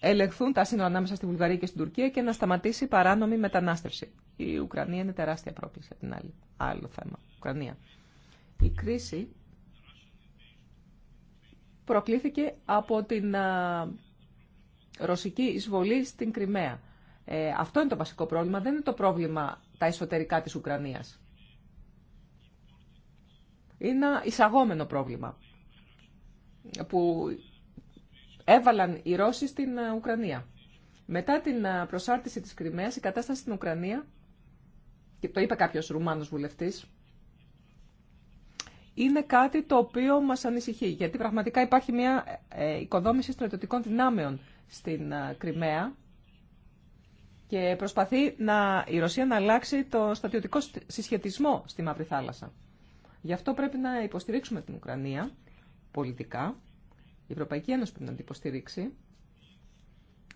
ελεγχθούν τα σύνορα ανάμεσα στη Βουλγαρία και στην Τουρκία και να σταματήσει η παράνομη μετανάστευση. Η Ουκρανία είναι τεράστια πρόκληση, από την άλλη. Άλλο θέμα. Ουκρανία. Η κρίση προκλήθηκε από την ρωσική εισβολή στην Κρυμαία. Ε, αυτό είναι το βασικό πρόβλημα, δεν είναι το πρόβλημα τα εσωτερικά της Ουκρανίας. Είναι ένα εισαγόμενο πρόβλημα που έβαλαν οι Ρώσοι στην ε, Ουκρανία. Μετά την ε, προσάρτηση της Κρυμαίας, η κατάσταση στην Ουκρανία, και το είπε κάποιος Ρουμάνος βουλευτής, είναι κάτι το οποίο μας ανησυχεί, γιατί πραγματικά υπάρχει μια ε, οικοδόμηση στρατιωτικών δυνάμεων στην Κρυμαία και προσπαθεί να, η Ρωσία να αλλάξει το στρατιωτικό συσχετισμό στη Μαύρη Θάλασσα. Γι' αυτό πρέπει να υποστηρίξουμε την Ουκρανία πολιτικά. Η Ευρωπαϊκή Ένωση πρέπει να την υποστηρίξει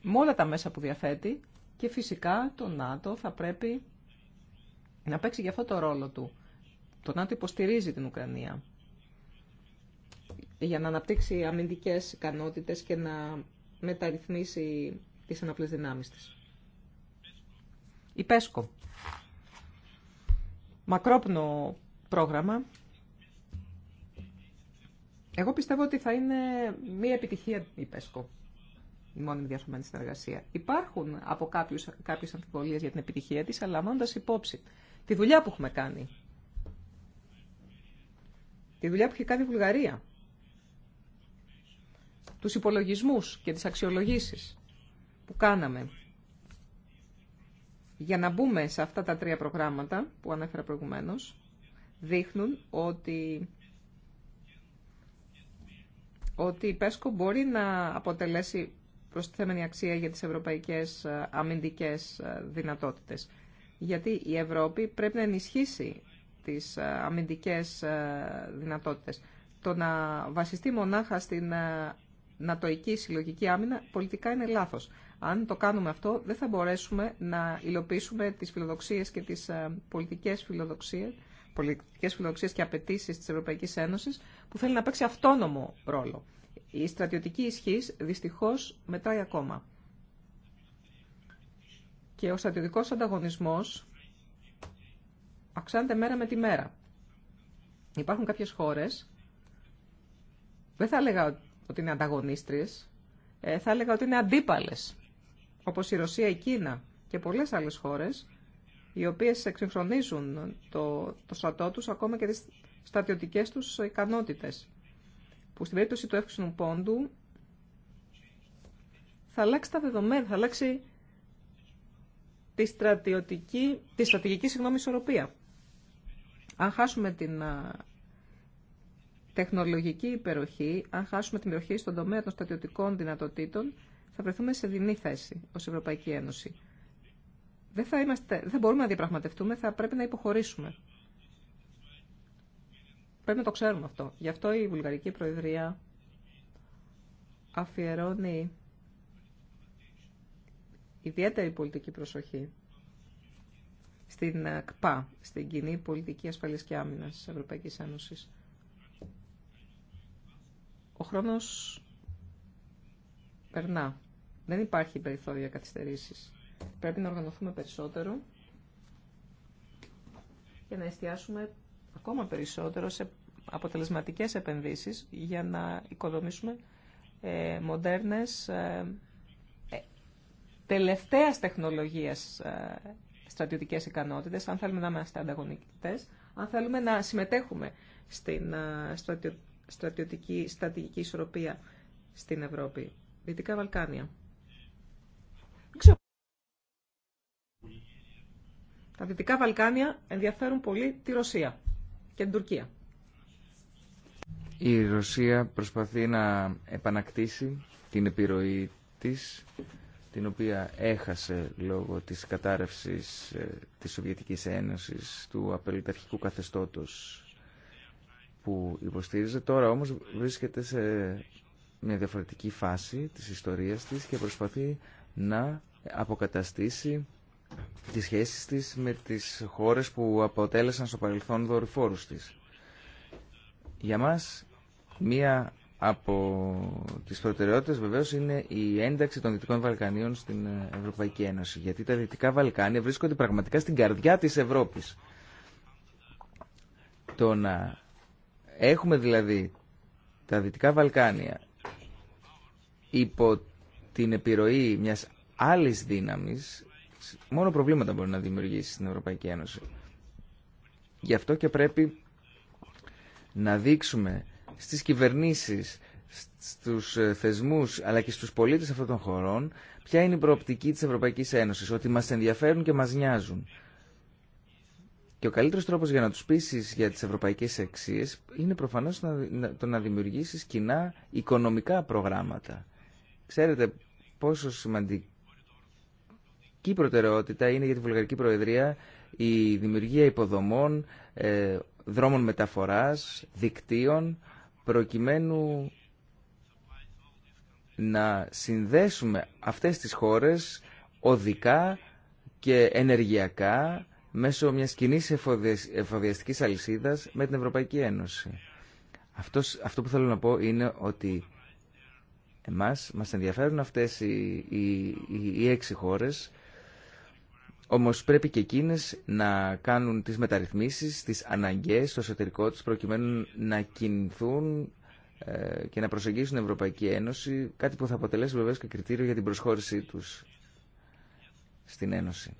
με όλα τα μέσα που διαθέτει και φυσικά το ΝΑΤΟ θα πρέπει να παίξει γι' αυτό το ρόλο του. Το ΝΑΤΟ υποστηρίζει την Ουκρανία για να αναπτύξει αμυντικές ικανότητες και να μεταρρυθμίσει τις αναπλές δυνάμεις της. Η ΠΕΣΚΟ. Μακρόπνο πρόγραμμα. Εγώ πιστεύω ότι θα είναι μία επιτυχία η ΠΕΣΚΟ, η μόνιμη διαρθρωμένη συνεργασία. Υπάρχουν από κάποιους, κάποιες αμφιβολίες για την επιτυχία της, αλλά λαμβάνοντας υπόψη τη δουλειά που έχουμε κάνει. Τη δουλειά που έχει κάνει η Βουλγαρία. Τους υπολογισμούς και τις αξιολογήσεις που κάναμε για να μπούμε σε αυτά τα τρία προγράμματα που ανέφερα προηγουμένως, δείχνουν ότι, ότι η ΠΕΣΚΟ μπορεί να αποτελέσει προστιθέμενη αξία για τις ευρωπαϊκές ε, αμυντικές ε, δυνατότητες. Γιατί η Ευρώπη πρέπει να ενισχύσει τις ε, αμυντικές δυνατότητες. Το να βασιστεί μονάχα στην νατοική συλλογική άμυνα πολιτικά είναι λάθος. Αν το κάνουμε αυτό δεν θα μπορέσουμε να υλοποιήσουμε τις φιλοδοξίες και τις πολιτικές φιλοδοξίες πολιτικέ φιλοδοξίε και απαιτήσει τη Ευρωπαϊκή Ένωση που θέλει να παίξει αυτόνομο ρόλο. Η στρατιωτική ισχύ δυστυχώ μετράει ακόμα. Και ο στρατιωτικό ανταγωνισμό αυξάνεται μέρα με τη μέρα. Υπάρχουν κάποιε χώρε, δεν θα έλεγα ότι είναι ανταγωνίστριε, ε, θα έλεγα ότι είναι αντίπαλε. Όπω η Ρωσία, η Κίνα και πολλέ άλλε χώρε οι οποίες εξυγχρονίζουν το, το στρατό τους, ακόμα και τις στρατιωτικές τους ικανότητες, που στην περίπτωση του εύξηνου πόντου θα αλλάξει τα δεδομένα, θα αλλάξει τη στρατιωτική, τη στρατηγική συγγνώμη, ισορροπία. Αν χάσουμε την τεχνολογική υπεροχή, αν χάσουμε την υπεροχή στον τομέα των στρατιωτικών δυνατοτήτων, θα βρεθούμε σε δινή θέση ως Ευρωπαϊκή Ένωση δεν θα, είμαστε, δεν μπορούμε να διαπραγματευτούμε, θα πρέπει να υποχωρήσουμε. Πρέπει να το ξέρουμε αυτό. Γι' αυτό η Βουλγαρική Προεδρία αφιερώνει ιδιαίτερη πολιτική προσοχή στην ΚΠΑ, στην Κοινή Πολιτική Ασφαλής και Άμυνας της Ευρωπαϊκής Ένωσης. Ο χρόνος περνά. Δεν υπάρχει περιθώριο καθυστερήσεις. Πρέπει να οργανωθούμε περισσότερο και να εστιάσουμε ακόμα περισσότερο σε αποτελεσματικές επενδύσεις για να οικοδομήσουμε ε, μοντέρνες ε, ε τελευταίας τεχνολογίας ε, στρατιωτικές ικανότητες, αν θέλουμε να είμαστε ανταγωνιστές, αν θέλουμε να συμμετέχουμε στην ε, στρατιωτική στρατηγική ισορροπία στην Ευρώπη. Δυτικά Βαλκάνια. Τα Δυτικά Βαλκάνια ενδιαφέρουν πολύ τη Ρωσία και την Τουρκία. Η Ρωσία προσπαθεί να επανακτήσει την επιρροή της, την οποία έχασε λόγω της κατάρρευσης ε, της Σοβιετικής Ένωσης, του απεριταρχικού καθεστώτος που υποστήριζε. Τώρα όμως βρίσκεται σε μια διαφορετική φάση της ιστορίας της και προσπαθεί να αποκαταστήσει τις σχέσεις της με τις χώρες που αποτέλεσαν στο παρελθόν δορυφόρου της. Για μας, μία από τις προτεραιότητε βεβαίω είναι η ένταξη των Δυτικών Βαλκανίων στην Ευρωπαϊκή Ένωση. Γιατί τα Δυτικά Βαλκάνια βρίσκονται πραγματικά στην καρδιά της Ευρώπης. Το να έχουμε δηλαδή τα Δυτικά Βαλκάνια υπό την επιρροή μιας άλλης δύναμης μόνο προβλήματα μπορεί να δημιουργήσει στην Ευρωπαϊκή Ένωση. Γι' αυτό και πρέπει να δείξουμε στις κυβερνήσεις, στους ε, θεσμούς αλλά και στους πολίτες αυτών των χωρών ποια είναι η προοπτική της Ευρωπαϊκής Ένωσης, ότι μας ενδιαφέρουν και μας νοιάζουν. Και ο καλύτερος τρόπος για να τους πείσει για τις ευρωπαϊκές αξίες είναι προφανώς το να δημιουργήσεις κοινά οικονομικά προγράμματα. Ξέρετε πόσο σημαντική βασική προτεραιότητα είναι για τη Βουλγαρική Προεδρία η δημιουργία υποδομών, ε, δρόμων μεταφοράς, δικτύων, προκειμένου να συνδέσουμε αυτές τις χώρες οδικά και ενεργειακά μέσω μιας κοινή εφοδιαστικής αλυσίδας με την Ευρωπαϊκή Ένωση. Αυτός, αυτό που θέλω να πω είναι ότι εμάς μας ενδιαφέρουν αυτές οι, οι, οι έξι χώρες όμως πρέπει και εκείνες να κάνουν τις μεταρρυθμίσεις, τις αναγκές στο εσωτερικό τους προκειμένου να κινηθούν ε, και να προσεγγίσουν την Ευρωπαϊκή Ένωση, κάτι που θα αποτελέσει βεβαίως και κριτήριο για την προσχώρησή τους στην Ένωση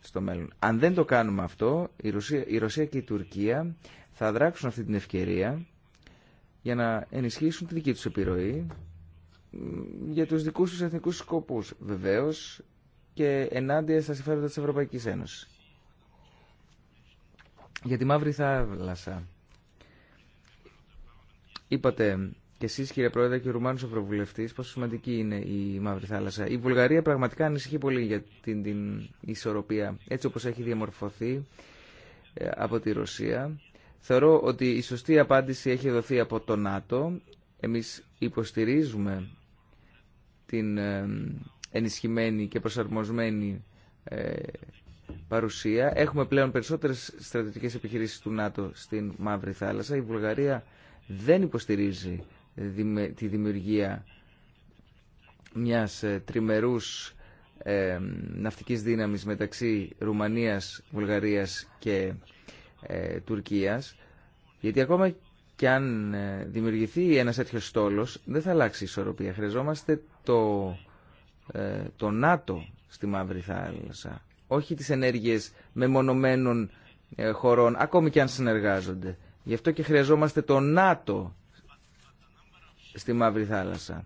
στο μέλλον. Αν δεν το κάνουμε αυτό, η Ρωσία, η Ρωσία και η Τουρκία θα δράξουν αυτή την ευκαιρία για να ενισχύσουν τη δική τους επιρροή για τους δικούς τους εθνικούς σκοπούς. Βεβαίως, και ενάντια στα συμφέροντα της Ευρωπαϊκής Ένωσης. Για τη Μαύρη Θάλασσα. Είπατε και εσεί, κύριε Πρόεδρε, και ο Ρουμάνο Ευρωβουλευτή, πόσο σημαντική είναι η Μαύρη Θάλασσα. Η Βουλγαρία πραγματικά ανησυχεί πολύ για την, την ισορροπία έτσι όπω έχει διαμορφωθεί ε, από τη Ρωσία. Θεωρώ ότι η σωστή απάντηση έχει δοθεί από το ΝΑΤΟ. Εμείς υποστηρίζουμε την ε, ενισχυμένη και προσαρμοσμένη ε, παρουσία. Έχουμε πλέον περισσότερες στρατιωτικές επιχειρήσεις του ΝΑΤΟ στην Μαύρη Θάλασσα. Η Βουλγαρία δεν υποστηρίζει τη δημιουργία μιας ε, τριμερούς ε, ναυτικής δύναμης μεταξύ Ρουμανίας, Βουλγαρίας και ε, Τουρκίας γιατί ακόμα και αν ε, δημιουργηθεί ένας τέτοιο στόλος δεν θα αλλάξει η ισορροπία. Χρειαζόμαστε το ε, το ΝΑΤΟ στη Μαύρη Θάλασσα, όχι τις ενέργειες μεμονωμένων ε, χωρών, ακόμη και αν συνεργάζονται. Γι' αυτό και χρειαζόμαστε το ΝΑΤΟ στη Μαύρη Θάλασσα.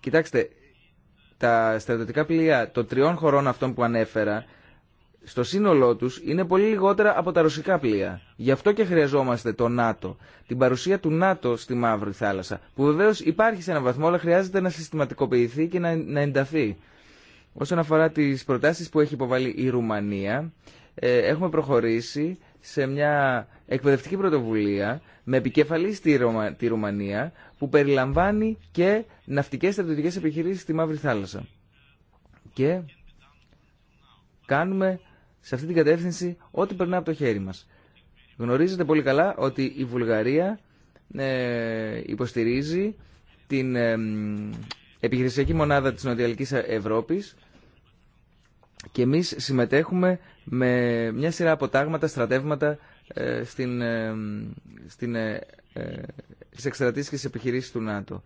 Κοιτάξτε, τα στρατιωτικά πλοία των τριών χωρών αυτών που ανέφερα στο σύνολό τους είναι πολύ λιγότερα από τα ρωσικά πλοία. Γι' αυτό και χρειαζόμαστε το ΝΑΤΟ, την παρουσία του ΝΑΤΟ στη Μαύρη Θάλασσα, που βεβαίως υπάρχει σε έναν βαθμό, αλλά χρειάζεται να συστηματικοποιηθεί και να, ενταθεί. Όσον αφορά τις προτάσεις που έχει υποβάλει η Ρουμανία, ε, έχουμε προχωρήσει σε μια εκπαιδευτική πρωτοβουλία με επικεφαλή στη τη Ρουμανία, που περιλαμβάνει και ναυτικές στρατιωτικές επιχειρήσεις στη Μαύρη Θάλασσα. Και κάνουμε σε αυτή την κατεύθυνση ό,τι περνά από το χέρι μας. Γνωρίζετε πολύ καλά ότι η Βουλγαρία ε, υποστηρίζει την ε, επιχειρησιακή μονάδα της Νοτιαλικής Ευρώπης και εμείς συμμετέχουμε με μια σειρά αποτάγματα, στρατεύματα ε, στην, στην, στις εξτρατήσεις και στις επιχειρήσεις του ΝΑΤΟ.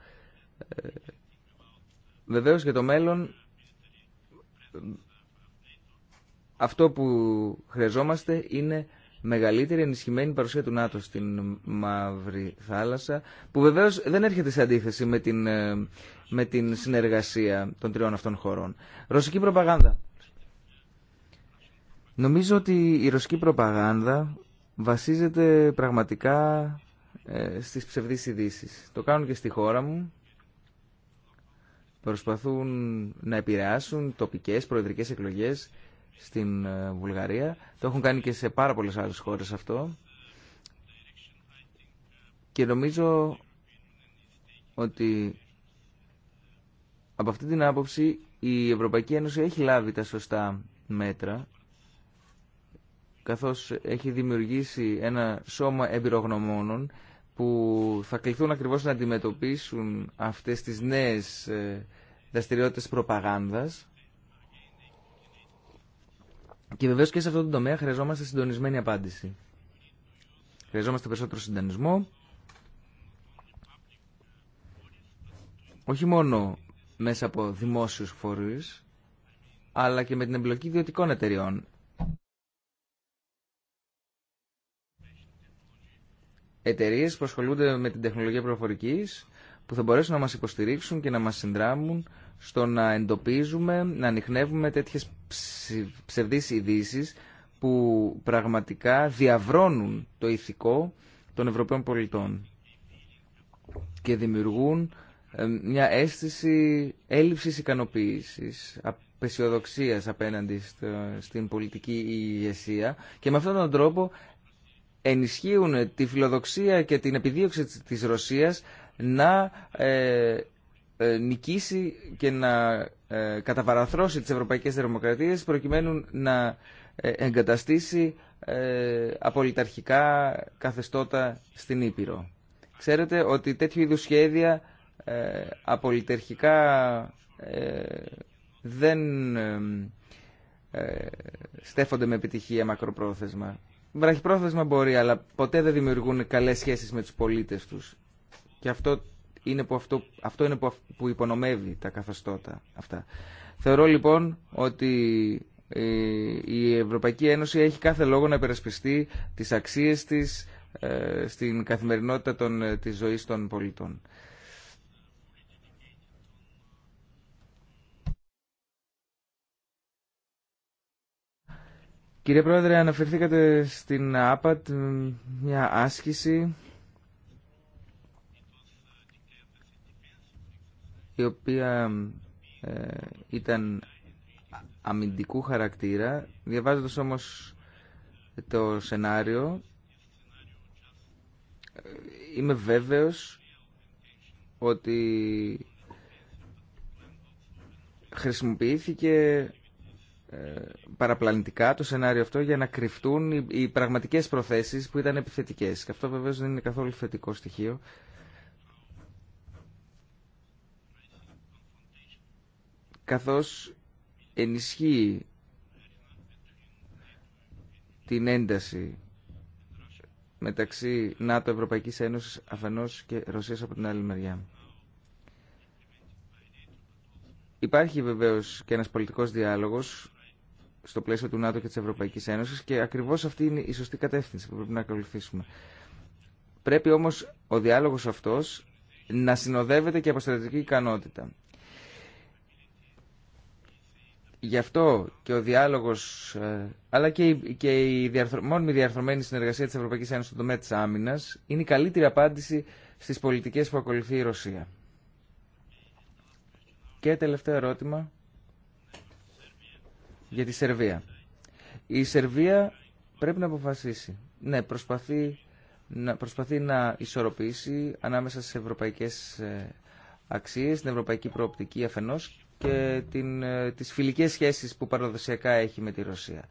Βεβαίως για το μέλλον αυτό που χρειαζόμαστε είναι μεγαλύτερη ενισχυμένη παρουσία του ΝΑΤΟ στην Μαύρη Θάλασσα, που βεβαίω δεν έρχεται σε αντίθεση με την, ε, με την συνεργασία των τριών αυτών χωρών. Ρωσική προπαγάνδα. Νομίζω ότι η ρωσική προπαγάνδα βασίζεται πραγματικά ε, στις ψευδείς ειδήσει. Το κάνουν και στη χώρα μου. Προσπαθούν να επηρεάσουν τοπικές προεδρικές εκλογές στην ε, Βουλγαρία. Το έχουν κάνει και σε πάρα πολλές άλλες χώρες αυτό. Και νομίζω ότι από αυτή την άποψη η Ευρωπαϊκή Ένωση έχει λάβει τα σωστά μέτρα καθώς έχει δημιουργήσει ένα σώμα εμπειρογνωμόνων που θα κληθούν ακριβώς να αντιμετωπίσουν αυτές τις νέες ε, δραστηριότητες προπαγάνδας και βεβαίω και σε αυτόν τον τομέα χρειαζόμαστε συντονισμένη απάντηση. Χρειαζόμαστε περισσότερο συντονισμό. Όχι μόνο μέσα από δημόσιους φορείς, αλλά και με την εμπλοκή ιδιωτικών εταιριών. Εταιρείε που ασχολούνται με την τεχνολογία προφορικής, που θα μπορέσουν να μας υποστηρίξουν και να μας συνδράμουν στο να εντοπίζουμε, να ανοιχνεύουμε τέτοιες ψευδείς ειδήσει που πραγματικά διαβρώνουν το ηθικό των Ευρωπαίων πολιτών και δημιουργούν μια αίσθηση έλλειψης ικανοποίησης, απεσιοδοξίας απέναντι στην πολιτική ηγεσία και με αυτόν τον τρόπο ενισχύουν τη φιλοδοξία και την επιδίωξη της Ρωσίας να ε, ε, νικήσει και να ε, καταβαραθρώσει τις ευρωπαϊκές δημοκρατίες προκειμένου να ε, εγκαταστήσει απολυταρχικά καθεστώτα στην Ήπειρο. Ξέρετε ότι τέτοιου είδους σχέδια απολυταρχικά δεν στέφονται με επιτυχία μακροπρόθεσμα. Βραχυπρόθεσμα μπορεί, αλλά ποτέ δεν δημιουργούν καλές σχέσεις με τους πολίτες τους. Και αυτό είναι που αυτό, αυτό είναι που, υπονομεύει τα καθεστώτα αυτά. Θεωρώ λοιπόν ότι ε, η Ευρωπαϊκή Ένωση έχει κάθε λόγο να υπερασπιστεί τις αξίες της ε, στην καθημερινότητα των, ε, της ζωής των πολιτών. Κύριε Πρόεδρε, αναφερθήκατε στην ΑΠΑΤ μια άσκηση η οποία ε, ήταν αμυντικού χαρακτήρα. Διαβάζοντας όμως το σενάριο, ε, είμαι βέβαιος ότι χρησιμοποιήθηκε ε, παραπλανητικά το σενάριο αυτό για να κρυφτούν οι πραγματικές προθέσεις που ήταν επιθετικές. Και αυτό βεβαίως δεν είναι καθόλου θετικό στοιχείο καθώς ενισχύει την ένταση μεταξύ ΝΑΤΟ Ευρωπαϊκής Ένωσης αφενός και Ρωσίας από την άλλη μεριά. Υπάρχει βεβαίως και ένας πολιτικός διάλογος στο πλαίσιο του ΝΑΤΟ και της Ευρωπαϊκής Ένωσης και ακριβώς αυτή είναι η σωστή κατεύθυνση που πρέπει να ακολουθήσουμε. Πρέπει όμως ο διάλογος αυτός να συνοδεύεται και από στρατηγική ικανότητα. Γι' αυτό και ο διάλογος, ε, αλλά και η, και η μόνιμη διαρθρωμένη συνεργασία τη Ευρωπαϊκή Ένωση στον τομέα της άμυνας είναι η καλύτερη απάντηση στι πολιτικέ που ακολουθεί η Ρωσία. Και τελευταίο ερώτημα για τη Σερβία. Η Σερβία πρέπει να αποφασίσει. Ναι, προσπαθεί να, προσπαθεί να ισορροπήσει ανάμεσα στι ευρωπαϊκές ε, αξίε, την ευρωπαϊκή προοπτική Αφενό και την, ε, τις φιλικές σχέσεις που παραδοσιακά έχει με τη Ρωσία.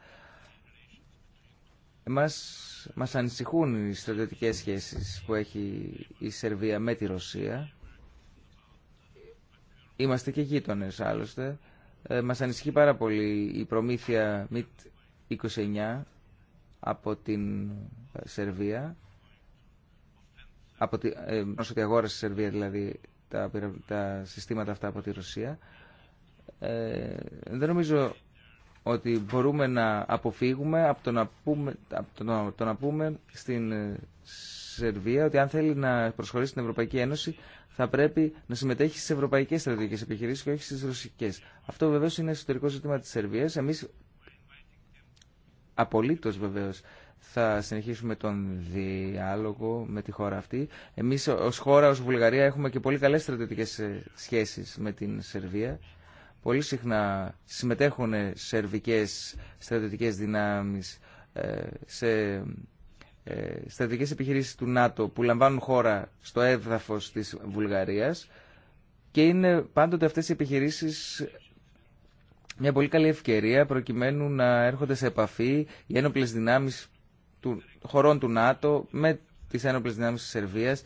Εμάς μας ανησυχούν οι στρατιωτικές σχέσεις που έχει η Σερβία με τη Ρωσία. Είμαστε και γείτονε άλλωστε. Ε, μας ανησυχεί πάρα πολύ η προμηθεια μιτ MIT-29 από την ε, Σερβία. Από τη, ε, αγόρασε η Σερβία δηλαδή τα, τα συστήματα αυτά από τη Ρωσία. Ε, δεν νομίζω ότι μπορούμε να αποφύγουμε από το να πούμε, από το να πούμε στην ε, Σερβία ότι αν θέλει να προσχωρήσει στην Ευρωπαϊκή Ένωση θα πρέπει να συμμετέχει στι ευρωπαϊκέ στρατηγικέ επιχειρήσει και όχι στι ρωσικέ. Αυτό βεβαίω είναι εσωτερικό ζήτημα τη Σερβία. Εμεί απολύτω βεβαίω θα συνεχίσουμε τον διάλογο με τη χώρα αυτή. Εμεί ω χώρα, ω Βουλγαρία, έχουμε και πολύ καλέ στρατιωτικέ ε, σχέσει με την Σερβία πολύ συχνά συμμετέχουν σερβικές στρατιωτικές δυνάμεις ε, σε ε, στρατιωτικές επιχειρήσεις του ΝΑΤΟ που λαμβάνουν χώρα στο έδαφος της Βουλγαρίας και είναι πάντοτε αυτές οι επιχειρήσεις μια πολύ καλή ευκαιρία προκειμένου να έρχονται σε επαφή οι ένοπλες δυνάμεις του, χωρών του ΝΑΤΟ με τις ένοπλες δυνάμεις της Σερβίας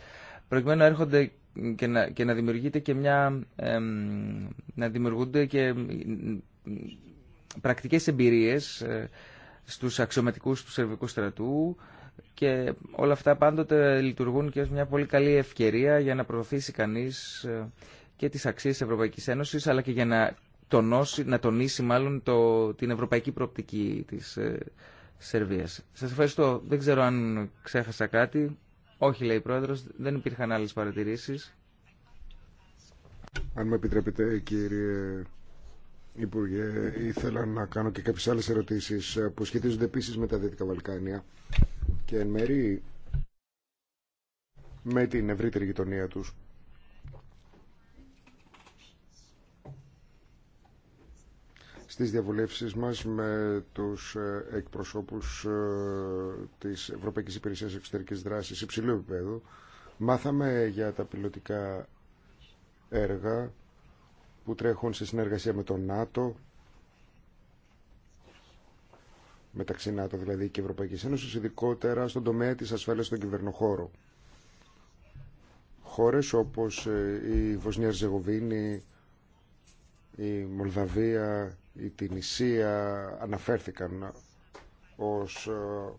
προκειμένου να έρχονται και να, και δημιουργείται και μια... να δημιουργούνται και πρακτικές εμπειρίες ε, στους αξιωματικούς του Σερβικού στρατού και όλα αυτά πάντοτε λειτουργούν και ως μια πολύ καλή ευκαιρία για να προωθήσει κανείς ε, και τις αξίες της Ευρωπαϊκής Ένωσης αλλά και για να τονώσει, να τονίσει μάλλον το, την ευρωπαϊκή προοπτική της ε, Σερβίας. Σας ευχαριστώ. Δεν ξέρω αν ξέχασα κάτι. Όχι, λέει η πρόεδρο, δεν υπήρχαν άλλε παρατηρήσει. Αν με επιτρέπετε, κύριε Υπουργέ, ήθελα να κάνω και κάποιε άλλε ερωτήσει ε, που σχετίζονται επίση με τα Δυτικά Βαλκάνια και εν μέρη με την ευρύτερη γειτονία του. στις διαβουλεύσεις μας με τους ε, εκπροσώπους ε, της Ευρωπαϊκής Υπηρεσίας Εξωτερικής Δράσης υψηλού επίπεδου. Μάθαμε για τα πιλωτικά έργα που τρέχουν σε συνεργασία με τον ΝΑΤΟ, μεταξύ ΝΑΤΟ δηλαδή και Ευρωπαϊκής Ένωσης, ειδικότερα στον τομέα της ασφάλειας στον κυβερνοχώρο. Χώρες όπως ε, η Βοσνία Ζεγοβίνη, η Μολδαβία, η Τινησία αναφέρθηκαν ως ε,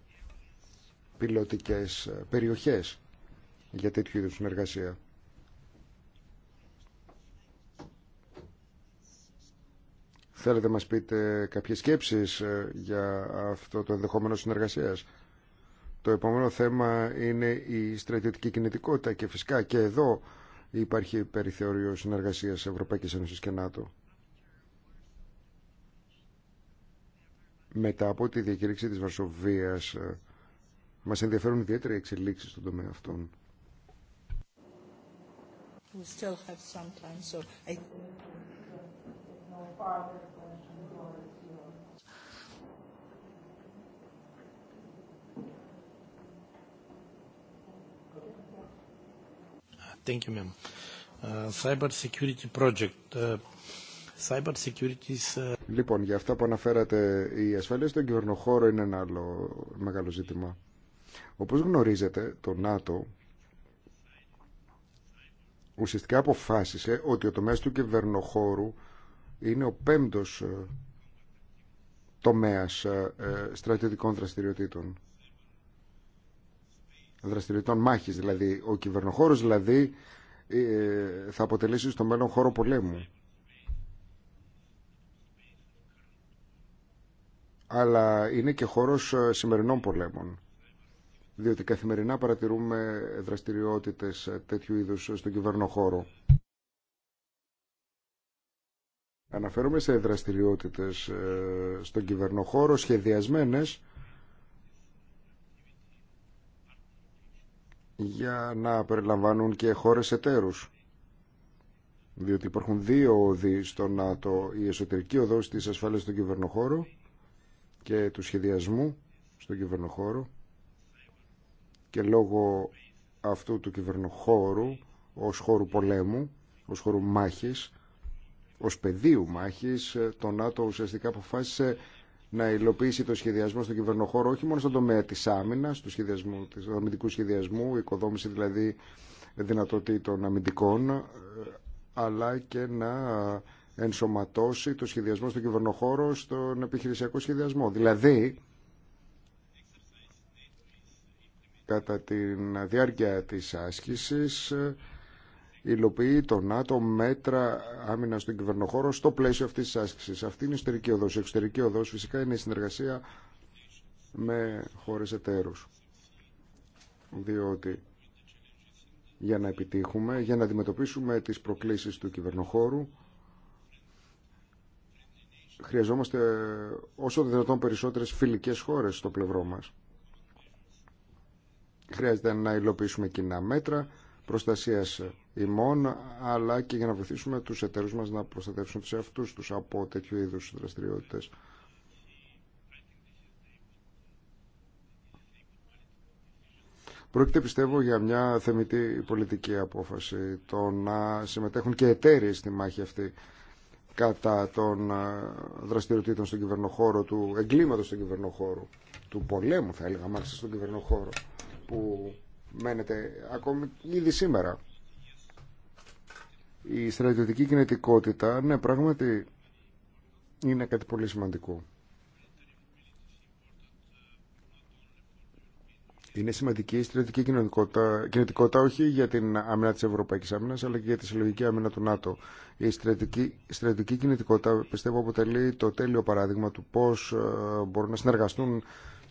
πιλωτικές περιοχές για τέτοιου είδους συνεργασία. Θέλετε να μας πείτε κάποιες σκέψεις ε, για αυτό το ενδεχόμενο συνεργασίας. Το επόμενο θέμα είναι η στρατιωτική κινητικότητα και φυσικά και εδώ υπάρχει περιθώριο συνεργασίας Ευρωπαϊκής Ένωσης και ΝΑΤΟ. μετά από τη διακήρυξη της Βαρσοβίας ε, μας ενδιαφέρουν ιδιαίτερα οι εξελίξεις στον τομέα αυτών. Uh, thank you, ma'am. Uh, cyber security project. Uh, cyber security is uh, Λοιπόν, για αυτά που αναφέρατε, η ασφάλεια στον κυβερνοχώρο είναι ένα άλλο μεγάλο ζήτημα. Όπως γνωρίζετε, το ΝΑΤΟ ουσιαστικά αποφάσισε ότι ο τομέας του κυβερνοχώρου είναι ο πέμπτος ε, τομέας ε, ε, στρατιωτικών δραστηριοτήτων. Δραστηριοτήτων μάχης, δηλαδή. Ο κυβερνοχώρος, δηλαδή, θα αποτελέσει στο μέλλον χώρο πολέμου. αλλά είναι και χώρος ε, σημερινών πολέμων. Διότι καθημερινά παρατηρούμε δραστηριότητες ε, τέτοιου είδους ε, στον κυβερνοχώρο. Αναφέρομαι σε δραστηριότητες στον κυβερνοχώρο σχεδιασμένες για να περιλαμβάνουν και χώρες εταίρους. Διότι υπάρχουν δύο οδοί στο ΝΑΤΟ, η εσωτερική οδός της ασφάλειας στον κυβερνοχώρο και του σχεδιασμού στον κυβερνοχώρο και λόγω αυτού του κυβερνοχώρου ως χώρου πολέμου, ως χώρου μάχης, ως πεδίου μάχης, το ΝΑΤΟ ουσιαστικά αποφάσισε να υλοποιήσει το σχεδιασμό στον κυβερνοχώρο, όχι μόνο στον τομέα της άμυνας, του, σχεδιασμού, του αμυντικού σχεδιασμού, οικοδόμηση δηλαδή δυνατοτήτων αμυντικών, ε, αλλά και να ενσωματώσει το σχεδιασμό στον κυβερνοχώρο στον επιχειρησιακό σχεδιασμό. Δηλαδή, κατά τη διάρκεια της άσκησης υλοποιεί το ΝΑΤΟ μέτρα άμυνα στον κυβερνοχώρο στο πλαίσιο αυτής της άσκησης. Αυτή είναι η εσωτερική οδός. Η εξωτερική οδός φυσικά είναι η συνεργασία με χώρες εταίρους. Διότι για να επιτύχουμε, για να αντιμετωπίσουμε τις προκλήσεις του κυβερνοχώρου χρειαζόμαστε όσο δυνατόν περισσότερες φιλικές χώρες στο πλευρό μας. Χρειάζεται να υλοποιήσουμε κοινά μέτρα προστασίας ημών, αλλά και για να βοηθήσουμε τους εταίρους μας να προστατεύσουν τους εαυτούς τους από τέτοιου είδους δραστηριότητες. Πρόκειται, πιστεύω, για μια θεμητή πολιτική απόφαση το να συμμετέχουν και εταίροι στη μάχη αυτή κατά των ε, δραστηριοτήτων στον κυβερνοχώρο, του εγκλήματος στον κυβερνοχώρο, του πολέμου θα έλεγα μάλιστα στον κυβερνοχώρο που μένετε ακόμη ήδη σήμερα. Η στρατιωτική κινητικότητα, ναι, πράγματι είναι κάτι πολύ σημαντικό. Είναι σημαντική η στρατιωτική κινητικότητα, όχι για την άμυνα τη Ευρωπαϊκή Άμυνα, αλλά και για τη συλλογική άμυνα του ΝΑΤΟ. Η στρατιωτική, στρατιωτική κινητικότητα πιστεύω αποτελεί το τέλειο παράδειγμα του πώ ε, μπορούν να συνεργαστούν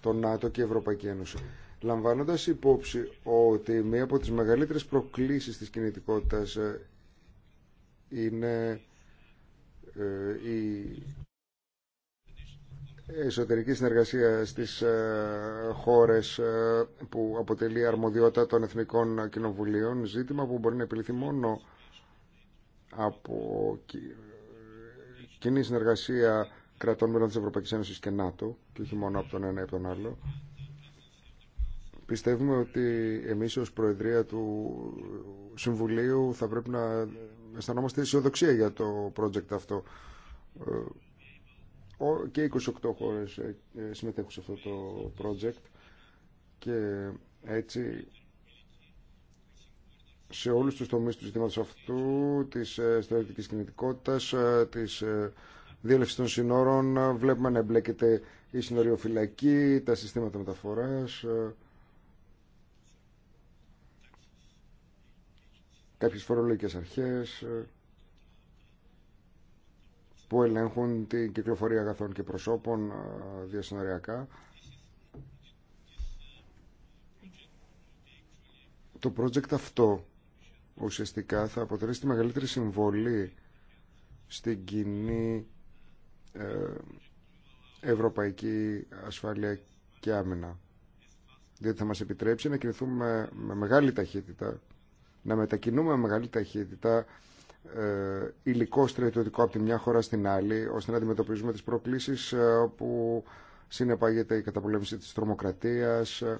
το ΝΑΤΟ και η Ευρωπαϊκή Ένωση. Λαμβάνοντα υπόψη ότι μία από τι μεγαλύτερε προκλήσει τη κινητικότητα ε, είναι ε, η εσωτερική συνεργασία στις ε, χώρες ε, που αποτελεί αρμοδιότητα των Εθνικών Κοινοβουλίων, ζήτημα που μπορεί να επιληθεί μόνο από κοινή συνεργασία κρατών μελών της Ευρωπαϊκής Ένωσης και ΝΑΤΟ και όχι μόνο από τον ένα ή από τον άλλο. Πιστεύουμε ότι εμείς ως Προεδρία του Συμβουλίου θα πρέπει να αισθανόμαστε αισιοδοξία για το project αυτό ε, και 28 χώρες ε, ε, συμμετέχουν σε αυτό το project και έτσι σε όλους τους τομείς του ζητήματος αυτού, της ε, στρατιωτικής κινητικότητας, της διέλευσης των συνόρων, βλέπουμε να εμπλέκεται η συνοριοφυλακή, τα συστήματα μεταφοράς, κάποιες φορολογικές αρχές, που ελέγχουν την κυκλοφορία αγαθών και προσώπων ε, διασυνοριακά. Το project αυτό ουσιαστικά θα αποτελέσει τη μεγαλύτερη συμβολή στην κοινή ε, ευρωπαϊκή ασφάλεια και άμυνα. Διότι θα μας επιτρέψει να κινηθούμε με μεγάλη ταχύτητα, να μετακινούμε με μεγάλη ταχύτητα ε, υλικό στρατιωτικό από τη μια χώρα στην άλλη, ώστε να αντιμετωπίζουμε τις προκλήσεις ε, όπου συνεπάγεται η καταπολέμηση της τρομοκρατίας, ε,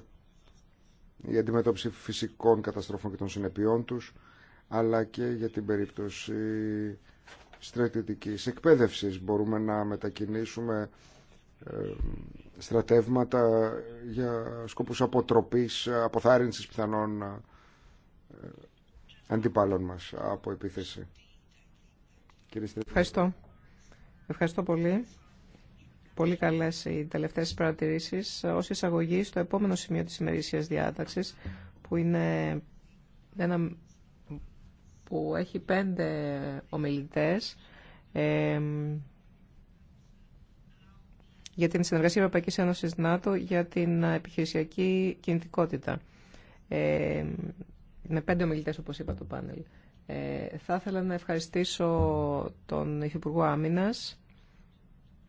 η αντιμετώπιση φυσικών καταστροφών και των συνεπειών τους, αλλά και για την περίπτωση στρατιωτικής εκπαίδευσης. Μπορούμε να μετακινήσουμε στρατεύματα για σκοπούς αποτροπής, αποθάρρυνσης πιθανών αντιπάλων μας από επίθεση. Ευχαριστώ. Ευχαριστώ πολύ. Πολύ καλέ οι τελευταίες παρατηρήσεις ω εισαγωγή στο επόμενο σημείο της ημερησία διάταξη, που είναι ένα που έχει πέντε ομιλητές για την συνεργασία Ευρωπαϊκής Ένωσης ΝΑΤΟ για την επιχειρησιακή κινητικότητα με πέντε ομιλητέ, όπω είπα, το πάνελ. Ε, θα ήθελα να ευχαριστήσω τον Υφυπουργό Άμυνα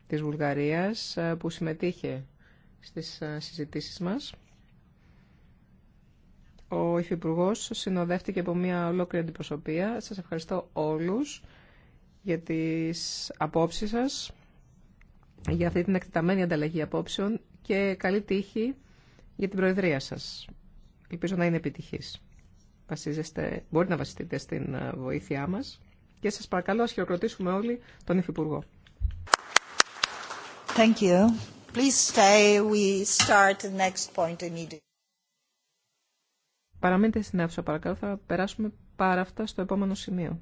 της Βουλγαρίας ε, που συμμετείχε στις ε, συζητήσεις μας. Ο Υφυπουργό συνοδεύτηκε από μια ολόκληρη αντιπροσωπεία. Σας ευχαριστώ όλους για τις απόψει σα για αυτή την εκτεταμένη ανταλλαγή απόψεων και καλή τύχη για την Προεδρία σας. Ελπίζω να είναι επιτυχής βασίζεστε, Μπορείτε να βασιστείτε στην ε, βοήθειά μας και σας παρακαλώ ας χειροκροτήσουμε όλοι τον Υφυπουργό. Thank you. Παραμείνετε στην αίθουσα παρακαλώ, θα περάσουμε πάρα αυτά στο επόμενο σημείο.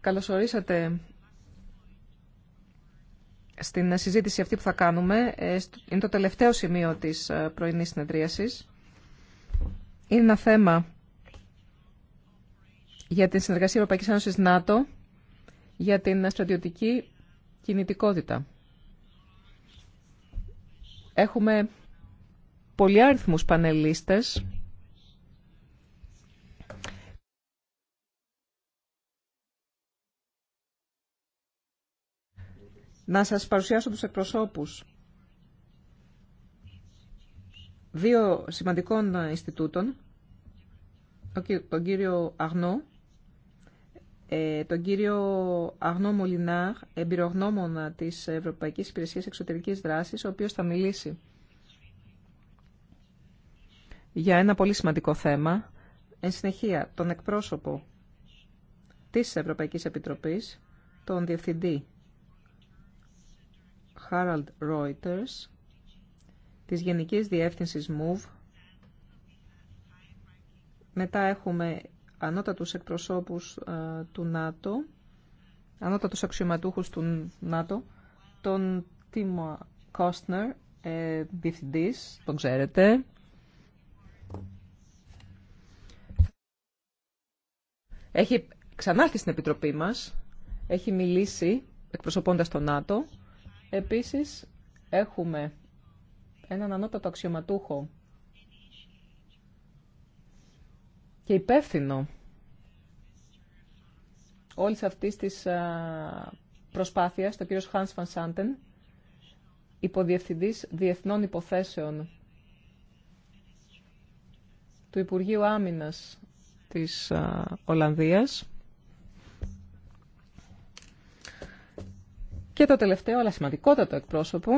Καλώς ορίσατε στην συζήτηση αυτή που θα κάνουμε. Ε, είναι το τελευταίο σημείο της ε, πρωινής συνεδρίασης. Είναι ένα θέμα για την συνεργασία Ευρωπαϊκής Ένωσης ΝΑΤΟ για την στρατιωτική κινητικότητα. Έχουμε πολλοί αριθμούς πανελίστες Να σας παρουσιάσω τους εκπροσώπους δύο σημαντικών Ινστιτούτων, τον κύριο Αγνό, ε, τον κύριο Αγνό Μολινάρ, εμπειρογνώμονα της Ευρωπαϊκής Υπηρεσίας Εξωτερικής Δράσης, ο οποίος θα μιλήσει για ένα πολύ σημαντικό θέμα. Εν συνεχεία, τον εκπρόσωπο της Ευρωπαϊκής Επιτροπής, τον Διευθυντή Τη Reuters της Γενικής Διεύθυνσης MOVE. Μετά έχουμε ανώτατους εκπροσώπους ε, του ΝΑΤΟ, ανώτατους αξιωματούχους του ΝΑΤΟ, τον Τίμο Κόστνερ, ε, διευθυντής, τον ξέρετε, Έχει ξανάρθει στην Επιτροπή μας, έχει μιλήσει εκπροσωπώντας τον ΝΑΤΟ Επίσης, έχουμε έναν ανώτατο αξιωματούχο και υπεύθυνο όλης αυτής της προσπάθειας, το κύριος Hans van Santen, υποδιευθυντής διεθνών υποθέσεων του Υπουργείου Άμυνας της Ολλανδίας. Και το τελευταίο, αλλά σημαντικότατο εκπρόσωπο,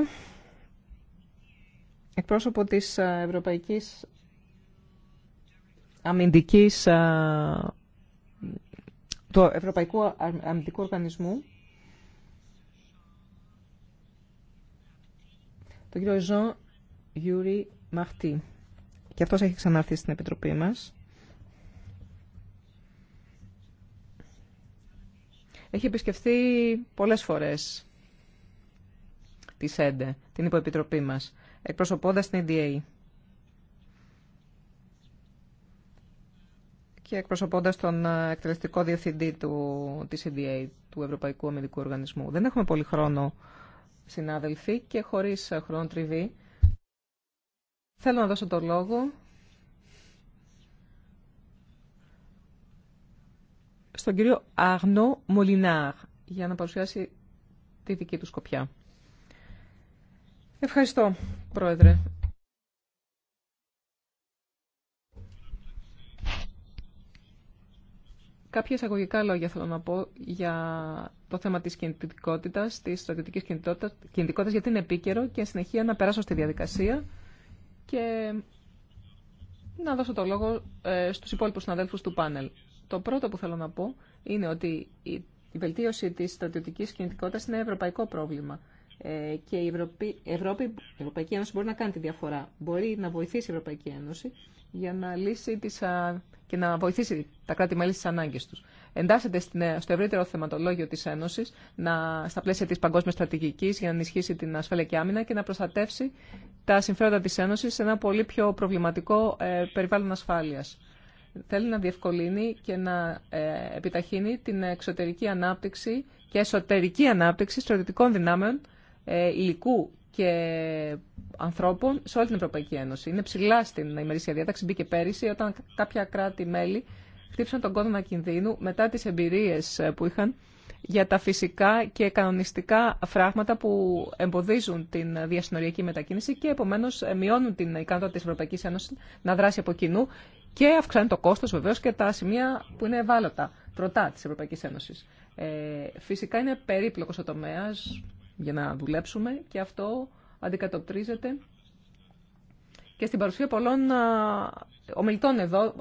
εκπρόσωπο της ε, Ευρωπαϊκής Αμυντικής, ε, του Ευρωπαϊκού Αμυντικού Οργανισμού, τον κύριο Ζων Γιούρι Μαχτή. Και αυτός έχει ξανάρθει στην Επιτροπή μας. Έχει επισκεφθεί πολλές φορές την υποεπιτροπή μας, Εκπροσωπώντα την EDA. και εκπροσωπώντα τον ε, εκτελεστικό διευθυντή του, της EDA, του Ευρωπαϊκού Ομιλικού Οργανισμού. Δεν έχουμε πολύ χρόνο, συνάδελφοι, και χωρίς ε, χρόνο τριβή. Θέλω να δώσω το λόγο στον κύριο Αγνό Μολινάρ για να παρουσιάσει τη δική του σκοπιά. Ευχαριστώ, Πρόεδρε. Κάποια εισαγωγικά λόγια θέλω να πω για το θέμα της κινητικότητας, της στρατιωτικής κινητικότητας, γιατί είναι επίκαιρο και συνεχεία να περάσω στη διαδικασία και να δώσω το λόγο ε, στους υπόλοιπους συναδέλφους του πάνελ. Το πρώτο που θέλω να πω είναι ότι η βελτίωση της στρατιωτικής κινητικότητας είναι ευρωπαϊκό πρόβλημα. Ε, και η Ευρωπαϊκή Ένωση μπορεί να κάνει τη διαφορά. Μπορεί να βοηθήσει η Ευρωπαϊκή Ένωση για να λύσει τις, και να βοηθήσει τα κράτη-μέλη στις ανάγκε του. Εντάσσεται στο ευρύτερο θεματολόγιο τη Ένωση, στα πλαίσια τη Παγκόσμια Στρατηγική, για να ενισχύσει την ασφάλεια και άμυνα και να προστατεύσει τα συμφέροντα τη Ένωση σε ένα πολύ πιο προβληματικό ε, περιβάλλον ασφάλεια. Θέλει να διευκολύνει και να ε, επιταχύνει την εξωτερική ανάπτυξη και εσωτερική ανάπτυξη στρατιωτικών δυνάμεων ε, υλικού και ανθρώπων σε όλη την Ευρωπαϊκή Ένωση. Είναι ψηλά στην ημερήσια διάταξη, μπήκε πέρυσι, όταν κάποια κράτη-μέλη χτύπησαν τον κόδωνα κινδύνου μετά τις εμπειρίες που είχαν για τα φυσικά και κανονιστικά φράγματα που εμποδίζουν την διασυνοριακή μετακίνηση και επομένως μειώνουν την ικανότητα της Ευρωπαϊκής Ένωσης να δράσει από κοινού και αυξάνει το κόστος βεβαίως και τα σημεία που είναι ευάλωτα, πρωτά της Ευρωπαϊκής Ένωσης. Ε, φυσικά είναι περίπλοκος ο τομέας, για να δουλέψουμε και αυτό αντικατοπτρίζεται και στην παρουσία πολλών ομιλητών εδώ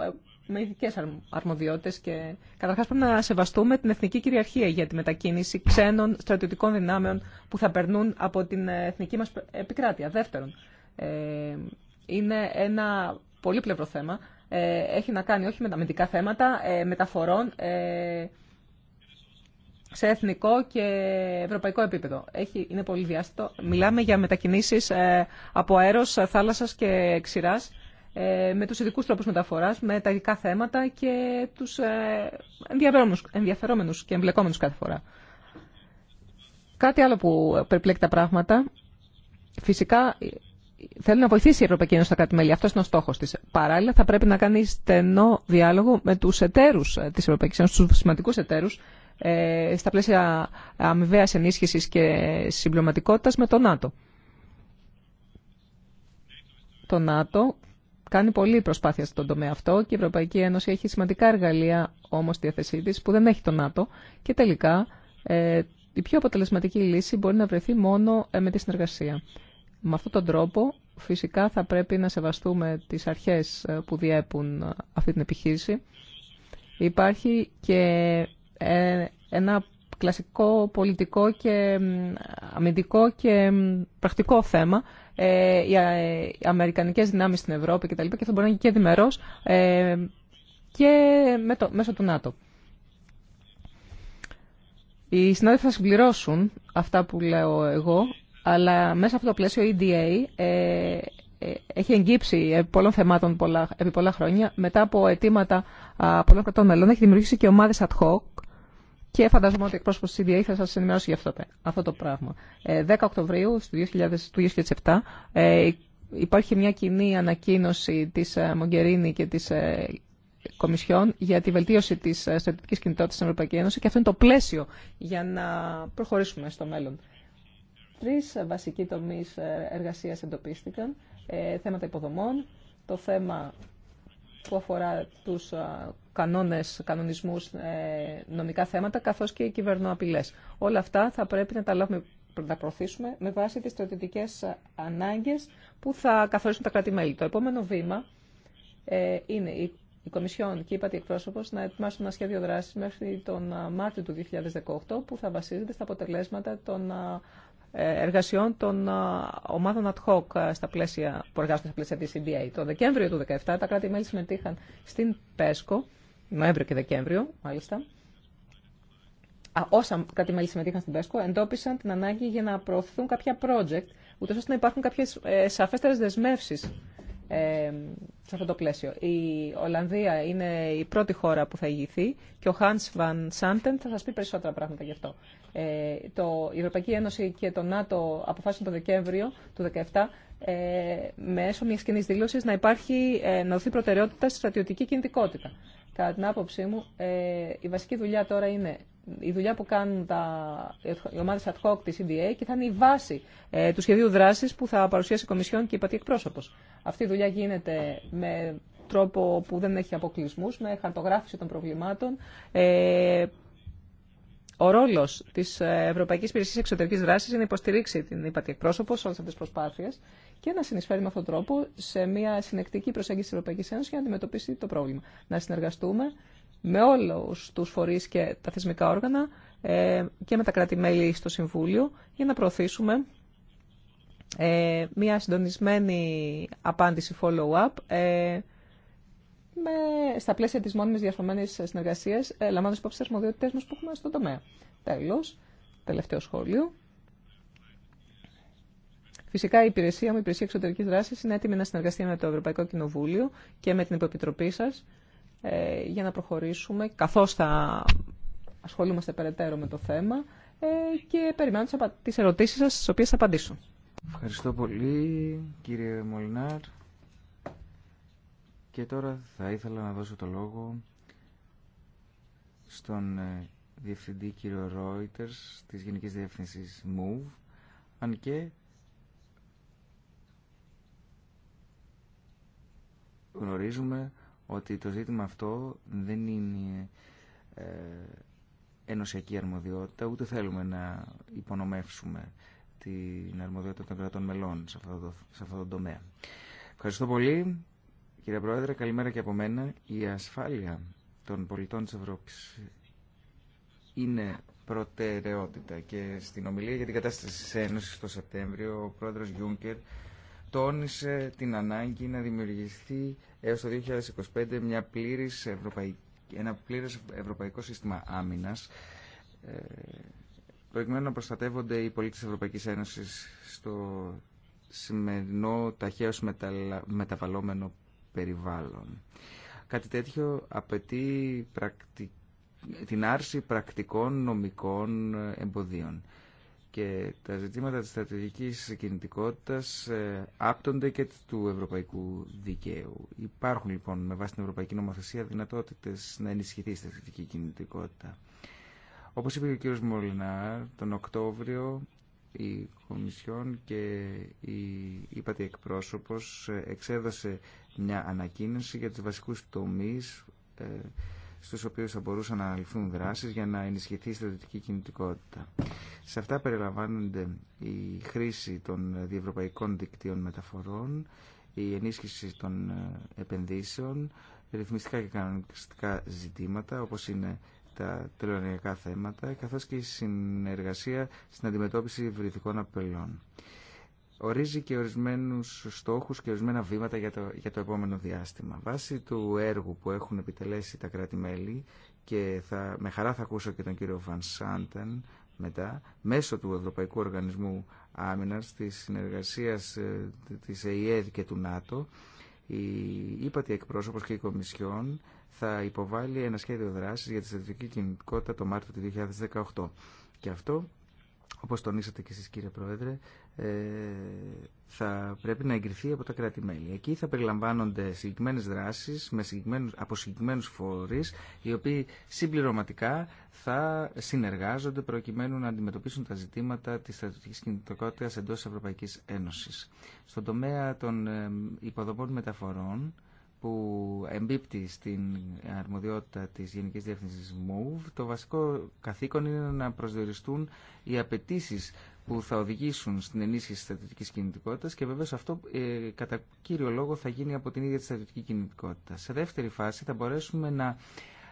με ειδικέ αρμοδιότητε και καταρχά πρέπει να σεβαστούμε την εθνική κυριαρχία για τη μετακίνηση ξένων στρατιωτικών δυνάμεων που θα περνούν από την ε, εθνική μα επικράτεια. Δεύτερον, ε, είναι ένα πολύπλευρο θέμα. Ε, έχει να κάνει όχι με τα αμυντικά θέματα, μεταφορών, σε εθνικό και ευρωπαϊκό επίπεδο. Έχει, είναι πολύ διάστατο. Μιλάμε για μετακινήσεις ε, από αέρος, θάλασσας και ξηρά ε, με τους ειδικού τρόπους μεταφοράς, με τα ειδικά θέματα και τους ε, ενδιαφερόμενους και εμπλεκόμενου κάθε φορά. Κάτι άλλο που περιπλέκει τα πράγματα. Φυσικά θέλει να βοηθήσει η Ευρωπαϊκή Ένωση στα κράτη-μέλη. Αυτό είναι ο στόχο τη. Παράλληλα, θα πρέπει να κάνει στενό διάλογο με του εταίρου ε, τη Ευρωπαϊκή Ένωση, του σημαντικού εταίρου, ε, στα πλαίσια αμοιβαία ενίσχυση και συμπληρωματικότητα με το ΝΑΤΟ. Το ΝΑΤΟ κάνει πολλή προσπάθεια στον τομέα αυτό και η Ευρωπαϊκή Ένωση έχει σημαντικά εργαλεία όμω στη διαθεσή τη που δεν έχει το ΝΑΤΟ και τελικά ε, η πιο αποτελεσματική λύση μπορεί να βρεθεί μόνο ε, με τη συνεργασία. Με αυτόν τον τρόπο φυσικά θα πρέπει να σεβαστούμε τις αρχές ε, που διέπουν ε, αυτή την επιχείρηση. Υπάρχει και ε, ένα κλασικό πολιτικό και αμυντικό και πρακτικό θέμα. οι αμερικανικές δυνάμεις στην Ευρώπη και τα λοιπά και θα μπορεί να είναι και διμερός και μέσω του ΝΑΤΟ. Οι συνάδελφοι θα συμπληρώσουν αυτά που λέω εγώ αλλά μέσα από το πλαίσιο EDA ε, ε, έχει εγκύψει ε, πολλών θεμάτων πολλά, επί πολλά χρόνια. Μετά από αιτήματα πολλών κρατών μελών έχει δημιουργήσει και ομάδες ad hoc και φανταζόμαι ότι ο εκπρόσωπος της EDA θα σας ενημερώσει για αυτό, το πράγμα. 10 ε, Οκτωβρίου του 2007 υπάρχει μια κοινή ανακοίνωση της Μογκερίνη και της Κομισιόν για τη βελτίωση της στρατιωτικής κινητότητας στην Ευρωπαϊκή Ένωση και αυτό είναι το πλαίσιο για να προχωρήσουμε στο μέλλον. Τρεις βασικοί τομείς ε, εργασίας εντοπίστηκαν. Ε, θέματα υποδομών, το θέμα που αφορά τους ε, κανόνες, κανονισμούς, ε, νομικά θέματα, καθώς και οι κυβερνοαπειλές. Όλα αυτά θα πρέπει να τα λάβουμε να προωθήσουμε με βάση τις στρατιωτικές ανάγκες που θα καθορίσουν τα κράτη-μέλη. Το επόμενο βήμα είναι η, η Κομισιόν και είπατε Εκπρόσωπος να ετοιμάσουν ένα σχέδιο δράσης μέχρι τον Μάρτιο του 2018 που θα βασίζεται στα αποτελέσματα των εργασιών των ομάδων ad hoc στα πλαίσια, που εργάζονται στα πλαίσια της CDA. Το Δεκέμβριο του 2017 τα κράτη-μέλη συμμετείχαν στην ΠΕΣΚΟ, Νοέμβριο και Δεκέμβριο μάλιστα. Όσα κράτη-μέλη συμμετείχαν στην ΠΕΣΚΟ εντόπισαν την ανάγκη για να προωθηθούν κάποια project, ούτω ώστε να υπάρχουν κάποιες ε, σαφέστερες δεσμεύσει. Ε, σε αυτό το πλαίσιο. Η Ολλανδία είναι η πρώτη χώρα που θα ηγηθεί και ο Hans Van Santen θα σας πει περισσότερα πράγματα γι' αυτό. Ε, το, η Ευρωπαϊκή Ένωση και το ΝΑΤΟ αποφάσισαν το Δεκέμβριο του 2017 ε, μέσω μιας κοινή δήλωση να υπάρχει ε, να δοθεί προτεραιότητα στη στρατιωτική κινητικότητα. Κατά την άποψή μου, ε, η βασική δουλειά τώρα είναι η δουλειά που κάνουν τα, οι ομάδε ad hoc τη EDA και θα είναι η βάση ε, του σχεδίου δράση που θα παρουσιάσει η Κομισιόν και η Πατή Εκπρόσωπο. Αυτή η δουλειά γίνεται με τρόπο που δεν έχει αποκλεισμού, με χαρτογράφηση των προβλημάτων. Ε, ο ρόλο τη Ευρωπαϊκή Υπηρεσία Εξωτερική Δράση είναι να υποστηρίξει την ύπατη εκπρόσωπο σε όλε αυτέ τι προσπάθειε και να συνεισφέρει με αυτόν τον τρόπο σε μια συνεκτική προσέγγιση τη Ευρωπαϊκή Ένωση για να αντιμετωπίσει το πρόβλημα. Να συνεργαστούμε με όλους τους φορείς και τα θεσμικά όργανα ε, και με τα κράτη-μέλη στο Συμβούλιο για να προωθήσουμε ε, μια συντονισμένη απάντηση follow-up ε, με, στα πλαίσια της μόνιμης διαρθρωμένης συνεργασίας, ε, λαμβάνοντας υπόψη τις αρμοδιότητες μας που έχουμε στον τομέα. Τέλος, τελευταίο σχόλιο. Φυσικά η υπηρεσία μου, η υπηρεσία εξωτερική δράση, είναι έτοιμη να συνεργαστεί με το Ευρωπαϊκό Κοινοβούλιο και με την Υποεπιτροπή σα ε, για να προχωρήσουμε, καθώς θα ασχολούμαστε περαιτέρω με το θέμα ε, και περιμένω τις ερωτήσεις σας, στις οποίες θα απαντήσω. Ευχαριστώ πολύ, κύριε Μολινάρ. Και τώρα θα ήθελα να δώσω το λόγο στον ε, διευθυντή κύριο Reuters της Γενικής Διεύθυνσης MOVE, αν και γνωρίζουμε ότι το ζήτημα αυτό δεν είναι ε, ενωσιακή αρμοδιότητα, ούτε θέλουμε να υπονομεύσουμε την αρμοδιότητα των κρατών μελών σε αυτό το, σε αυτό τομέα. Ευχαριστώ πολύ. Κύριε Πρόεδρε, καλημέρα και από μένα. Η ασφάλεια των πολιτών της Ευρώπης είναι προτεραιότητα και στην ομιλία για την κατάσταση της Ένωσης το Σεπτέμβριο ο πρόεδρος Γιούνκερ τόνισε την ανάγκη να δημιουργηθεί έως το 2025 μια πλήρης ένα πλήρες ευρωπαϊκό σύστημα άμυνας ε, προκειμένου να προστατεύονται οι πολίτες της Ευρωπαϊκής Ένωσης στο σημερινό ταχαίως μεταβαλλόμενο περιβάλλον. Κάτι τέτοιο απαιτεί την άρση πρακτικών νομικών εμποδίων και τα ζητήματα της στρατηγικής κινητικότητας ε, άπτονται και του ευρωπαϊκού δικαίου. Υπάρχουν λοιπόν με βάση την ευρωπαϊκή νομοθεσία δυνατότητες να ενισχυθεί η στρατηγική κινητικότητα. Όπως είπε ο κύριος Μολινάρ, τον Οκτώβριο η Κομισιόν και η ύπατη εκπρόσωπος ε, εξέδωσε μια ανακοίνωση για τους βασικούς τομείς ε, στους οποίους θα μπορούσαν να αναλυθούν δράσεις για να ενισχυθεί η στρατιωτική κινητικότητα. Σε αυτά περιλαμβάνονται η χρήση των διευρωπαϊκών δικτύων μεταφορών, η ενίσχυση των ε, επενδύσεων, ρυθμιστικά και κανονιστικά ζητήματα όπως είναι τα τελωνιακά θέματα καθώς και η συνεργασία στην αντιμετώπιση βρυθικών απελών ορίζει και ορισμένους στόχους και ορισμένα βήματα για το, για το επόμενο διάστημα. Βάσει του έργου που έχουν επιτελέσει τα κράτη-μέλη και θα, με χαρά θα ακούσω και τον κύριο Βαν Σάντεν μετά, μέσω του Ευρωπαϊκού Οργανισμού Άμυνας, της συνεργασίας ε, της ΕΕΔ και του ΝΑΤΟ, η ύπατη εκπρόσωπος και η Κομισιόν θα υποβάλει ένα σχέδιο δράσης για τη στρατηγική κινητικότητα το Μάρτιο του 2018. Και αυτό όπως τονίσατε και εσείς κύριε Πρόεδρε, ε, θα πρέπει να εγκριθεί από τα κράτη-μέλη. Εκεί θα περιλαμβάνονται συγκεκριμένε δράσεις με συγκεκριμένους, από συγκεκριμένου φορείς, οι οποίοι συμπληρωματικά θα συνεργάζονται προκειμένου να αντιμετωπίσουν τα ζητήματα της στρατιωτικής κινητικότητας εντός της Ευρωπαϊκής Ένωσης. Στον τομέα των ε, υποδομών μεταφορών, που εμπίπτει στην αρμοδιότητα της Γενικής Διεύθυνσης MOVE, το βασικό καθήκον είναι να προσδιοριστούν οι απαιτήσει που θα οδηγήσουν στην ενίσχυση της στρατιωτικής κινητικότητας και βέβαια αυτό ε, κατά κύριο λόγο θα γίνει από την ίδια τη στρατιωτική κινητικότητα. Σε δεύτερη φάση θα μπορέσουμε να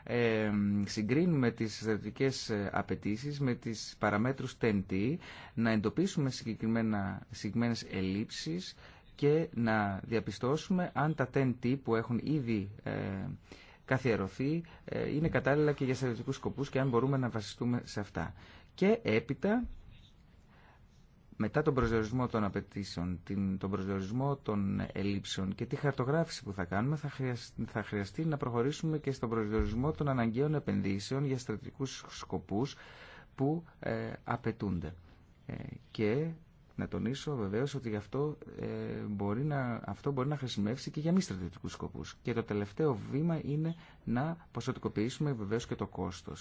ε, συγκρίνουμε τις στρατιωτικές ε, απαιτήσει με τις παραμέτρους 10T, να εντοπίσουμε συγκεκριμένα, συγκεκριμένες και να διαπιστώσουμε αν τα TEN-T που έχουν ήδη ε, καθιερωθεί ε, είναι κατάλληλα και για στρατιωτικούς σκοπούς και αν μπορούμε να βασιστούμε σε αυτά. Και έπειτα, μετά τον προσδιορισμό των απαιτήσεων, τον προσδιορισμό των ελλείψεων και τη χαρτογράφηση που θα κάνουμε, θα χρειαστεί να προχωρήσουμε και στον προσδιορισμό των αναγκαίων επενδύσεων για στρατηγικούς σκοπούς που ε, απαιτούνται. Και να τονίσω βεβαίω ότι γι αυτό, ε, μπορεί να, αυτό μπορεί να χρησιμεύσει και για μη στρατιωτικού σκοπούς. Και το τελευταίο βήμα είναι να ποσοτικοποιήσουμε βεβαίω και το κόστο.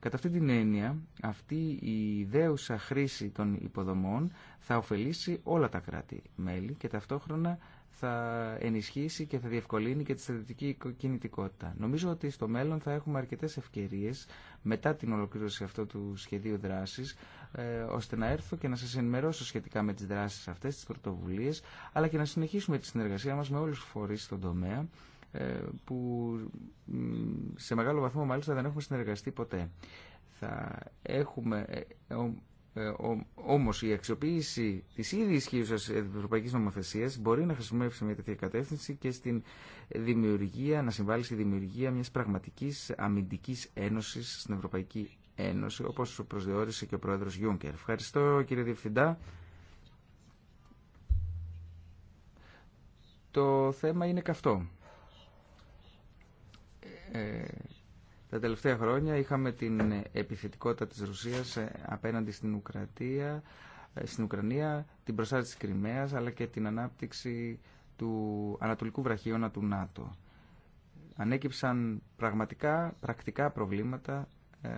Κατά αυτή την έννοια, αυτή η ιδέουσα χρήση των υποδομών θα ωφελήσει όλα τα κράτη-μέλη και ταυτόχρονα θα ενισχύσει και θα διευκολύνει και τη στρατιωτική κινητικότητα. Νομίζω ότι στο μέλλον θα έχουμε αρκετές ευκαιρίες μετά την ολοκλήρωση αυτού του σχεδίου δράσης ε, ώστε να έρθω και να σας ενημερώσω σχετικά με τις δράσεις αυτές, τις πρωτοβουλίες, αλλά και να συνεχίσουμε τη συνεργασία μας με όλους τους φορείς στον τομέα, ε, που σε μεγάλο βαθμό μάλιστα δεν έχουμε συνεργαστεί ποτέ. Θα έχουμε... Ε, Όμω η αξιοποίηση τη ήδη ισχύουσα ευρωπαϊκή νομοθεσία μπορεί να χρησιμοποιήσει μια τέτοια κατεύθυνση και στην δημιουργία, να συμβάλλει στη δημιουργία μιας πραγματικής αμυντικής ένωσης στην Ευρωπαϊκή Ένωση, όπως προσδιορίσε και ο πρόεδρο Γιούγκερ. Ευχαριστώ κύριε Διευθυντά. Το θέμα είναι καυτό. Ε, τα τελευταία χρόνια είχαμε την επιθετικότητα της Ρωσίας ε, απέναντι στην Ουκρατία, ε, στην Ουκρανία, την προσάρτηση της Κρυμαίας, αλλά και την ανάπτυξη του Ανατολικού Βραχίωνα του ΝΑΤΟ. Ανέκυψαν πραγματικά, πρακτικά προβλήματα ε,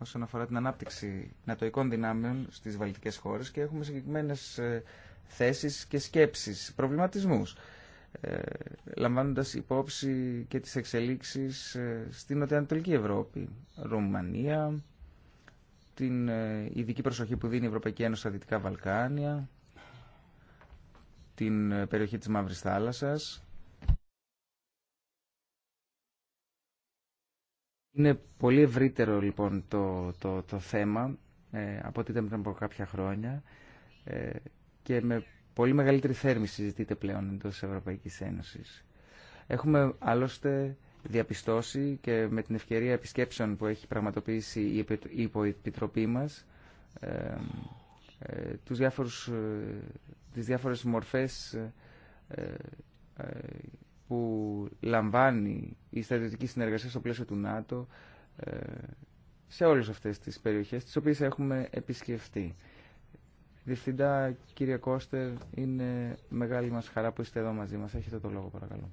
όσον αφορά την ανάπτυξη νατοικών δυνάμεων στις βαλτικές χώρες και έχουμε συγκεκριμένες ε, θέσεις και σκέψεις, προβληματισμούς ε, λαμβάνοντας υπόψη και τις εξελίξεις στην Νοτιοανατολική Ευρώπη, Ρουμανία, την ειδική προσοχή που δίνει η Ευρωπαϊκή Ένωση στα Δυτικά Βαλκάνια, την περιοχή της Μαύρης Θάλασσας Είναι πολύ ευρύτερο λοιπόν το, το, το θέμα ε, από ό,τι ήταν πριν από κάποια χρόνια ε, και με πολύ μεγαλύτερη θέρμη συζητείται πλέον εντό Ευρωπαϊκής Ένωσης. Έχουμε άλλωστε διαπιστώσει και με την ευκαιρία επισκέψεων που έχει πραγματοποιήσει η υποεπιτροπή μας ε, ε τους ε, τις διάφορες μορφές που λαμβάνει η στρατιωτική συνεργασία στο πλαίσιο του ΝΑΤΟ ε, σε όλες αυτές τις περιοχές τις οποίες έχουμε επισκεφτεί. Διευθυντά, κύριε Κώστερ, είναι μεγάλη μας χαρά που είστε εδώ μαζί μας. Έχετε το λόγο, παρακαλώ.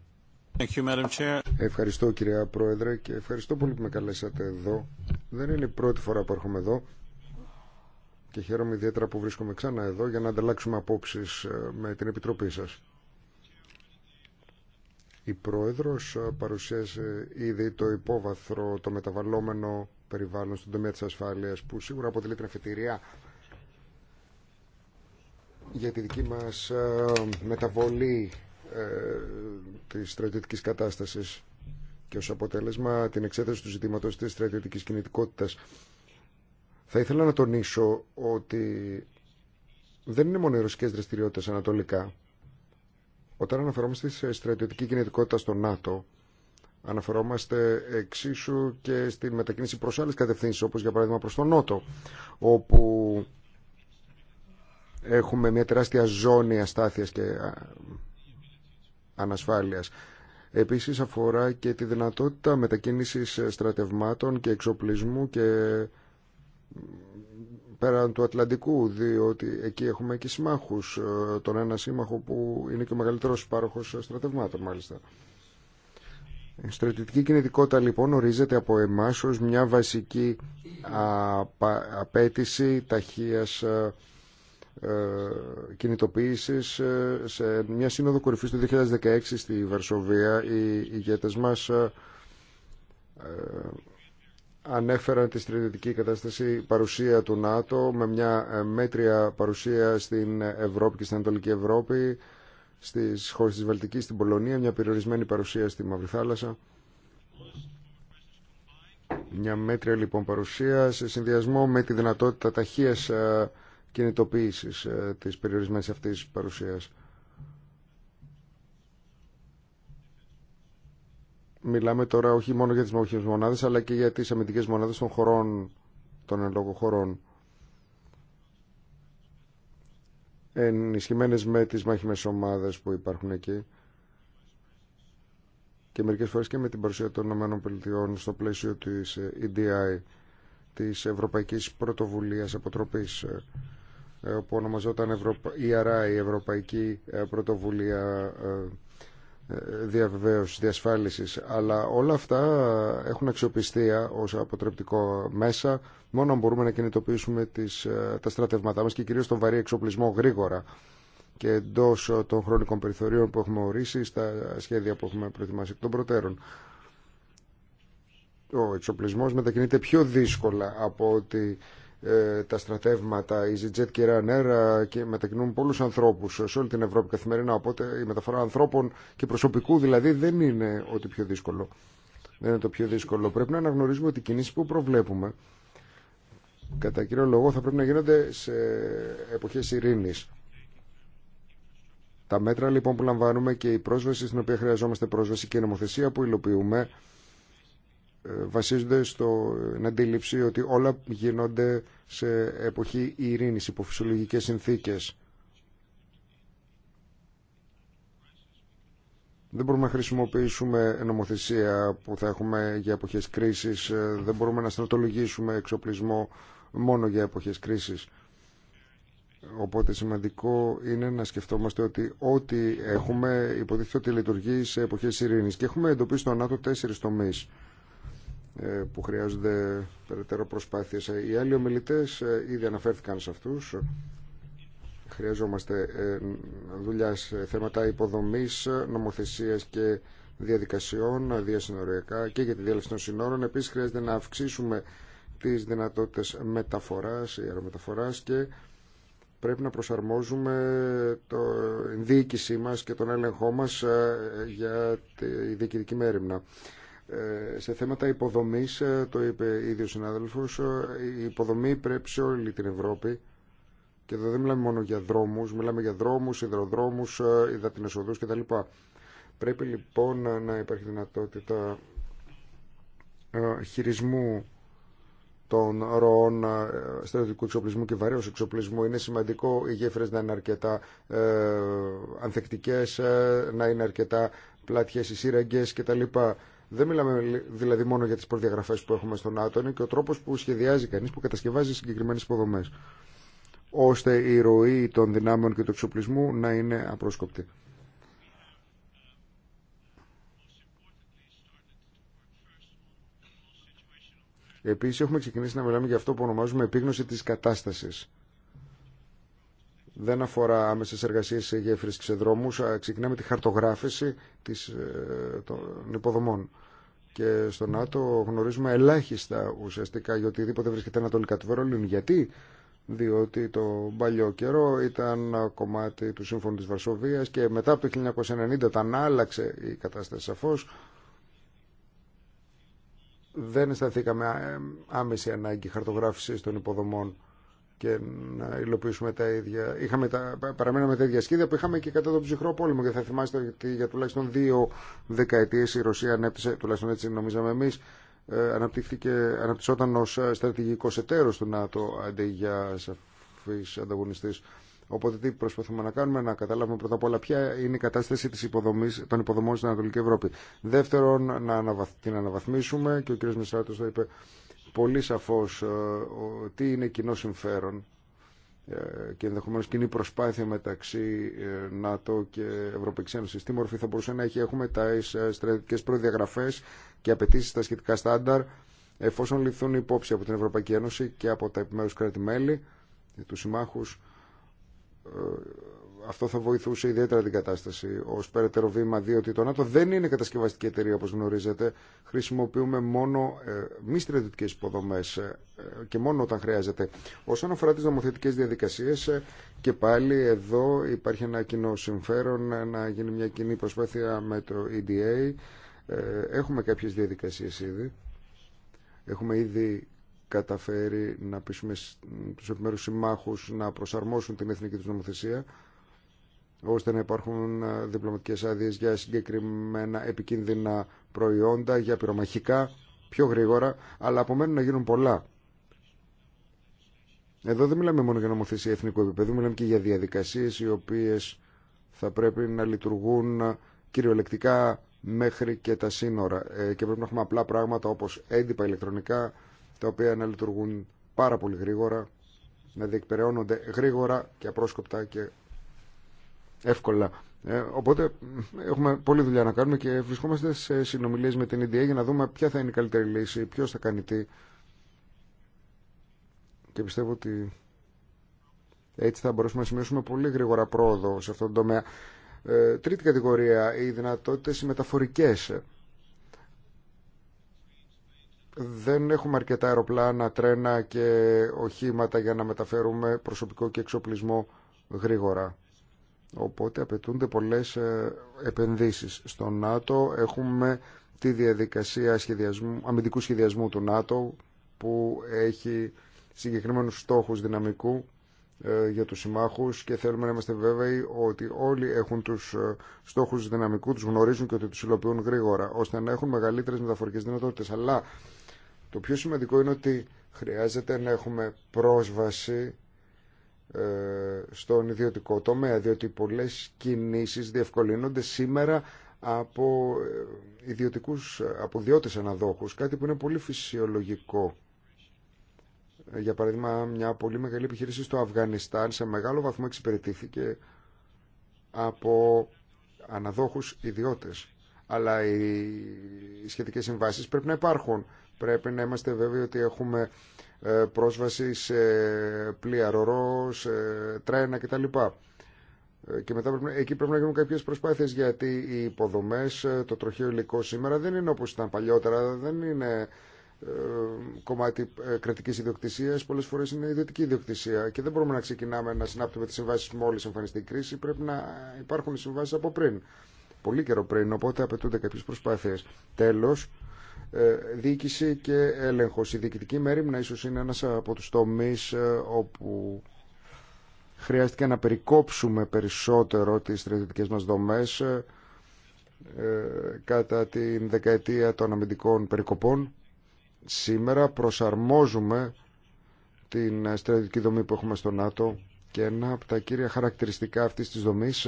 Ευχαριστώ, κυρία Πρόεδρε, και ευχαριστώ πολύ που με καλέσατε εδώ. Δεν είναι η πρώτη φορά που έρχομαι εδώ και χαίρομαι ιδιαίτερα που βρίσκομαι ξανά εδώ για να ανταλλάξουμε απόψεις ε, με την Επιτροπή σας. Η Πρόεδρος ε, παρουσίασε ήδη το υπόβαθρο, το μεταβαλλόμενο περιβάλλον στον τομέα της ασφάλειας που σίγουρα αποτελεί την για τη δική μας ε, μεταβολή ε, της στρατιωτικής κατάστασης και ως αποτέλεσμα την εξέταση του ζητήματος της στρατιωτικής κινητικότητας. Θα ήθελα να τονίσω ότι δεν είναι μόνο οι ρωσικές δραστηριότητες ανατολικά. Όταν αναφερόμαστε στη στρατιωτική κινητικότητα στο ΝΑΤΟ, αναφερόμαστε εξίσου και στη μετακίνηση προς άλλες κατευθύνσεις, όπως για παράδειγμα προς τον Νότο, όπου έχουμε μια τεράστια ζώνη αστάθειας και ανασφάλειας. Επίσης αφορά και τη δυνατότητα μετακίνησης στρατευμάτων και εξοπλισμού και πέραν του Ατλαντικού, διότι εκεί έχουμε και συμμάχου. Ε, τον ένα σύμμαχο που είναι και ο μεγαλύτερος πάροχο στρατευμάτων μάλιστα. Η στρατιωτική κινητικότητα λοιπόν ορίζεται από εμάς ως μια βασική απέτηση ταχείας ε, ε, κινητοποίηση σε μια σύνοδο κορυφής του 2016 στη Βαρσοβία οι ηγέτες μας ανέφεραν τη στρατιωτική κατάσταση παρουσία του ΝΑΤΟ με μια ε, μέτρια παρουσία στην Ευρώπη και στην Ανατολική Ευρώπη, στις χώρες της Βαλτικής, στην Πολωνία, μια περιορισμένη παρουσία στη Μαύρη Θάλασσα. Μια μέτρια λοιπόν παρουσία σε συνδυασμό με τη δυνατότητα ταχείας ε, κινητοποίησης ε, της περιορισμένης αυτής παρουσίας. Μιλάμε τώρα όχι μόνο για τις μαγωγικές μονάδες, αλλά και για τις αμυντικές μονάδες των χωρών, των εν χωρών. Ενισχυμένες με τις μάχημες ομάδες που υπάρχουν εκεί και μερικές φορές και με την παρουσία των ΗΠΑ στο πλαίσιο της ε, EDI, της Ευρωπαϊκής Πρωτοβουλίας Αποτροπής, ε, ε, που ονομαζόταν ERI, Ευρωπαϊκή Πρωτοβουλία διαβεβαίωσης, διασφάλισης, αλλά όλα αυτά έχουν αξιοπιστία ως αποτρεπτικό μέσα, μόνο αν μπορούμε να κινητοποιήσουμε τις, ε, τα στρατεύματά μας και κυρίως τον βαρύ εξοπλισμό γρήγορα και εντό ε, των χρονικών περιθωρίων που έχουμε ορίσει στα σχέδια που έχουμε προετοιμάσει εκ των προτέρων. Ο εξοπλισμός μετακινείται πιο δύσκολα από ότι ε, τα στρατεύματα, η ΖΙΤΖΕΤ και η ΡΑΝΕΡΑ και μετακινούν πολλούς ανθρώπους σε όλη την Ευρώπη καθημερινά, οπότε η μεταφορά ανθρώπων και προσωπικού δηλαδή δεν είναι ότι πιο δύσκολο. Δεν είναι το πιο δύσκολο. Πρέπει να αναγνωρίζουμε ότι οι κινήσει που προβλέπουμε κατά κύριο λόγο θα πρέπει να γίνονται σε εποχέ ειρήνη. Τα μέτρα λοιπόν που λαμβάνουμε και η πρόσβαση στην οποία χρειαζόμαστε πρόσβαση και η νομοθεσία που υλοποιούμε ε, βασίζονται στην ε, αντίληψη ότι όλα γίνονται σε εποχή ειρήνης, υπό φυσιολογικές συνθήκες. Δεν μπορούμε να χρησιμοποιήσουμε νομοθεσία που θα έχουμε για εποχές κρίσης, ε, δεν μπορούμε να στρατολογήσουμε εξοπλισμό μόνο για εποχές κρίσης. Οπότε σημαντικό είναι να σκεφτόμαστε ότι ό,τι έχουμε υποδειχθεί ότι λειτουργεί σε εποχές ειρήνης. Και έχουμε εντοπίσει τον ΝΑΤΟ τέσσερις τομείς ε, που χρειάζονται περαιτέρω προσπάθειες. Ε, οι άλλοι ομιλητές ε, ήδη αναφέρθηκαν σε αυτούς. Χρειαζόμαστε δουλειά σε θέματα υποδομής, νομοθεσίας και διαδικασιών διασυνοριακά και για τη διέλευση των συνόρων. Επίσης χρειάζεται να αυξήσουμε τις δυνατότητες μεταφοράς, αερομεταφοράς και πρέπει να προσαρμόζουμε το διοίκησή μας και τον έλεγχό μας για τη διοικητική μέρημνα. Ε, σε θέματα υποδομής, ε, το είπε ήδη ο συνάδελφος, ε, η υποδομή πρέπει σε όλη την Ευρώπη και εδώ δεν μιλάμε μόνο για δρόμους, μιλάμε για δρόμους, υδροδρόμους, υδατινές οδούς κτλ. Πρέπει λοιπόν να υπάρχει δυνατότητα χειρισμού των ροών στρατιωτικού εξοπλισμού και βαρέως εξοπλισμού. Είναι σημαντικό οι γέφυρες να είναι αρκετά ε, ανθεκτικές, να είναι αρκετά πλατιές οι κτλ. Δεν μιλάμε δηλαδή μόνο για τις προδιαγραφέ που έχουμε στον ΝΑΤΟ, είναι και ο τρόπος που σχεδιάζει κανεί που κατασκευάζει συγκεκριμένε υποδομέ. ώστε η ροή των δυνάμεων και του εξοπλισμού να είναι απρόσκοπτη. Επίσης έχουμε ξεκινήσει να μιλάμε για αυτό που ονομάζουμε επίγνωση της κατάστασης δεν αφορά άμεσες εργασίες σε γέφυρε και σε δρόμους. Ξεκινάμε τη χαρτογράφηση της, ε, των υποδομών. Και στο ΝΑΤΟ γνωρίζουμε ελάχιστα ουσιαστικά για οτιδήποτε βρίσκεται ανατολικά του Βερολίνου. Γιατί? διότι το παλιό καιρό ήταν κομμάτι του Σύμφωνου της Βαρσοβίας και μετά από το 1990 τα άλλαξε η κατάσταση σαφώ. δεν αισθανθήκαμε ε, άμεση ανάγκη χαρτογράφησης των υποδομών και να υλοποιήσουμε τα ίδια. Είχαμε τα, τα ίδια σχέδια που είχαμε και κατά τον ψυχρό πόλεμο. Και θα θυμάστε ότι για τουλάχιστον δύο δεκαετίε η Ρωσία ανέπτυσε, τουλάχιστον έτσι νομίζαμε εμεί, ε, αναπτύχθηκε, αναπτυσσόταν ω ε, στρατηγικό εταίρο του ΝΑΤΟ αντί για σαφή ανταγωνιστή. Οπότε τι προσπαθούμε να κάνουμε, να καταλάβουμε πρώτα απ' όλα ποια είναι η κατάσταση της υποδομής, των υποδομών στην Ανατολική Ευρώπη. Δεύτερον, να την αναβαθμίσουμε και ο κ. Μισράτος το είπε πολύ σαφώς ε, τι είναι κοινό συμφέρον ε, και ενδεχομένω κοινή προσπάθεια μεταξύ ε, ΝΑΤΟ και Ευρωπαϊκή Ένωση. Τι μορφή θα μπορούσε να έχει, έχουμε τα στρατιωτικέ προδιαγραφέ και απαιτήσει στα σχετικά στάνταρ, εφόσον ληφθούν υπόψη από την Ευρωπαϊκή Ένωση και από τα επιμέρου κράτη-μέλη, του συμμάχου, αυτό θα βοηθούσε ιδιαίτερα την κατάσταση ω περαιτέρω βήμα, διότι το ΝΑΤΟ δεν είναι κατασκευαστική εταιρεία όπω γνωρίζετε. Χρησιμοποιούμε μόνο ε, μη στρατιωτικέ υποδομέ ε, και μόνο όταν χρειάζεται. Όσον αφορά τι νομοθετικέ διαδικασίε, ε, και πάλι εδώ υπάρχει ένα κοινό συμφέρον ε, να γίνει μια κοινή προσπάθεια με το EDA. έχουμε κάποιε διαδικασίε ήδη. Έχουμε ήδη καταφέρει να πείσουμε τους επιμέρους συμμάχους να προσαρμόσουν την εθνική τους νομοθεσία ώστε να υπάρχουν ε, διπλωματικές άδειε για συγκεκριμένα επικίνδυνα προϊόντα, για πυρομαχικά, πιο γρήγορα, αλλά απομένουν να γίνουν πολλά. Εδώ δεν μιλάμε μόνο για νομοθεσία εθνικού επίπεδου, μιλάμε και για διαδικασίες οι οποίες θα πρέπει να λειτουργούν ε, κυριολεκτικά μέχρι και τα σύνορα ε, και πρέπει να έχουμε απλά πράγματα όπως έντυπα ηλεκτρονικά τα οποία να λειτουργούν πάρα πολύ γρήγορα, να διεκπεραιώνονται γρήγορα και απρόσκοπτα εύκολα. Ε, οπότε έχουμε πολλή δουλειά να κάνουμε και βρισκόμαστε σε συνομιλίε με την NDA για να δούμε ποια θα είναι η καλύτερη λύση, ποιο θα κάνει τι. Και πιστεύω ότι έτσι θα μπορούσαμε να σημειώσουμε πολύ γρήγορα πρόοδο σε αυτόν τον τομέα. Ε, τρίτη κατηγορία, οι δυνατότητε οι μεταφορικές. Δεν έχουμε αρκετά αεροπλάνα, τρένα και οχήματα για να μεταφέρουμε προσωπικό και εξοπλισμό γρήγορα. Οπότε απαιτούνται πολλές ε, επενδύσεις. Στο ΝΑΤΟ έχουμε τη διαδικασία σχεδιασμού, αμυντικού σχεδιασμού του ΝΑΤΟ που έχει συγκεκριμένους στόχους δυναμικού ε, για τους συμμάχους και θέλουμε να είμαστε βέβαιοι ότι όλοι έχουν τους ε, στόχους δυναμικού, τους γνωρίζουν και ότι τους υλοποιούν γρήγορα, ώστε να έχουν μεγαλύτερες μεταφορικές δυνατότητες. Αλλά το πιο σημαντικό είναι ότι χρειάζεται να έχουμε πρόσβαση ε, στον ιδιωτικό τομέα, διότι πολλές κινήσεις διευκολύνονται σήμερα από ε, ιδιωτικούς, από διώτες αναδόχους, κάτι που είναι πολύ φυσιολογικό. Ε, για παράδειγμα, μια πολύ μεγάλη επιχείρηση στο Αφγανιστάν σε μεγάλο βαθμό εξυπηρετήθηκε από αναδόχους ιδιώτες. Αλλά οι σχετικές συμβάσεις πρέπει να υπάρχουν. Πρέπει να είμαστε βέβαιοι ότι έχουμε ε, πρόσβαση σε πλοία ρορό, σε τρένα κτλ. Ε, και μετά πρέπει, εκεί πρέπει να γίνουν κάποιες προσπάθειες γιατί οι υποδομές, ε, το τροχείο υλικό σήμερα δεν είναι όπως ήταν παλιότερα, δεν είναι κομμάτι κρατική ιδιοκτησία, πολλέ φορέ είναι ιδιωτική ιδιοκτησία. Και δεν μπορούμε να ξεκινάμε να συνάπτουμε τι συμβάσει μόλι εμφανιστεί η κρίση. Πρέπει να υπάρχουν συμβάσει από πριν. Πολύ καιρό πριν, οπότε απαιτούνται κάποιε προσπάθειε. Τέλο, ε, διοίκηση και έλεγχο. Η διοικητική μέρημνα ίσω είναι ένας από τους τομεί ε, όπου χρειάστηκε να περικόψουμε περισσότερο τις στρατιωτικέ μας δομές ε, κατά την δεκαετία των αμυντικών περικοπών. Σήμερα προσαρμόζουμε την στρατιωτική δομή που έχουμε στο ΝΑΤΟ και ένα από τα κύρια χαρακτηριστικά αυτής της δομής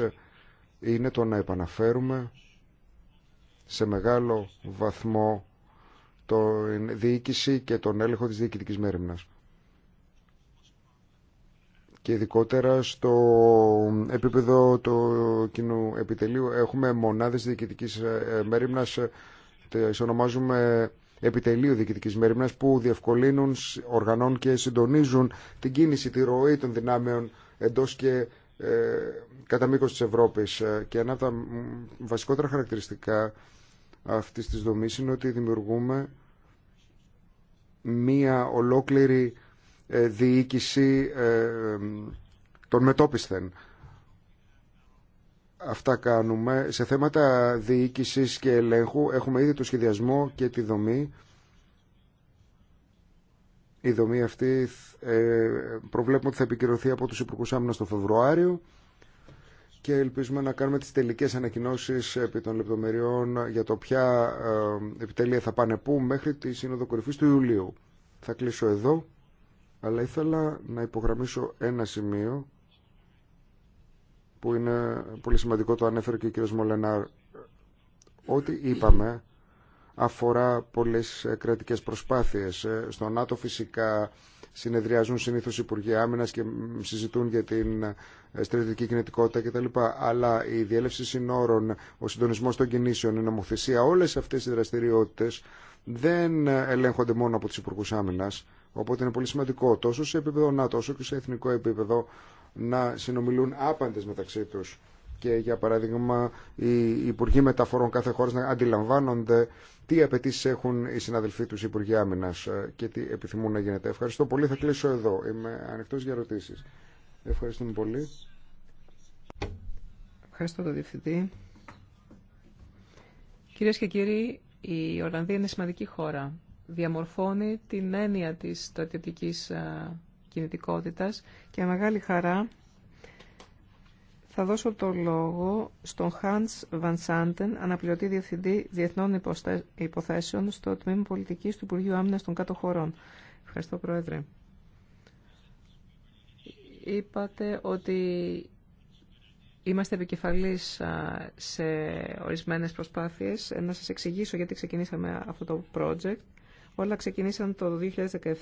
είναι το να επαναφέρουμε σε μεγάλο βαθμό την διοίκηση και τον έλεγχο της διοικητικής μέρημνας. Και ειδικότερα στο επίπεδο του κοινού επιτελείου έχουμε μονάδες διοικητικής ε, μέρημνας, τις ονομάζουμε επιτελείο διοικητικής μέρημνας, που διευκολύνουν, οργανών και συντονίζουν την κίνηση, τη ροή των δυνάμεων εντός και ε, κατά μήκο της Ευρώπης. Και ένα από τα βασικότερα χαρακτηριστικά αυτής της δομής είναι ότι δημιουργούμε μία ολόκληρη ε, διοίκηση ε, των μετόπισθεν. Αυτά κάνουμε. Σε θέματα διοίκησης και ελέγχου έχουμε ήδη το σχεδιασμό και τη δομή. Η δομή αυτή ε, προβλέπουμε ότι θα επικυρωθεί από τους Υπουργούς Άμυνας το Φεβρουάριο και ελπίζουμε να κάνουμε τις τελικές ανακοινώσεις επί των λεπτομεριών για το ποια ε, επιτελεία θα πάνε πού μέχρι τη Σύνοδο Κορυφής του Ιουλίου. Θα κλείσω εδώ, αλλά ήθελα να υπογραμμίσω ένα σημείο που είναι πολύ σημαντικό, το ανέφερε και ο κ. Μολενάρ. Ό,τι είπαμε αφορά πολλές κρατικές προσπάθειες. Ε, στο ΝΑΤΟ φυσικά συνεδριάζουν συνήθως Υπουργοί Άμυνα και συζητούν για την ε, στρατιωτική κινητικότητα κτλ. Αλλά η διέλευση συνόρων, ο συντονισμός των κινήσεων, η νομοθεσία, όλες αυτές οι δραστηριότητες δεν ε, ελέγχονται μόνο από τους Υπουργού Άμυνα. Οπότε είναι πολύ σημαντικό τόσο σε επίπεδο ΝΑΤΟ όσο και σε εθνικό επίπεδο να συνομιλούν άπαντες μεταξύ τους και για παράδειγμα οι Υπουργοί Μεταφορών κάθε χώρας να αντιλαμβάνονται τι απαιτήσει έχουν οι συναδελφοί του Υπουργοί Άμυνα ε, και τι επιθυμούν να γίνεται. Ευχαριστώ πολύ. Θα κλείσω εδώ. Είμαι ανοιχτό για ερωτήσει. Ευχαριστούμε πολύ. Ευχαριστώ τον Διευθυντή. Κυρίες και κύριοι, η Ολλανδία είναι σημαντική χώρα. Διαμορφώνει την έννοια της στρατιωτικής ε, κινητικότητας και μεγάλη χαρά θα δώσω το λόγο στον Hans Van Santen, αναπληρωτή Διευθυντή Διεθνών Υποθέσεων στο Τμήμα Πολιτικής του Υπουργείου Άμυνας των Κάτω Χωρών. Ευχαριστώ, Πρόεδρε. Είπατε ότι είμαστε επικεφαλής σε ορισμένες προσπάθειες. Να σας εξηγήσω γιατί ξεκινήσαμε αυτό το project. Όλα ξεκινήσαν το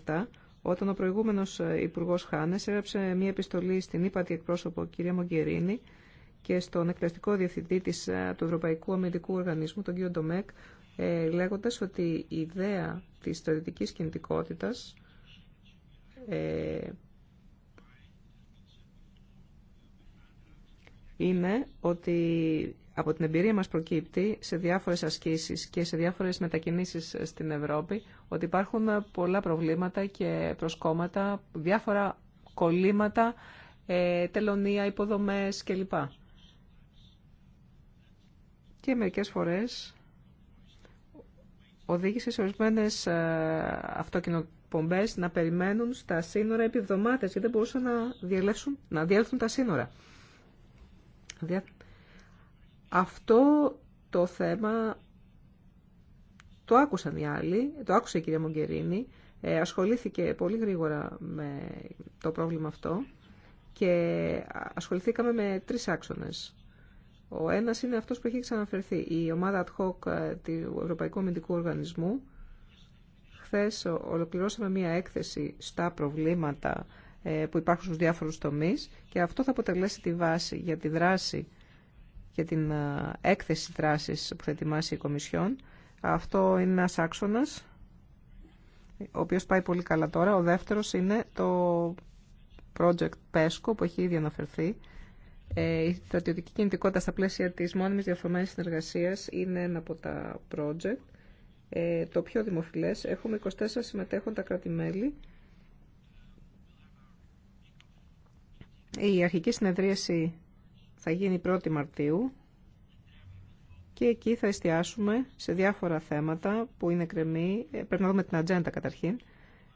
2017 όταν ο προηγούμενο ε, υπουργό Χάνες έγραψε μία επιστολή στην ύπατη εκπρόσωπο κυρία Μογκερίνη και στον εκτελεστικό διευθυντή της, ε, του Ευρωπαϊκού Αμυντικού Οργανισμού, τον κύριο Ντομέκ, ε, λέγοντας ότι η ιδέα της στρατητική κινητικότητα ε, είναι ότι από την εμπειρία μας προκύπτει σε διάφορες ασκήσεις και σε διάφορες μετακινήσεις στην Ευρώπη ότι υπάρχουν πολλά προβλήματα και προσκόμματα, διάφορα κολλήματα, ε, τελωνία, υποδομές κλπ. Και μερικές φορές οδήγησε σε ορισμένε αυτοκινοπομπές να περιμένουν στα σύνορα επί εβδομάδες γιατί δεν μπορούσαν να διέλθουν τα σύνορα. Αυτό το θέμα το άκουσαν οι άλλοι, το άκουσε η κυρία Μογκερίνη, ε, ασχολήθηκε πολύ γρήγορα με το πρόβλημα αυτό και ασχοληθήκαμε με τρεις άξονες. Ο ένας είναι αυτός που έχει ξαναφερθεί, η ομάδα ad hoc ε, του Ευρωπαϊκού Μυντικού Οργανισμού. Χθες ολοκληρώσαμε μία έκθεση στα προβλήματα ε, που υπάρχουν στους διάφορους τομείς και αυτό θα αποτελέσει τη βάση για τη δράση για την ε, έκθεση δράσης που θα ετοιμάσει η Κομισιόν. Αυτό είναι ένας άξονας, ο οποίος πάει πολύ καλά τώρα. Ο δεύτερος είναι το project PESCO που έχει ήδη αναφερθεί. Ε, η στρατιωτική κινητικότητα στα πλαίσια της μόνιμης διαφορεμένης συνεργασίας είναι ένα από τα project. Ε, το πιο δημοφιλές. Έχουμε 24 συμμετέχοντα κράτη-μέλη. Η αρχική συνεδρίαση θα γίνει 1η Μαρτίου και εκεί θα εστιάσουμε σε διάφορα θέματα που είναι κρεμή. Ε, πρέπει να δούμε την ατζέντα καταρχήν.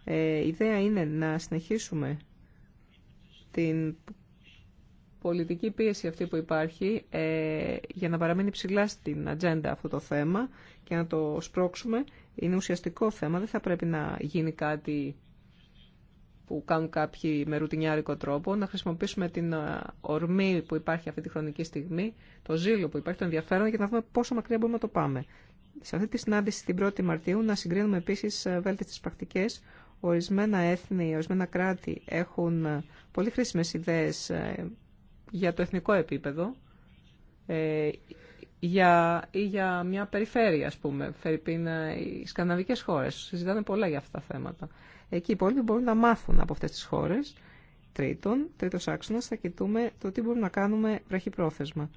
Ε, η ιδέα είναι να συνεχίσουμε την πολιτική πίεση αυτή που υπάρχει ε, για να παραμείνει ψηλά στην ατζέντα αυτό το θέμα και να το σπρώξουμε. Είναι ουσιαστικό θέμα, δεν θα πρέπει να γίνει κάτι που κάνουν κάποιοι με ρουτινιάρικο τρόπο, να χρησιμοποιήσουμε την ε, ορμή που υπάρχει αυτή τη χρονική στιγμή, το ζήλο που υπάρχει, το ενδιαφέρον και να δούμε πόσο μακριά μπορούμε να το πάμε. Σε αυτή τη συνάντηση την 1η Μαρτίου να συγκρίνουμε επίσης ε, βέλτιστες πρακτικέ Ορισμένα έθνη, ορισμένα κράτη έχουν ε, πολύ χρήσιμε ιδέε για το εθνικό επίπεδο ή για μια περιφέρεια, ας πούμε, Φερρυπίν, οι σκανδιναβικές χώρες. συζητάνε πολλά για αυτά τα θέματα. Εκεί οι υπόλοιποι μπορούν να μάθουν από αυτές τις χώρες. Τρίτον, τρίτος άξονας, θα κοιτούμε το τι μπορούμε να κάνουμε βραχυπρόθεσμα.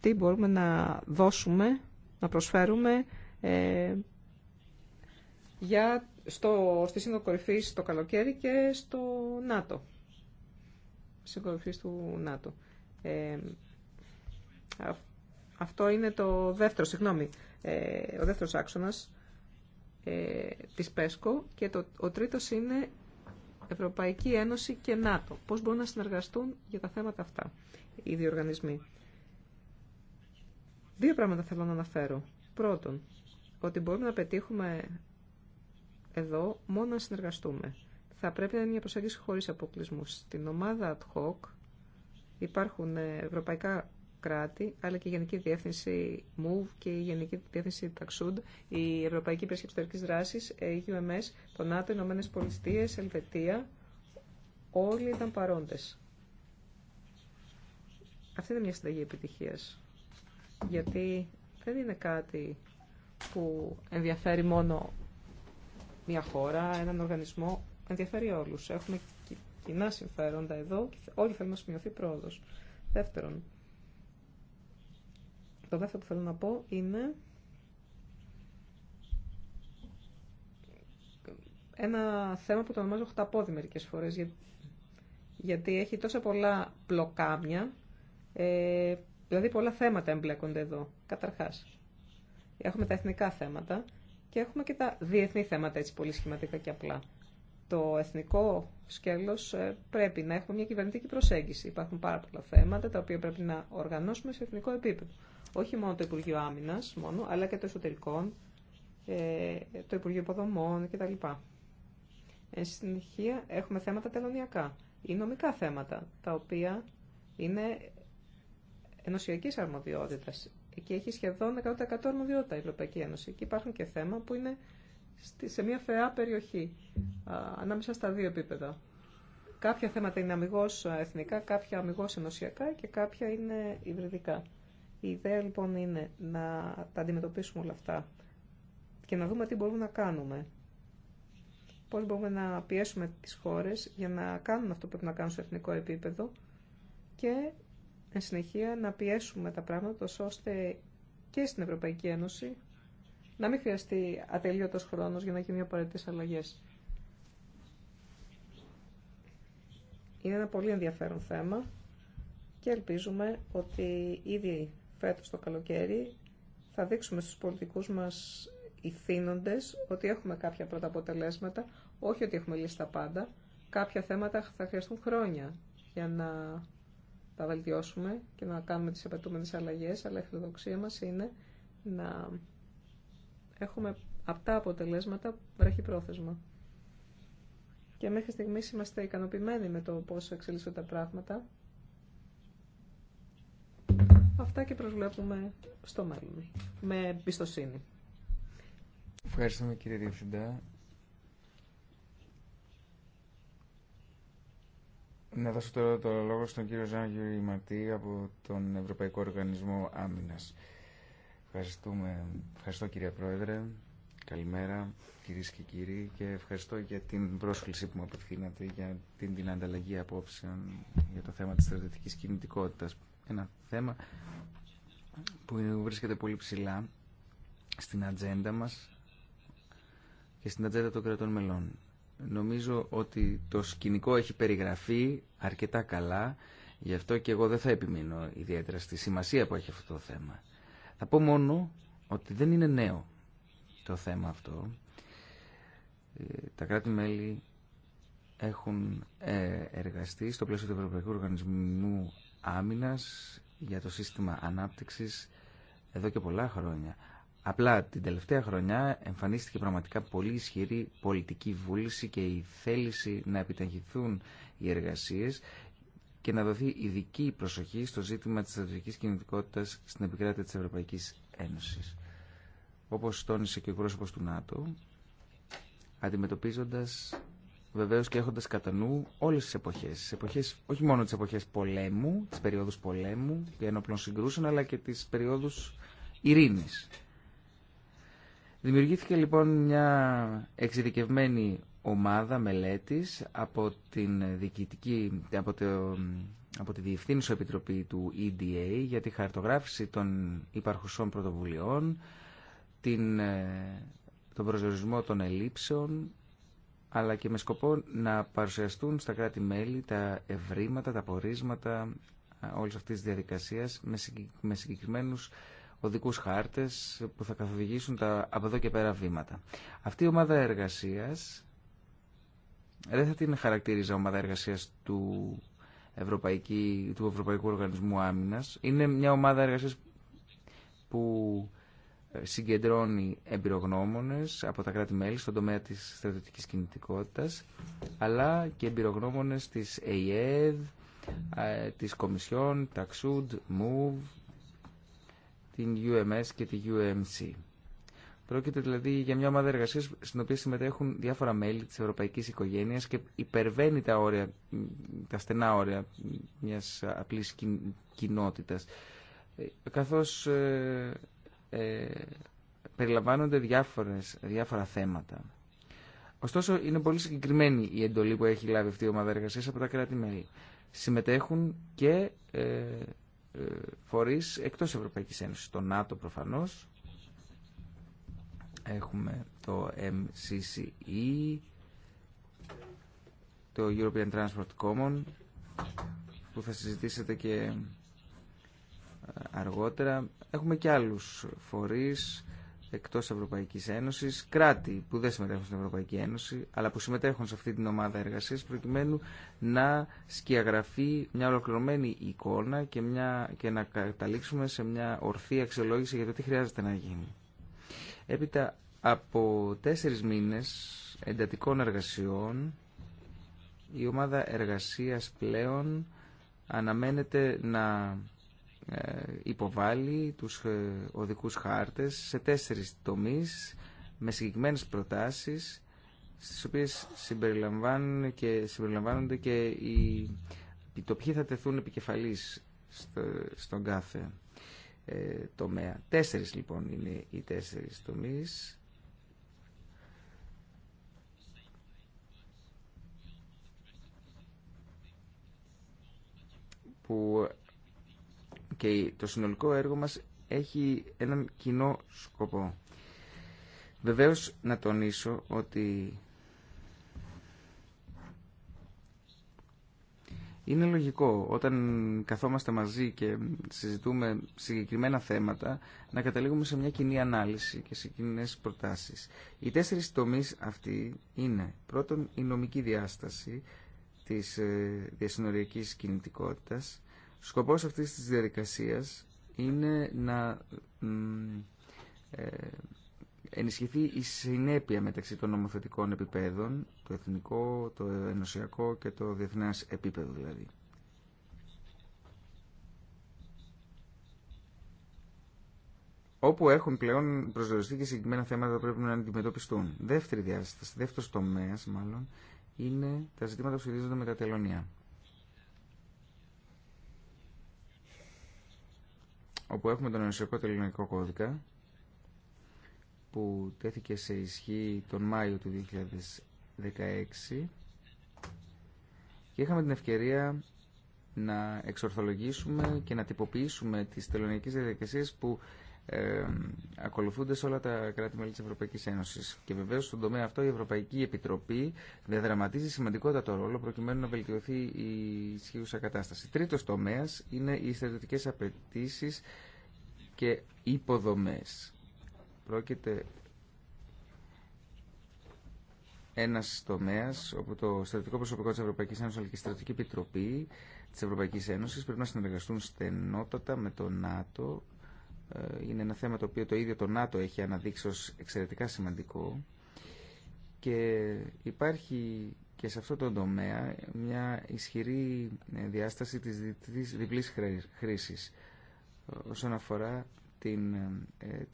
Τι μπορούμε να δώσουμε, να προσφέρουμε ε, για, στο, στη Σύνοδο το καλοκαίρι και στο ΝΑΤΟ. Σύνοδο του ΝΑΤΟ. Ε, αυτό είναι το δεύτερο, συγγνώμη, ε, ο δεύτερος άξονας ε, της ΠΕΣΚΟ και το, ο τρίτος είναι Ευρωπαϊκή Ένωση και ΝΑΤΟ. Πώς μπορούν να συνεργαστούν για τα θέματα αυτά οι δύο οργανισμοί. Δύο πράγματα θέλω να αναφέρω. Πρώτον, ότι μπορούμε να πετύχουμε εδώ μόνο να συνεργαστούμε. Θα πρέπει να είναι μια προσέγγιση χωρίς αποκλεισμού. Στην ομάδα ad hoc υπάρχουν ε, ευρωπαϊκά κράτη, αλλά και η Γενική Διεύθυνση MOVE και η Γενική Διεύθυνση TAXUD, η Ευρωπαϊκή Υπηρεσία Εξωτερική Δράση, η UMS, το ΝΑΤΟ, οι Ηνωμένε Πολιτείε, Ελβετία. Όλοι ήταν παρόντε. Αυτή είναι μια συνταγή επιτυχία. Γιατί δεν είναι κάτι που ενδιαφέρει μόνο μια χώρα, έναν οργανισμό. Ενδιαφέρει όλου. Έχουμε κοινά συμφέροντα εδώ και όλοι θέλουμε να σημειωθεί πρόοδο. Δεύτερον, το δεύτερο που θέλω να πω είναι ένα θέμα που το ονομάζω χταπόδι μερικές φορές, γιατί έχει τόσα πολλά πλοκάμια, ε, δηλαδή πολλά θέματα εμπλέκονται εδώ, καταρχάς. Έχουμε τα εθνικά θέματα και έχουμε και τα διεθνή θέματα, έτσι πολύ σχηματικά και απλά. Το εθνικό σκέλος ε, πρέπει να έχουμε μια κυβερνητική προσέγγιση. Υπάρχουν πάρα πολλά θέματα τα οποία πρέπει να οργανώσουμε σε εθνικό επίπεδο όχι μόνο το Υπουργείο Άμυνα, μόνο, αλλά και το Εσωτερικών, ε, το Υπουργείο Υποδομών κτλ. Εν συνεχεία έχουμε θέματα τελωνιακά ή νομικά θέματα, τα οποία είναι ενωσιακή αρμοδιότητα και έχει σχεδόν 100% αρμοδιότητα η Ευρωπαϊκή Ένωση. εκει υπάρχουν εκει θέμα που είναι σε μια φαιά περιοχή, ανάμεσα στα δύο επίπεδα. Κάποια θέματα είναι αμυγός εθνικά, κάποια αμυγός ενωσιακά και κάποια είναι υβριδικά. Η ιδέα λοιπόν είναι να τα αντιμετωπίσουμε όλα αυτά και να δούμε τι μπορούμε να κάνουμε. Πώς μπορούμε να πιέσουμε τις χώρες για να κάνουν αυτό που πρέπει να κάνουν σε εθνικό επίπεδο και εν συνεχεία να πιέσουμε τα πράγματα ώστε και στην Ευρωπαϊκή Ένωση να μην χρειαστεί ατελείωτος χρόνος για να γίνουν απαραίτητες αλλαγέ. Είναι ένα πολύ ενδιαφέρον θέμα και ελπίζουμε ότι ήδη φέτος το καλοκαίρι θα δείξουμε στους πολιτικούς μας ηθήνοντες ότι έχουμε κάποια πρώτα αποτελέσματα, όχι ότι έχουμε λύσει τα πάντα. Κάποια θέματα θα χρειαστούν χρόνια για να τα βελτιώσουμε και να κάνουμε τις απαιτούμενες αλλαγές, αλλά η φιλοδοξία μας είναι να έχουμε αυτά αποτελέσματα πρόθεσμα. Και μέχρι στιγμής είμαστε ικανοποιημένοι με το πώς εξελίσσονται τα πράγματα Αυτά και προσβλέπουμε στο μέλλον. Με εμπιστοσύνη. Ευχαριστούμε κύριε Διευθυντά. Να δώσω τώρα το λόγο στον κύριο Ζαν Ιμαρτή από τον Ευρωπαϊκό Οργανισμό Άμυνας. Ευχαριστούμε. Ευχαριστώ κύριε Πρόεδρε. Καλημέρα κυρίε και κύριοι και ευχαριστώ για την πρόσκληση που μου απευθύνατε για την, την ανταλλαγή απόψεων για το θέμα της στρατιωτικής κινητικότητας ένα θέμα που βρίσκεται πολύ ψηλά στην ατζέντα μας και στην ατζέντα των κρατών μελών. Νομίζω ότι το σκηνικό έχει περιγραφεί αρκετά καλά, γι' αυτό και εγώ δεν θα επιμείνω ιδιαίτερα στη σημασία που έχει αυτό το θέμα. Θα πω μόνο ότι δεν είναι νέο το θέμα αυτό. Ε, τα κράτη-μέλη έχουν ε, εργαστεί στο πλαίσιο του Ευρωπαϊκού Οργανισμού άμυνας, για το σύστημα ανάπτυξης εδώ και πολλά χρόνια. Απλά την τελευταία χρονιά εμφανίστηκε πραγματικά πολύ ισχυρή πολιτική βούληση και η θέληση να επιταγηθούν οι εργασίες και να δοθεί ειδική προσοχή στο ζήτημα της στρατηγικής κινητικότητας στην επικράτεια της Ευρωπαϊκής Ένωσης. Όπως τόνισε και ο πρόσωπος του ΝΑΤΟ, αντιμετωπίζοντας βεβαίω και έχοντα κατά νου όλε τι εποχέ. όχι μόνο τι εποχέ πολέμου, τι περιόδου πολέμου και ενόπλων συγκρούσεων, αλλά και τι περιόδου ειρήνη. Δημιουργήθηκε λοιπόν μια εξειδικευμένη ομάδα μελέτης από, την από, το, από τη Διευθύνουσα Επιτροπή του EDA για τη χαρτογράφηση των υπαρχουσών πρωτοβουλειών, την, ε, τον προσδιορισμό των ελλείψεων αλλά και με σκοπό να παρουσιαστούν στα κράτη-μέλη τα ευρήματα, τα πορίσματα όλης αυτής της διαδικασίας με συγκεκριμένους οδικού χάρτες που θα καθοδηγήσουν τα από εδώ και πέρα βήματα. Αυτή η ομάδα εργασίας δεν θα την χαρακτηρίζα ομάδα εργασία του, του Ευρωπαϊκού Οργανισμού Άμυνα Είναι μια ομάδα εργασία που συγκεντρώνει εμπειρογνώμονες από τα κράτη-μέλη στον τομέα της στρατιωτικής κινητικότητας, αλλά και εμπειρογνώμονες της ΕΙΕΔ, της Κομισιόν, Ταξούντ, ΜΟΥΒ την UMS και τη UMC. Πρόκειται δηλαδή για μια ομάδα εργασία στην οποία συμμετέχουν διάφορα μέλη τη ευρωπαϊκή οικογένεια και υπερβαίνει τα, τα στενά όρια μια απλή κοινότητα. Ε, Καθώ ε, ε, περιλαμβάνονται διάφορες, διάφορα θέματα. Ωστόσο, είναι πολύ συγκεκριμένη η εντολή που έχει λάβει αυτή η ομάδα εργασία από τα κράτη-μέλη. Συμμετέχουν και ε, ε, φορείς εκτός Ευρωπαϊκής Ένωσης. Το ΝΑΤΟ προφανώς, έχουμε το MCCE, το European Transport Common, που θα συζητήσετε και αργότερα. Έχουμε και άλλους φορείς εκτός Ευρωπαϊκής Ένωσης, κράτη που δεν συμμετέχουν στην Ευρωπαϊκή Ένωση, αλλά που συμμετέχουν σε αυτή την ομάδα εργασίας, προκειμένου να σκιαγραφεί μια ολοκληρωμένη εικόνα και, μια, και να καταλήξουμε σε μια ορθή αξιολόγηση για το τι χρειάζεται να γίνει. Έπειτα από τέσσερις μήνες εντατικών εργασιών, η ομάδα εργασίας πλέον αναμένεται να ε, υποβάλει τους ε, οδικούς χάρτες σε τέσσερις τομείς με συγκεκριμένες προτάσεις στις οποίες συμπεριλαμβάνουν και, συμπεριλαμβάνονται και οι, το ποιοι θα τεθούν επικεφαλής στον κάθε ε, τομέα. Τέσσερις λοιπόν είναι οι τέσσερις τομείς. που και το συνολικό έργο μας έχει έναν κοινό σκοπό. Βεβαίως να τονίσω ότι είναι λογικό όταν καθόμαστε μαζί και συζητούμε συγκεκριμένα θέματα να καταλήγουμε σε μια κοινή ανάλυση και σε κοινέ προτάσεις. Οι τέσσερις τομείς αυτοί είναι πρώτον η νομική διάσταση της ε, διασυνοριακής κινητικότητας Σκοπός αυτής της διαδικασίας είναι να ε, ενισχυθεί η συνέπεια μεταξύ των νομοθετικών επιπέδων, το εθνικό, το ενωσιακό και το διεθνές επίπεδο δηλαδή. όπου έχουν πλέον προσδιοριστεί και συγκεκριμένα θέματα που πρέπει να αντιμετωπιστούν. Δεύτερη διάσταση, δεύτερο τομέα μάλλον, είναι τα ζητήματα που σχετίζονται με τα τελωνία. όπου έχουμε τον Ενωσιακό Τελεινικό Κώδικα που τέθηκε σε ισχύ τον Μάιο του 2016 και είχαμε την ευκαιρία να εξορθολογήσουμε και να τυποποιήσουμε τις τελωνειακές διαδικασίες που ε, ακολουθούνται σε όλα τα κράτη-μέλη τη Ευρωπαϊκή Ένωση. Και βεβαίω στον τομέα αυτό η Ευρωπαϊκή Επιτροπή διαδραματίζει σημαντικότατο ρόλο προκειμένου να βελτιωθεί η ισχύουσα κατάσταση. Τρίτο τομέα είναι οι στρατιωτικέ απαιτήσει και υποδομέ. Πρόκειται ένα τομέα όπου το στρατιωτικό προσωπικό τη Ευρωπαϊκή Ένωση αλλά και η στρατιωτική επιτροπή τη Ευρωπαϊκή Ένωση πρέπει να συνεργαστούν στενότατα με το ΝΑΤΟ ε, είναι ένα θέμα το οποίο το ίδιο το ΝΑΤΟ έχει αναδείξει ως εξαιρετικά σημαντικό και υπάρχει και σε αυτό το τομέα μια ισχυρή ε, διάσταση της διπλής χρήσης ε, όσον αφορά την,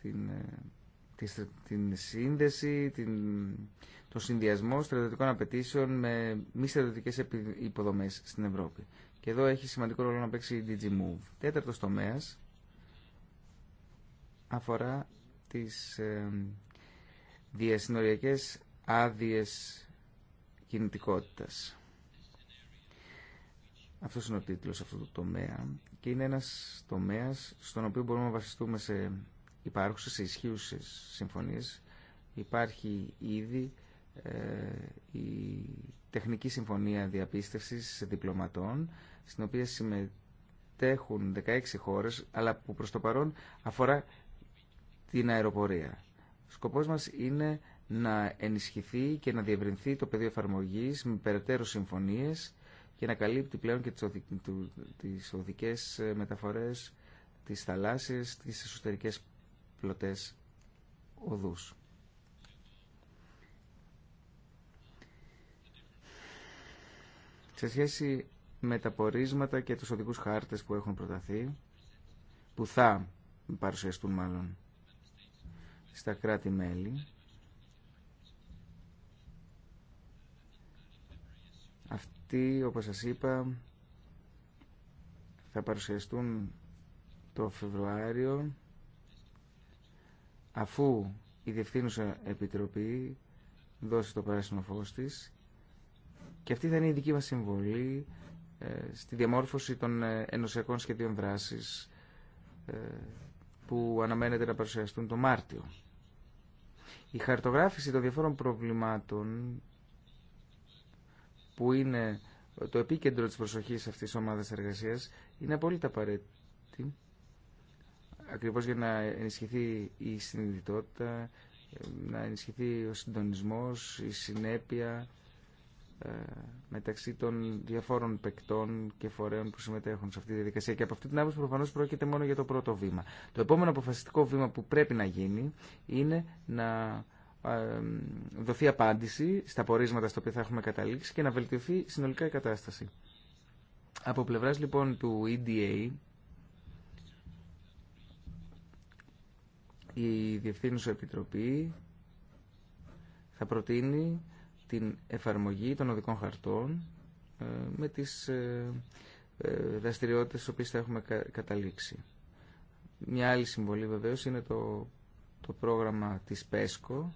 την, την σύνδεση, την, το συνδυασμό στρατιωτικών απαιτήσεων με μη στρατιωτικές υποδομές στην Ευρώπη. Και εδώ έχει σημαντικό ρόλο να παίξει η DG Move Τέταρτος τομέας αφορά τις ε, διασυνοριακές άδειες κινητικότητας. Αυτό είναι ο τίτλος αυτού του τομέα και είναι ένας τομέας στον οποίο μπορούμε να βασιστούμε σε υπάρχουσες, σε ισχύουσες συμφωνίες. Υπάρχει ήδη ε, η τεχνική συμφωνία διαπίστευσης διπλωματών στην οποία συμμετέχουν 16 χώρες αλλά που προς το παρόν αφορά την αεροπορία. Σκοπός μας είναι να ενισχυθεί και να διευρυνθεί το πεδίο εφαρμογής με περαιτέρω συμφωνίες και να καλύπτει πλέον και τις οδικές ε, μεταφορές, τις θαλάσσιες, τις εσωτερικές πλωτές οδούς. Σε σχέση με τα πορίσματα και τους οδικούς χάρτες που έχουν προταθεί, που θα παρουσιαστούν μάλλον στα κράτη-μέλη. Αυτοί, όπως σας είπα, θα παρουσιαστούν το Φεβρουάριο αφού η Διευθύνουσα Επιτροπή δώσει το πράσινο φως της και αυτή θα είναι η δική μας συμβολή ε, στη διαμόρφωση των ε, ενωσιακών σχεδίων δράσης ε, που αναμένεται να παρουσιαστούν το Μάρτιο. Η χαρτογράφηση των διαφόρων προβλημάτων που είναι το επίκεντρο της προσοχής αυτής της ομάδας εργασίας είναι απόλυτα απαραίτητη ακριβώς για να ενισχυθεί η συνειδητότητα, να ενισχυθεί ο συντονισμός, η συνέπεια, ε, μεταξύ των διαφόρων παικτών και φορέων που συμμετέχουν σε αυτή τη διαδικασία. Και από αυτή την άποψη προφανώς πρόκειται μόνο για το πρώτο βήμα. Το επόμενο αποφασιστικό βήμα που πρέπει να γίνει είναι να ε, δοθεί απάντηση στα πορίσματα στα οποία θα έχουμε καταλήξει και να βελτιωθεί συνολικά η κατάσταση. Από πλευράς λοιπόν του EDA, η Διευθύνουσα Επιτροπή θα προτείνει την εφαρμογή των οδικών χαρτών ε, με τις ε, ε, δραστηριότητες στις οποίες θα έχουμε καταλήξει. Μια άλλη συμβολή βεβαίως είναι το, το πρόγραμμα της ΠΕΣΚΟ,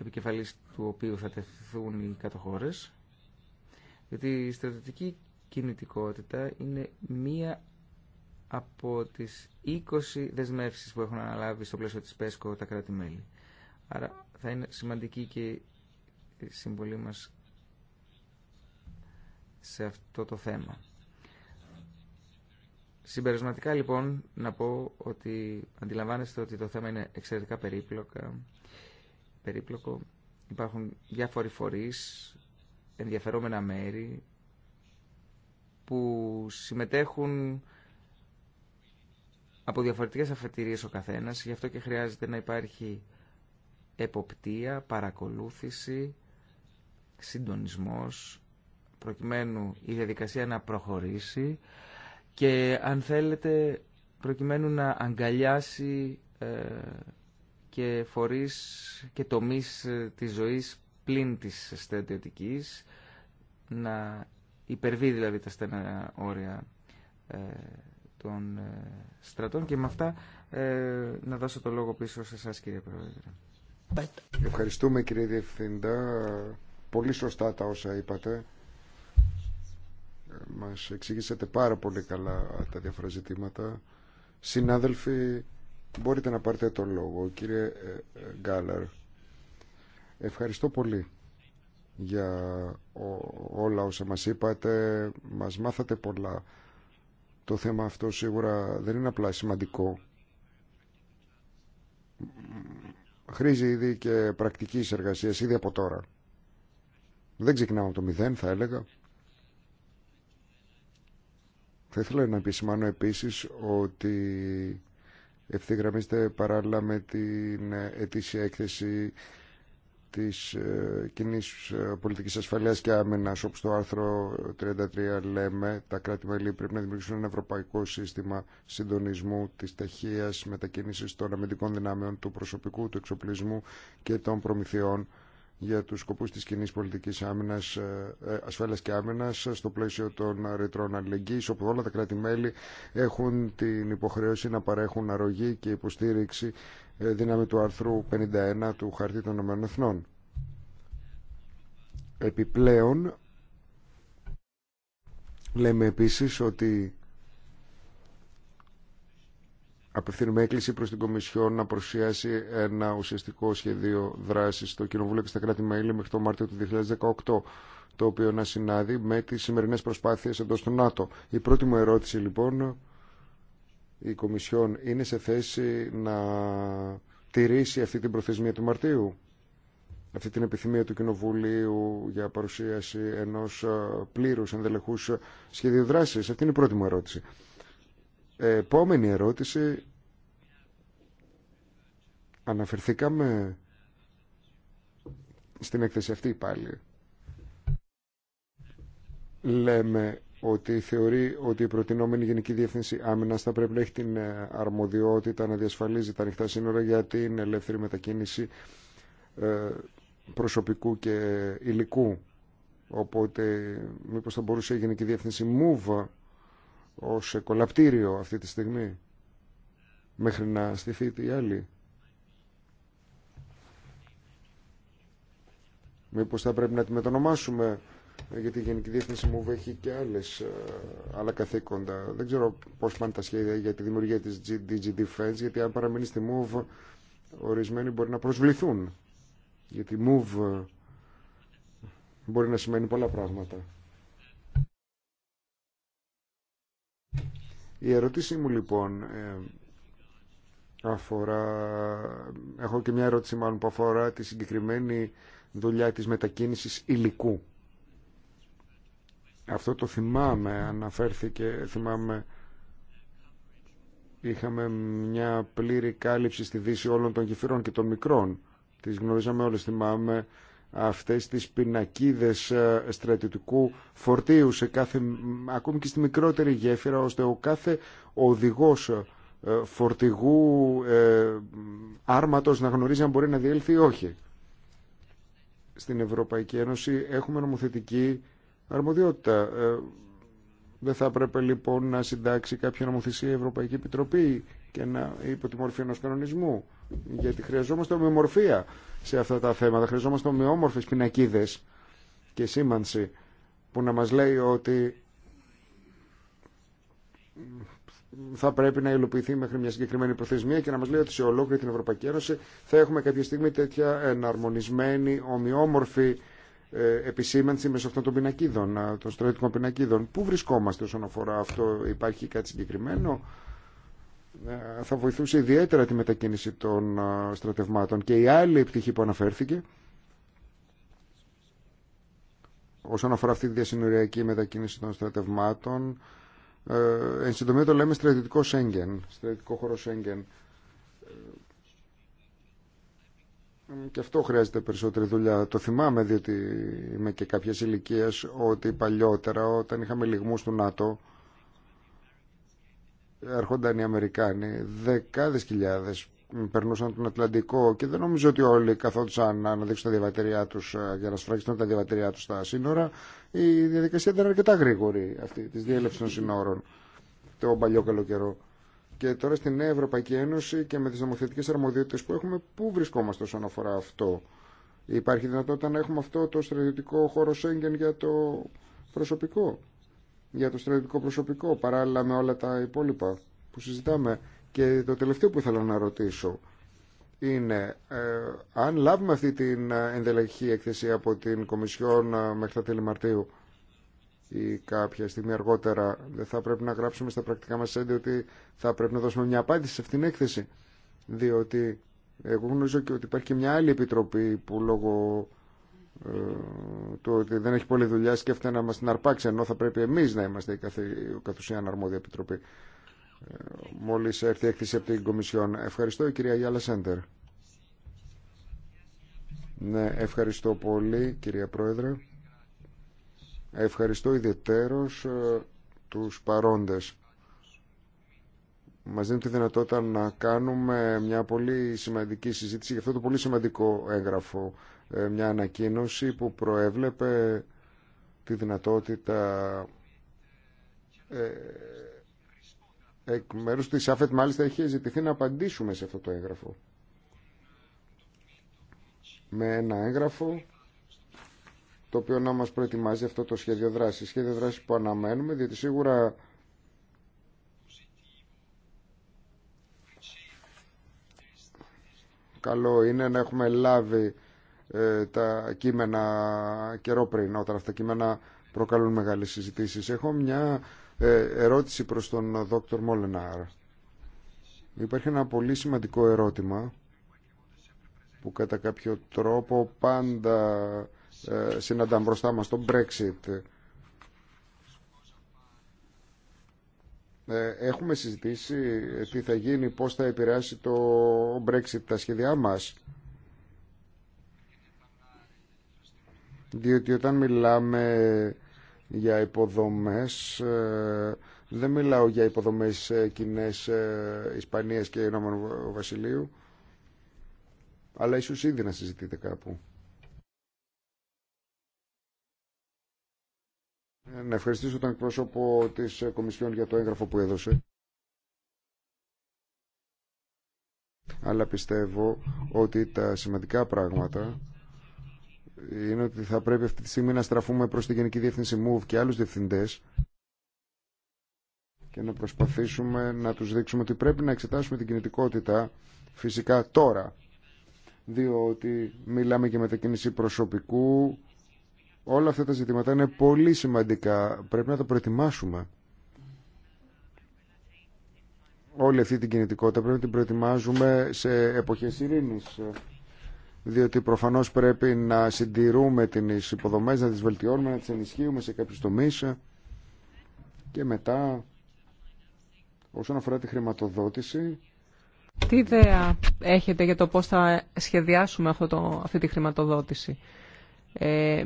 επικεφαλής του οποίου θα τεθούν οι κατοχώρες, γιατί η στρατιωτική κινητικότητα είναι μία από τις 20 δεσμεύσεις που έχουν αναλάβει στο πλαίσιο της ΠΕΣΚΟ τα κράτη-μέλη. Άρα θα είναι σημαντική και η συμβολή μας σε αυτό το θέμα. Συμπερισματικά λοιπόν να πω ότι αντιλαμβάνεστε ότι το θέμα είναι εξαιρετικά περίπλοκα, περίπλοκο. Υπάρχουν διάφοροι φορείς, ενδιαφερόμενα μέρη που συμμετέχουν από διαφορετικές αφετηρίες ο καθένας, γι' αυτό και χρειάζεται να υπάρχει εποπτεία, παρακολούθηση, συντονισμός, προκειμένου η διαδικασία να προχωρήσει και αν θέλετε προκειμένου να αγκαλιάσει ε, και φορείς και τομείς ε, της ζωής πλην της στρατιωτικής, να υπερβεί δηλαδή τα στενά όρια ε, των στρατών και με αυτά να δώσω το λόγο πίσω σε εσάς κύριε Πρόεδρε. Ευχαριστούμε κύριε Διευθυντά. Πολύ σωστά τα όσα είπατε. Μας εξηγήσατε πάρα πολύ καλά τα διάφορα ζητήματα. Συνάδελφοι, μπορείτε να πάρετε τον λόγο. Κύριε ε, ε, Γκάλαρ, ευχαριστώ πολύ για όλα όσα μας είπατε. Μας μάθατε πολλά. Το θέμα αυτό σίγουρα δεν είναι απλά σημαντικό χρήζει ήδη και πρακτικής εργασίας ήδη από τώρα. Δεν ξεκινάω από το μηδέν θα έλεγα. Θα ήθελα να επισημάνω επίσης ότι ευθυγραμμίστε παράλληλα με την ετήσια έκθεση της ε, κοινή ε, πολιτικής ασφαλείας και άμυνας όπως το άρθρο 33 λέμε τα κράτη-μέλη πρέπει να δημιουργήσουν ένα ευρωπαϊκό σύστημα συντονισμού της ταχείας μετακίνησης των αμυντικών δυνάμεων του προσωπικού, του εξοπλισμού και των προμηθειών για του σκοπούς τη κοινή πολιτική άμυνας, ε, ασφάλειας και άμυνας στο πλαίσιο των ρητρών αλληλεγγύη, όπου όλα τα κράτη-μέλη έχουν την υποχρέωση να παρέχουν αρρωγή και υποστήριξη ε, δύναμη του άρθρου 51 του Χαρτί των Ηνωμένων Εθνών. Επιπλέον, λέμε επίσης ότι απευθύνουμε έκκληση προς την Κομισιόν να προσιάσει ένα ουσιαστικό σχεδίο δράσης στο Κοινοβούλιο και στα κράτη-μέλη μέχρι το Μάρτιο του 2018 το οποίο να συνάδει με τις σημερινές προσπάθειες εντός του ΝΑΤΟ. Η πρώτη μου ερώτηση λοιπόν η Κομισιόν είναι σε θέση να τηρήσει αυτή την προθεσμία του Μαρτίου, αυτή την επιθυμία του Κοινοβουλίου για παρουσίαση ενός ε, πλήρους ενδελεχούς σχεδίου δράσης. Αυτή είναι η πρώτη μου ερώτηση. Επόμενη ερώτηση. Αναφερθήκαμε στην έκθεση αυτή πάλι. Λέμε ότι θεωρεί ότι η προτινόμενη Γενική Διεύθυνση Άμυνα θα πρέπει να έχει την ε, αρμοδιότητα να διασφαλίζει τα ανοιχτά σύνορα για την ελεύθερη μετακίνηση ε, προσωπικού και υλικού. Οπότε μήπως θα μπορούσε η Γενική Διεύθυνση μούβ ως κολαπτήριο αυτή τη στιγμή μέχρι να στηθεί η άλλη. Μήπως θα πρέπει να τη μετανομάσουμε γιατί η Γενική Διεύθυνση μου έχει και άλλες, ε, άλλα καθήκοντα. Δεν ξέρω πώς πάνε τα σχέδια για τη δημιουργία της DG Defense, γιατί αν παραμείνει στη MOVE, ορισμένοι μπορεί να προσβληθούν. Γιατί MOVE ε, μπορεί να σημαίνει πολλά πράγματα. Η ερώτησή μου λοιπόν ε, αφορά... Έχω και μια ερώτηση μάλλον που αφορά τη συγκεκριμένη δουλειά της μετακίνησης υλικού. Αυτό το θυμάμαι, αναφέρθηκε, θυμάμαι είχαμε μια πλήρη κάλυψη στη δύση όλων των γεφυρών και των μικρών. Τις γνωρίζαμε όλες, θυμάμαι, αυτές τις πινακίδες ε, στρατιωτικού φορτίου σε κάθε, ακόμη και στη μικρότερη γέφυρα, ώστε ο κάθε οδηγός ε, φορτηγού ε, άρματος να γνωρίζει αν μπορεί να διέλθει ή όχι. Στην Ευρωπαϊκή Ένωση έχουμε νομοθετική αρμοδιότητα. Ε, δεν θα έπρεπε λοιπόν να συντάξει κάποια νομοθεσία η Ευρωπαϊκή Επιτροπή και να υπό τη μορφή ενό κανονισμού. Γιατί χρειαζόμαστε ομοιομορφία σε αυτά τα θέματα. Χρειαζόμαστε ομοιόμορφε πινακίδε και σήμανση που να μα λέει ότι θα πρέπει να υλοποιηθεί μέχρι μια συγκεκριμένη προθεσμία και να μα λέει ότι σε ολόκληρη την Ευρωπαϊκή Ένωση θα έχουμε κάποια στιγμή τέτοια εναρμονισμένη, ομοιόμορφη ε, επισήμανση μέσω αυτών των πινακίδων, των στρατιωτικών πινακίδων. Πού βρισκόμαστε όσον αφορά αυτό, υπάρχει κάτι συγκεκριμένο. Ε, θα βοηθούσε ιδιαίτερα τη μετακίνηση των στρατευμάτων. Και η άλλη πτυχή που αναφέρθηκε, όσον αφορά αυτή τη διασυνοριακή μετακίνηση των στρατευμάτων, ε, εν συντομία το λέμε στρατητικό Σέγγεν, στρατιωτικό χώρο Σέγγεν. Ε, και αυτό χρειάζεται περισσότερη δουλειά. Το θυμάμαι, διότι είμαι και κάποιες ηλικίε ότι παλιότερα όταν είχαμε λιγμούς του ΝΑΤΟ έρχονταν οι Αμερικάνοι δεκάδες χιλιάδες περνούσαν τον Ατλαντικό και δεν νομίζω ότι όλοι καθόντουσαν να αναδείξουν τα διαβατήριά του ε, για να σφραγιστούν τα διαβατήριά του στα σύνορα. Η διαδικασία ήταν αρκετά γρήγορη αυτή τη διέλευση των σύνορων το παλιό καλοκαιρό. Και τώρα στην Νέα Ευρωπαϊκή Ένωση και με τις νομοθετικές αρμοδιότητες που έχουμε, πού βρισκόμαστε όσον αφορά αυτό. Υπάρχει δυνατότητα να έχουμε αυτό το στρατιωτικό χώρο Σέγγεν για το προσωπικό, για το στρατιωτικό προσωπικό, παράλληλα με όλα τα υπόλοιπα που συζητάμε. Και το τελευταίο που ήθελα να ρωτήσω είναι ε, αν λάβουμε αυτή την ε, ενδελεχή έκθεση από την Κομισιόν ε, μέχρι τα τέλη Μαρτίου, ή κάποια στιγμή αργότερα δεν θα πρέπει να γράψουμε στα πρακτικά μας έντε ότι θα πρέπει να δώσουμε μια απάντηση σε αυτήν την έκθεση διότι εγώ γνωρίζω και ότι υπάρχει και μια άλλη επιτροπή που λόγω ε, του ότι δεν έχει πολλή δουλειά σκέφτεται να μας την αρπάξει ενώ θα πρέπει εμείς να είμαστε η καθουσία αναρμόδια αρμόδια επιτροπή ε, μόλις έρθει η έκθεση από την Κομισιόν Ευχαριστώ κυρία Γιάλα Σέντερ ναι, ευχαριστώ πολύ κυρία Πρόεδρε Ευχαριστώ ιδιαιτέρως ε, τους παρόντες. Μας δίνουν τη δυνατότητα να κάνουμε μια πολύ σημαντική συζήτηση για αυτό το πολύ σημαντικό έγγραφο. Ε, μια ανακοίνωση που προέβλεπε τη δυνατότητα ε, εκ μέρους της ΑΦΕΤ μάλιστα έχει ζητηθεί να απαντήσουμε σε αυτό το έγγραφο. Με ένα έγγραφο το οποίο να μας προετοιμάζει αυτό το σχέδιο δράσης. Σχέδιο δράσης που αναμένουμε, διότι σίγουρα καλό είναι να έχουμε λάβει ε, τα κείμενα καιρό πριν, όταν αυτά τα κείμενα προκαλούν μεγάλες συζητήσεις. Έχω μια ε, ερώτηση προς τον Δόκτωρ Μόλενάρ. Υπάρχει ένα πολύ σημαντικό ερώτημα που κατά κάποιο τρόπο πάντα ε, συναντά μπροστά μας το Brexit. Ε, έχουμε συζητήσει τι θα γίνει, πώς θα επηρεάσει το Brexit τα σχέδιά μας. Διότι όταν μιλάμε για υποδομές, ε, δεν μιλάω για υποδομές κοινέ Ισπανίας και Ηνωμένου Βασιλείου, αλλά ίσως ήδη να συζητείτε κάπου. Να ευχαριστήσω τον εκπρόσωπο της Κομισιόν για το έγγραφο που έδωσε. Αλλά πιστεύω ότι τα σημαντικά πράγματα είναι ότι θα πρέπει αυτή τη στιγμή να στραφούμε προς τη Γενική Διεύθυνση MOVE και άλλους διευθυντές και να προσπαθήσουμε να τους δείξουμε ότι πρέπει να εξετάσουμε την κινητικότητα φυσικά τώρα διότι μιλάμε και μετακίνηση προσωπικού Όλα αυτά τα ζητήματα είναι πολύ σημαντικά. Πρέπει να τα προετοιμάσουμε. Όλη αυτή την κινητικότητα πρέπει να την προετοιμάζουμε σε εποχές ειρήνης. Διότι προφανώς πρέπει να συντηρούμε τις υποδομές, να τις βελτιώνουμε, να τις ενισχύουμε σε κάποιους τομείς. Και μετά, όσον αφορά τη χρηματοδότηση... Τι ιδέα έχετε για το πώς θα σχεδιάσουμε αυτό το, αυτή τη χρηματοδότηση. Ε,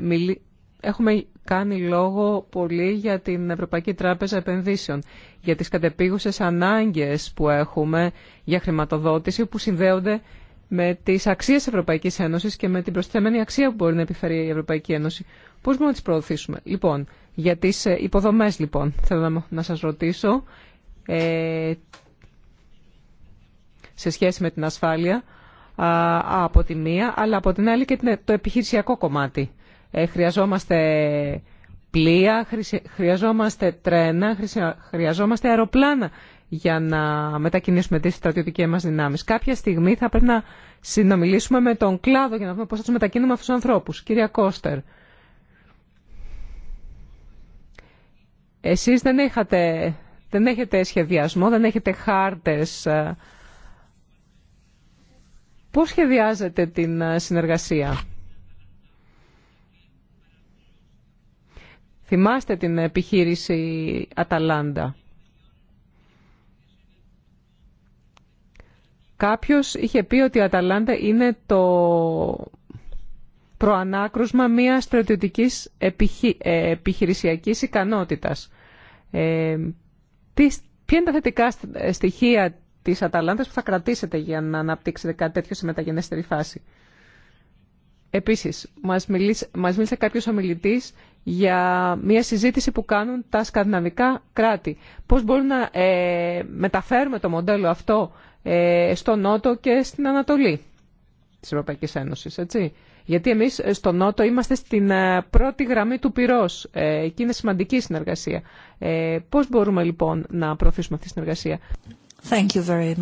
έχουμε κάνει λόγο πολύ για την Ευρωπαϊκή Τράπεζα Επενδύσεων, για τις κατεπίγουσες ανάγκες που έχουμε για χρηματοδότηση που συνδέονται με τις αξίες Ευρωπαϊκής Ένωσης και με την προσθεμένη αξία που μπορεί να επιφέρει η Ευρωπαϊκή Ένωση. Πώς μπορούμε να τις προωθήσουμε. Λοιπόν, για τις ε, υποδομές λοιπόν, θέλω να σας ρωτήσω, ε, σε σχέση με την ασφάλεια, από τη μία, αλλά από την άλλη και το επιχειρησιακό κομμάτι. Ε, χρειαζόμαστε πλοία, χρειαζόμαστε τρένα, χρειαζόμαστε αεροπλάνα για να μετακινήσουμε τις στρατιωτικές μας δυνάμεις. Κάποια στιγμή θα πρέπει να συνομιλήσουμε με τον κλάδο για να δούμε πώς θα τους μετακινούμε αυτούς τους ανθρώπους. Κυρία Κώστερ, εσείς δεν, δεν έχετε σχεδιασμό, δεν έχετε χάρτες ε, Πώς σχεδιάζετε την ε, συνεργασία. Θυμάστε την επιχείρηση Αταλάντα. Κάποιος είχε πει ότι η Αταλάντα είναι το προανάκρουσμα μιας στρατιωτικής επιχει... Ε, επιχειρησιακής ικανότητας. Ε, τι, ποια είναι τα θετικά στοιχεία Τη Αταλάντα που θα κρατήσετε για να αναπτύξετε κάτι τέτοιο σε μεταγενέστερη φάση. Επίση, μας, μιλήσε, κάποιο ομιλητή για μια συζήτηση που κάνουν τα σκανδιναβικά κράτη. Πώ μπορούμε να ε, μεταφέρουμε το μοντέλο αυτό ε, στο Νότο και στην Ανατολή τη Ευρωπαϊκή Ένωση. έτσι. Γιατί εμεί ε, στο Νότο είμαστε στην ε, πρώτη γραμμή του πυρό. και είναι σημαντική η συνεργασία. Ε, πώς μπορούμε λοιπόν να προωθήσουμε αυτή τη συνεργασία. Uh,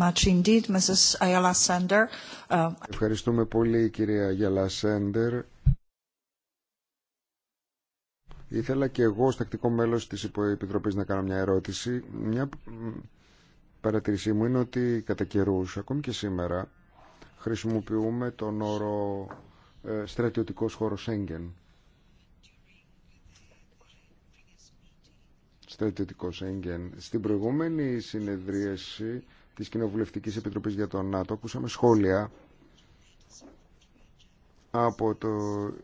Ευχαριστούμε πολύ κυρία Αγιαλά Σέντερ. Ήθελα και εγώ ως τακτικό μέλος της Επιτροπής να κάνω μια ερώτηση. Μια παρατηρήσή μου είναι ότι κατά καιρούς, ακόμη και σήμερα, χρησιμοποιούμε τον όρο ε, στρατιωτικός χώρος έγκεν». στρατιωτικό Σέγγεν. Στην προηγούμενη συνεδρίαση της Κοινοβουλευτικής Επιτροπής για τον ΝΑΤΟ ακούσαμε σχόλια από ε, τον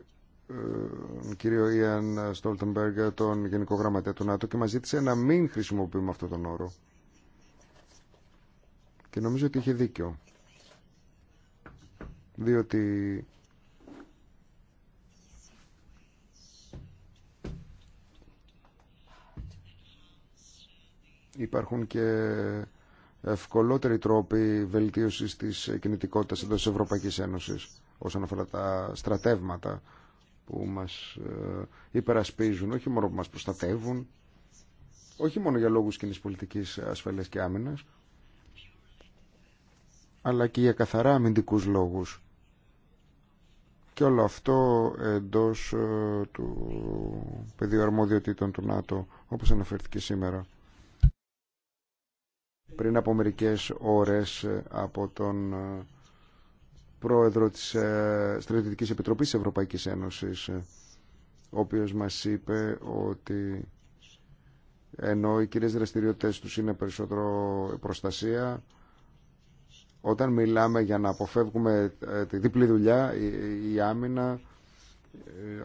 κύριο Ιαν Στόλτεμπεργκ, τον Γενικό Γραμματέα του ΝΑΤΟ και μας ζήτησε να μην χρησιμοποιούμε αυτόν τον όρο. Και νομίζω ότι είχε δίκιο. Διότι Υπάρχουν και ευκολότεροι τρόποι βελτίωσης της κινητικότητας εντός της Ευρωπαϊκής Ένωσης όσον αφορά τα στρατεύματα που μας ε, υπερασπίζουν, όχι μόνο που μας προστατεύουν, όχι μόνο για λόγους κοινή πολιτικής ασφαλείας και άμυνας, αλλά και για καθαρά αμυντικούς λόγους. Και όλο αυτό εντός ε, του πεδίου αρμοδιοτήτων του ΝΑΤΟ, όπως αναφέρθηκε σήμερα πριν από μερικές ώρες ε, από τον ε, πρόεδρο της ε, Στρατιωτικής Επιτροπής της Ευρωπαϊκής Ένωσης ο οποίος μας είπε ότι ενώ οι κυρίες δραστηριότητες τους είναι περισσότερο προστασία όταν μιλάμε για να αποφεύγουμε τη διπλή δουλειά η άμυνα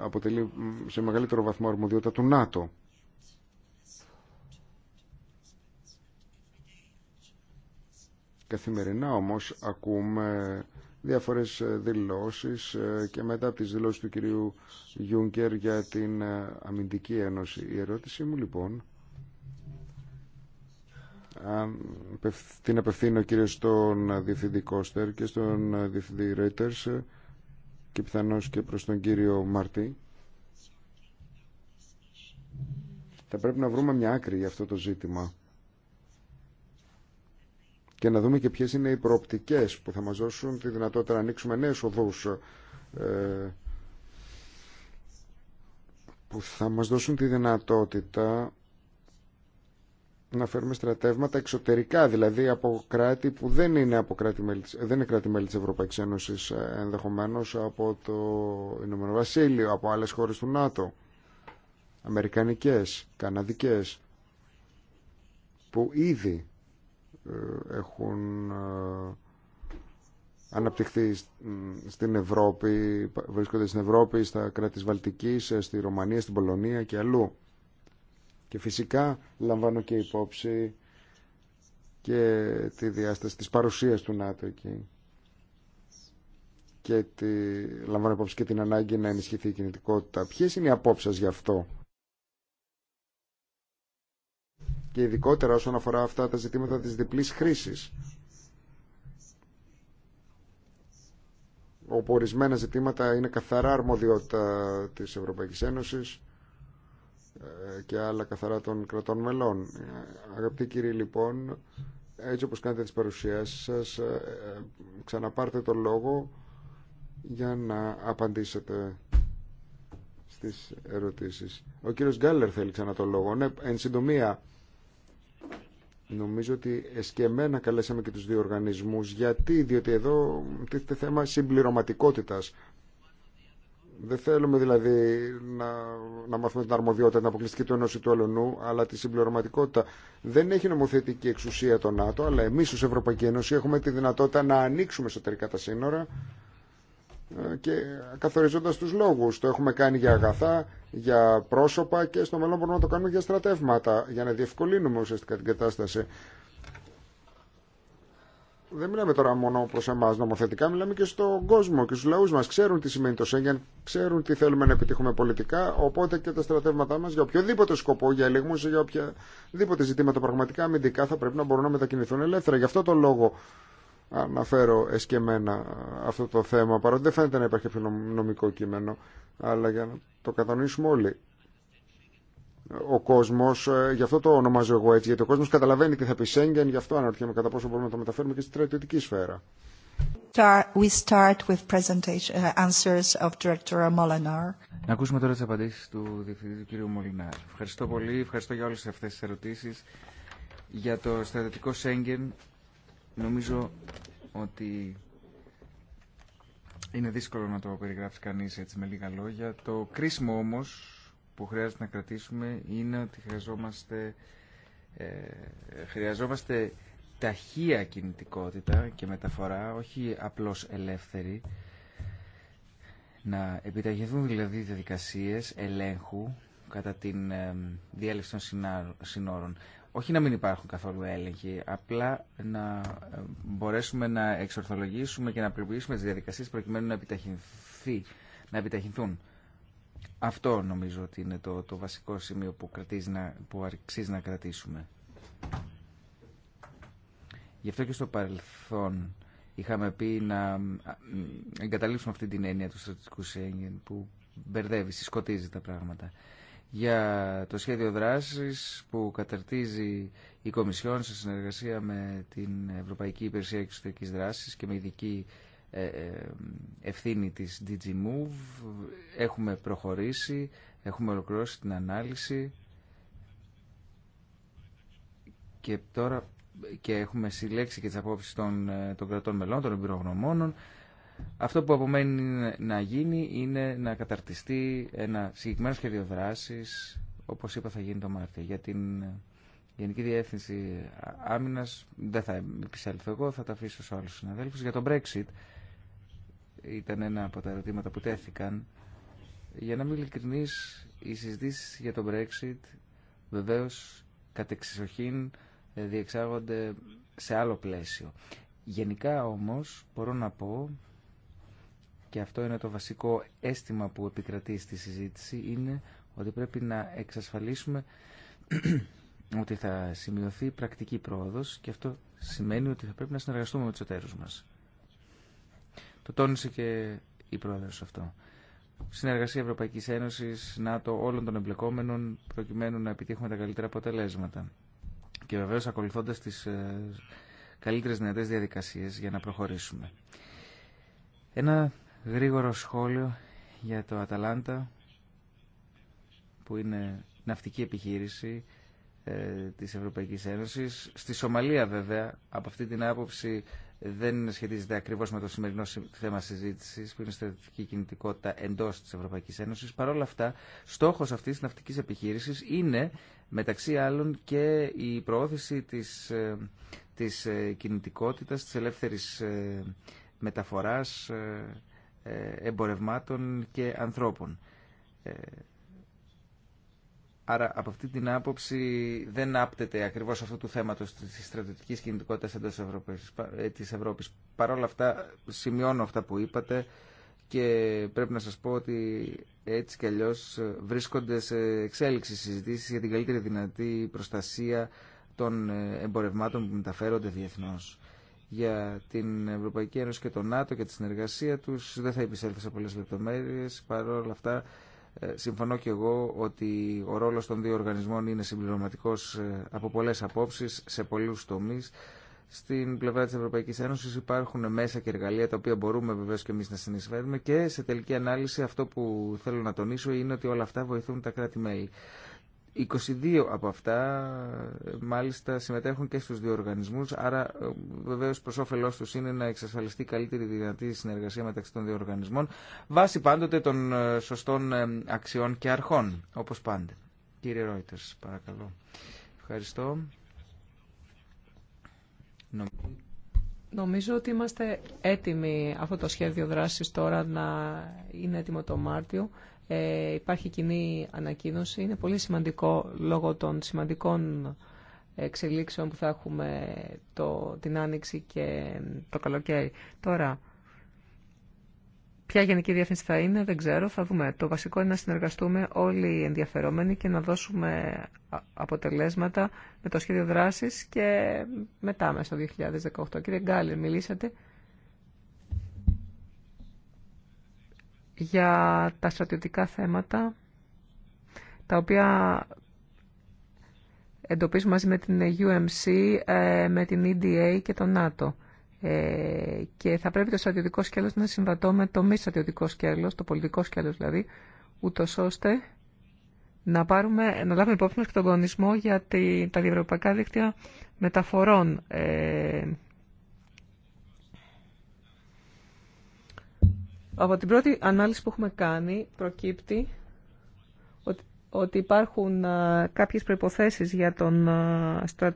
αποτελεί σε μεγαλύτερο βαθμό αρμοδιότητα του ΝΑΤΟ Καθημερινά όμως ακούμε διάφορες ε, δηλώσεις ε, και μετά από τις δηλώσεις του κυρίου Γιούγκερ για την ε, Αμυντική Ένωση. Η ερώτησή μου λοιπόν την απευθύνω κύριε στον Διευθυντή Κώστερ και στον Διευθυντή Ρέιτερς και πιθανώς και προς τον κύριο Μαρτί. Θα πρέπει να βρούμε μια άκρη για αυτό το ζήτημα και να δούμε και ποιες είναι οι προοπτικές που θα μας δώσουν τη δυνατότητα να ανοίξουμε νέες οδούς ε, που θα μας δώσουν τη δυνατότητα να φέρουμε στρατεύματα εξωτερικά, δηλαδή από κράτη που δεν είναι, από κράτη μέλη, δεν είναι κράτη μέλη της Ευρωπαϊκής Ένωσης, ε, ενδεχομένως από το Ηνωμένο Βασίλειο, από άλλες χώρες του ΝΑΤΟ, αμερικανικές, καναδικές, που ήδη ε, έχουν ε, αναπτυχθεί στην Ευρώπη, βρίσκονται στην Ευρώπη, στα κράτη της Βαλτικής, ε, στη Ρωμανία, στην Πολωνία και αλλού. Και φυσικά λαμβάνω και υπόψη και τη διάσταση της παρουσίας του ΝΑΤΟ εκεί. Και τη... λαμβάνω υπόψη και την ανάγκη να ενισχυθεί η κινητικότητα. Ποιες είναι οι απόψεις γι' αυτό. και ειδικότερα όσον αφορά αυτά τα ζητήματα της διπλής χρήσης. όπου ορισμένα ζητήματα είναι καθαρά αρμοδιότητα της Ευρωπαϊκής Ένωσης ε, και άλλα καθαρά των κρατών μελών. Αγαπητοί κύριοι, λοιπόν, έτσι όπως κάνετε τις παρουσιάσεις σας, ε, ε, ξαναπάρτε το λόγο για να απαντήσετε στις ερωτήσεις. Ο κύριος Γκάλλερ θέλει ξανά το λόγο. Ναι, εν συντομία, Νομίζω ότι εσκεμένα καλέσαμε και τους δύο οργανισμούς. Γιατί, διότι εδώ τίθεται θέμα συμπληρωματικότητας. Δεν θέλουμε δηλαδή να, να μάθουμε την αρμοδιότητα, την αποκλειστική του ενό ή του αλλονού, αλλά τη συμπληρωματικότητα. Δεν έχει νομοθετική εξουσία το ΝΑΤΟ, αλλά εμείς ως Ευρωπαϊκή Ένωση έχουμε τη δυνατότητα να ανοίξουμε εσωτερικά τα σύνορα και καθοριζώντας τους λόγους. Το έχουμε κάνει για αγαθά, για πρόσωπα και στο μέλλον μπορούμε να το κάνουμε για στρατεύματα, για να διευκολύνουμε ουσιαστικά την κατάσταση. Δεν μιλάμε τώρα μόνο προ εμά νομοθετικά, μιλάμε και στον κόσμο και στου λαού μα. Ξέρουν τι σημαίνει το Σέγγεν, ξέρουν τι θέλουμε να επιτύχουμε πολιτικά. Οπότε και τα στρατεύματά μα για οποιοδήποτε σκοπό, για ελιγμού ή για οποιαδήποτε ζητήματα πραγματικά αμυντικά θα πρέπει να μπορούν να μετακινηθούν ελεύθερα. Γι' αυτό το λόγο αναφέρω εσκεμένα αυτό το θέμα, παρότι δεν φαίνεται να υπάρχει νομικό κείμενο, αλλά για να το κατανοήσουμε όλοι. Ο κόσμο, ε, γι' αυτό το ονομάζω εγώ έτσι, γιατί ο κόσμο καταλαβαίνει τι θα πει Σέγγεν, γι' αυτό αναρωτιέμαι κατά πόσο μπορούμε να το μεταφέρουμε και στη στρατιωτική σφαίρα. We start with uh, answers of Director Molinar. Να ακούσουμε τώρα τι απαντήσει του Διευθυντή του κ. Μολινάρ. Ευχαριστώ πολύ, ευχαριστώ για όλε αυτέ τι ερωτήσει. Για το στρατιωτικό Σέγγεν, Νομίζω ότι είναι δύσκολο να το περιγράψει κανείς έτσι με λίγα λόγια. Το κρίσιμο όμως που χρειάζεται να κρατήσουμε είναι ότι χρειαζόμαστε, ε, χρειαζόμαστε ταχεία κινητικότητα και μεταφορά, όχι απλώς ελεύθερη. Να επιταγηθούν δηλαδή διαδικασίες ελέγχου κατά την ε, διέλευση των συνόρων όχι να μην υπάρχουν καθόλου έλεγχοι, απλά να ε, μπορέσουμε να εξορθολογήσουμε και να απλοποιήσουμε τι διαδικασίες προκειμένου να, επιταχυνθεί, να επιταχυνθούν. Αυτό νομίζω ότι είναι το, το βασικό σημείο που, κρατήσει να, που αξίζει να κρατήσουμε. Γι' αυτό και στο παρελθόν είχαμε πει να εγκαταλείψουμε αυτή την έννοια του στρατιωτικού Σέγγεν που μπερδεύει, συσκοτίζει τα πράγματα για το σχέδιο δράσης που καταρτίζει η Κομισιόν σε συνεργασία με την Ευρωπαϊκή Υπηρεσία Εξωτερικής Δράσης και με ειδική ε, ε, ευθύνη της DG Move. Έχουμε προχωρήσει, έχουμε ολοκληρώσει την ανάλυση και τώρα και έχουμε συλλέξει και τις απόψεις των, ε, των κρατών μελών, των εμπειρογνωμόνων αυτό που απομένει να γίνει είναι να καταρτιστεί ένα συγκεκριμένο σχέδιο δράση, όπως είπα θα γίνει το Μάρτιο. Για την Γενική Διεύθυνση Άμυνα δεν θα επισέλθω εγώ, θα τα αφήσω σε όλους Για το Brexit ήταν ένα από τα ερωτήματα που τέθηκαν. Για να μην ειλικρινείς, οι συζητήσεις για τον Brexit βεβαίω κατ' εξισοχήν ε, διεξάγονται σε άλλο πλαίσιο. Γενικά όμως μπορώ να πω και αυτό είναι το βασικό αίσθημα που επικρατεί στη συζήτηση, είναι ότι πρέπει να εξασφαλίσουμε *clears throat* ότι θα σημειωθεί πρακτική πρόοδος και αυτό σημαίνει ότι θα πρέπει να συνεργαστούμε με τους εταίρους μας. Το τόνισε και η πρόεδρος αυτό. Συνεργασία Ευρωπαϊκής Ένωσης, ΝΑΤΟ, όλων των εμπλεκόμενων προκειμένου να επιτύχουμε τα καλύτερα αποτελέσματα. Και βεβαίως ακολουθώντας τις ε, καλύτερες δυνατές διαδικασίες για να προχωρήσουμε. Ένα Γρήγορο σχόλιο για το Αταλάντα που είναι ναυτική επιχείρηση ε, της Ευρωπαϊκής Ένωσης. Στη Σομαλία βέβαια, από αυτή την άποψη δεν σχετίζεται ακριβώς με το σημερινό θέμα συζήτησης που είναι στρατιωτική κινητικότητα εντός της Ευρωπαϊκής Ένωσης. Παρ' όλα αυτά, στόχος αυτής της ναυτικής επιχείρησης είναι μεταξύ άλλων και η προώθηση της, ε, της ε, κινητικότητας, της ελεύθερης μεταφοράς ε, εμπορευμάτων και ανθρώπων. Ε, άρα από αυτή την άποψη δεν άπτεται ακριβώς αυτό του θέματος της στρατιωτικής κινητικότητας εντός Ευρώπης, ε, της Ευρώπης. Παρ' όλα αυτά σημειώνω αυτά που είπατε και πρέπει να σας πω ότι έτσι κι αλλιώς βρίσκονται σε εξέλιξη συζητήσεις για την καλύτερη δυνατή προστασία των εμπορευμάτων που μεταφέρονται διεθνώς για την Ευρωπαϊκή Ένωση και το ΝΑΤΟ και τη συνεργασία του Δεν θα επισέλθω σε πολλές λεπτομέρειες. Παρ' όλα αυτά, ε, συμφωνώ και εγώ ότι ο ρόλο των δύο οργανισμών είναι συμπληρωματικό ε, από πολλέ απόψει σε πολλού τομεί. Στην πλευρά τη Ευρωπαϊκή Ένωση υπάρχουν μέσα και εργαλεία τα οποία μπορούμε βεβαίω και εμεί να συνεισφέρουμε και σε τελική ανάλυση αυτό που θέλω να τονίσω είναι ότι όλα αυτά βοηθούν τα κράτη-μέλη. 22 από αυτά ε, μάλιστα συμμετέχουν και στους δύο οργανισμούς, άρα ε, βεβαίως προς όφελός τους είναι να εξασφαλιστεί καλύτερη δυνατή συνεργασία μεταξύ των δύο οργανισμών, βάσει πάντοτε των ε, σωστών αξιών και αρχών, όπως πάντα. Κύριε Ρόιτερς, παρακαλώ. Ευχαριστώ. Νομίζω ότι είμαστε έτοιμοι αυτό το σχέδιο δράσης τώρα να είναι έτοιμο το Μάρτιο. Ε, υπάρχει κοινή ανακοίνωση. Είναι πολύ σημαντικό λόγω των σημαντικών εξελίξεων που θα έχουμε το, την Άνοιξη και το καλοκαίρι. Τώρα, ποια γενική διεύθυνση θα είναι, δεν ξέρω, θα δούμε. Το βασικό είναι να συνεργαστούμε όλοι οι ενδιαφερόμενοι και να δώσουμε αποτελέσματα με το σχέδιο δράσης και μετά μέσα στο 2018. Κύριε Γκάλερ, μιλήσατε για τα στρατιωτικά θέματα, τα οποία εντοπίζουμε μαζί με την UMC, ε, με την EDA και το ΝΑΤΟ. Ε, και θα πρέπει το στρατιωτικό σκέλος να συμβατώ με το μη στρατιωτικό σκέλος, το πολιτικό σκέλος δηλαδή, ούτω ώστε να, πάρουμε, να λάβουμε υπόψη μας και τον κονισμό για τα διευρωπαϊκά δίκτυα μεταφορών ε, Από την πρώτη ανάλυση που έχουμε κάνει προκύπτει ότι υπάρχουν κάποιες προϋποθέσεις για, τον, το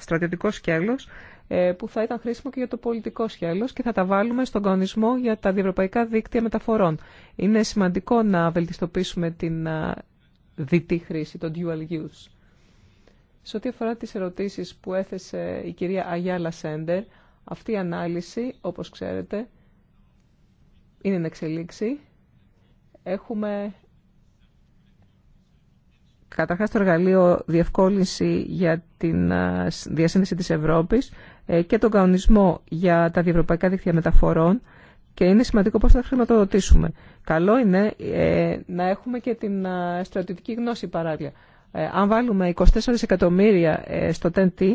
στρατιωτικό σκέλος ε, που θα ήταν χρήσιμο και για το πολιτικό σκέλος και θα τα βάλουμε στον κανονισμό για τα διευρωπαϊκά δίκτυα μεταφορών. Είναι σημαντικό να βελτιστοποιήσουμε την διτή χρήση, το dual use. Σε ό,τι αφορά τις ερωτήσεις που έθεσε η κυρία Αγιάλα Σέντερ, αυτή η ανάλυση, όπως ξέρετε, είναι εν εξελίξη. Έχουμε καταρχάς το εργαλείο διευκόλυνση για την διασύνδεση της Ευρώπης ε, και τον κανονισμό για τα διευρωπαϊκά δίκτυα μεταφορών και είναι σημαντικό πώς θα χρηματοδοτήσουμε. Καλό είναι ε, να έχουμε και την στρατιωτική γνώση παράλληλα. Ε, αν βάλουμε 24 εκατομμύρια στο TNT,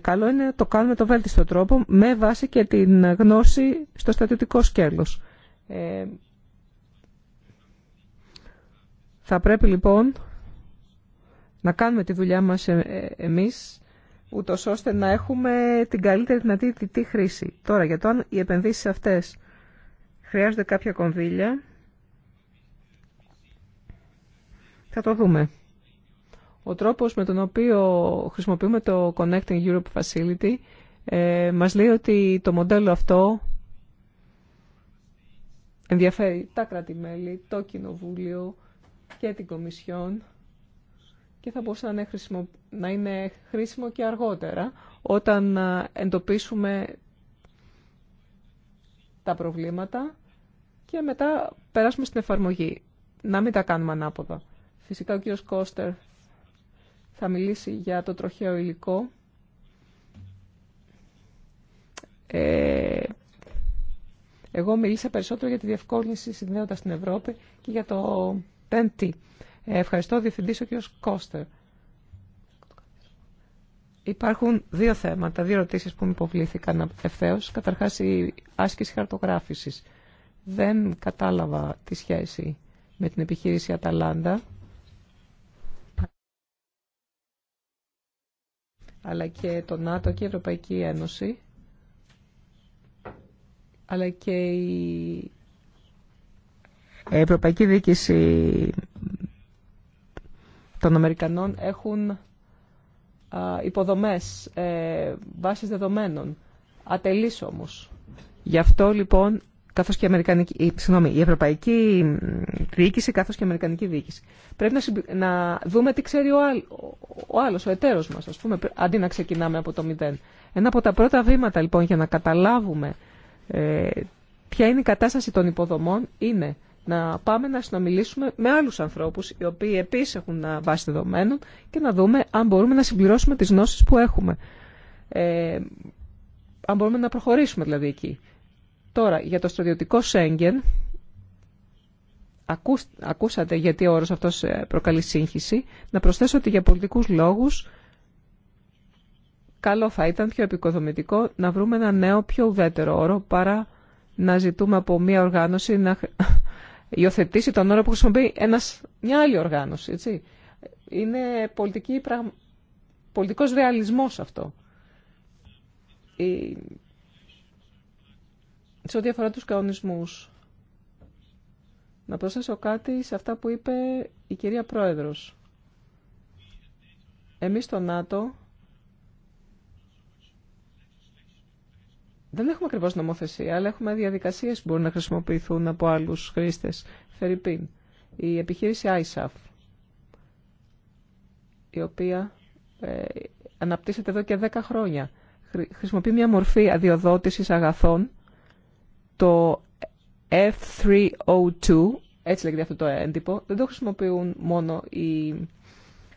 καλό είναι να το κάνουμε το βέλτιστο τρόπο με βάση και την γνώση στο στρατιωτικό σκέλος. Ε, θα πρέπει λοιπόν να κάνουμε τη δουλειά μας ε, ε, εμείς, ούτως ώστε να έχουμε την καλύτερη δυνατή τη χρήση. Τώρα, για το αν οι επενδύσεις αυτές χρειάζονται κάποια κονδύλια, θα το δούμε. Ο τρόπος με τον οποίο χρησιμοποιούμε το Connecting Europe Facility μας λέει ότι το μοντέλο αυτό ενδιαφέρει τα κράτη-μέλη, το Κοινοβούλιο και την Κομισιόν και θα μπορούσε να είναι, χρήσιμο, να είναι χρήσιμο και αργότερα όταν ε, εντοπίσουμε τα προβλήματα και μετά περάσουμε στην εφαρμογή. Να μην τα κάνουμε ανάποδα. Φυσικά ο κύριος Κώστερ θα μιλήσει για το τροχαίο υλικό. Ε, εγώ μίλησα περισσότερο για τη διευκόλυνση συνδέοντα την Ευρώπη και για το TNT. Ε, ευχαριστώ, Διευθυντή ο κ. Κώστερ. Υπάρχουν δύο θέματα, δύο ερωτήσει που μου υποβλήθηκαν ευθέω. Καταρχά, η άσκηση χαρτογράφηση. Δεν κατάλαβα τη σχέση με την επιχείρηση Αταλάντα. αλλά και το ΝΑΤΟ και η Ευρωπαϊκή Ένωση αλλά και η Ευρωπαϊκή Διοίκηση των Αμερικανών έχουν υποδομές, ε, βάσεις δεδομένων, ατελείς όμως. Γι' αυτό λοιπόν, καθώς και η, Αμερικανική, η Ευρωπαϊκή Διοίκηση καθώς και η Αμερικανική Διοίκηση. Πρέπει να, δούμε τι ξέρει ο, άλλ, ο άλλος, ο εταίρος μας, ας πούμε, αντί να ξεκινάμε από το μηδέν. Ένα από τα πρώτα βήματα λοιπόν για να καταλάβουμε ε, ποια είναι η κατάσταση των υποδομών είναι να πάμε να συνομιλήσουμε με άλλους ανθρώπους οι οποίοι επίσης έχουν βάση δεδομένων και να δούμε αν μπορούμε να συμπληρώσουμε τις γνώσεις που έχουμε. Ε, αν μπορούμε να προχωρήσουμε δηλαδή εκεί. Τώρα, για το στρατιωτικό Σέγγεν, ακούσατε γιατί ο όρος αυτός ε, προκαλεί σύγχυση, να προσθέσω ότι για πολιτικούς λόγους καλό θα ήταν πιο επικοδομητικό να βρούμε ένα νέο πιο ουδέτερο όρο παρά να ζητούμε από μια οργάνωση να *laughs* υιοθετήσει τον όρο που χρησιμοποιεί ένας, μια άλλη οργάνωση. Έτσι. Είναι πολιτική, πολιτικός ρεαλισμός αυτό. Η... Σε ό,τι αφορά τους καονισμους να προσθέσω κάτι σε αυτά που είπε η κυρία Πρόεδρος. Εμείς στο ΝΑΤΟ δεν έχουμε ακριβώς νομοθεσία, αλλά έχουμε διαδικασίες που μπορούν να χρησιμοποιηθούν από άλλους χρήστες. Φερρυπίν, η επιχείρηση ISAF, η οποία ε, αναπτύσσεται εδώ και 10 χρόνια. Χρησιμοποιεί μια μορφή αδειοδότησης αγαθών, το F302, έτσι λέγεται αυτό το έντυπο, δεν το χρησιμοποιούν μόνο οι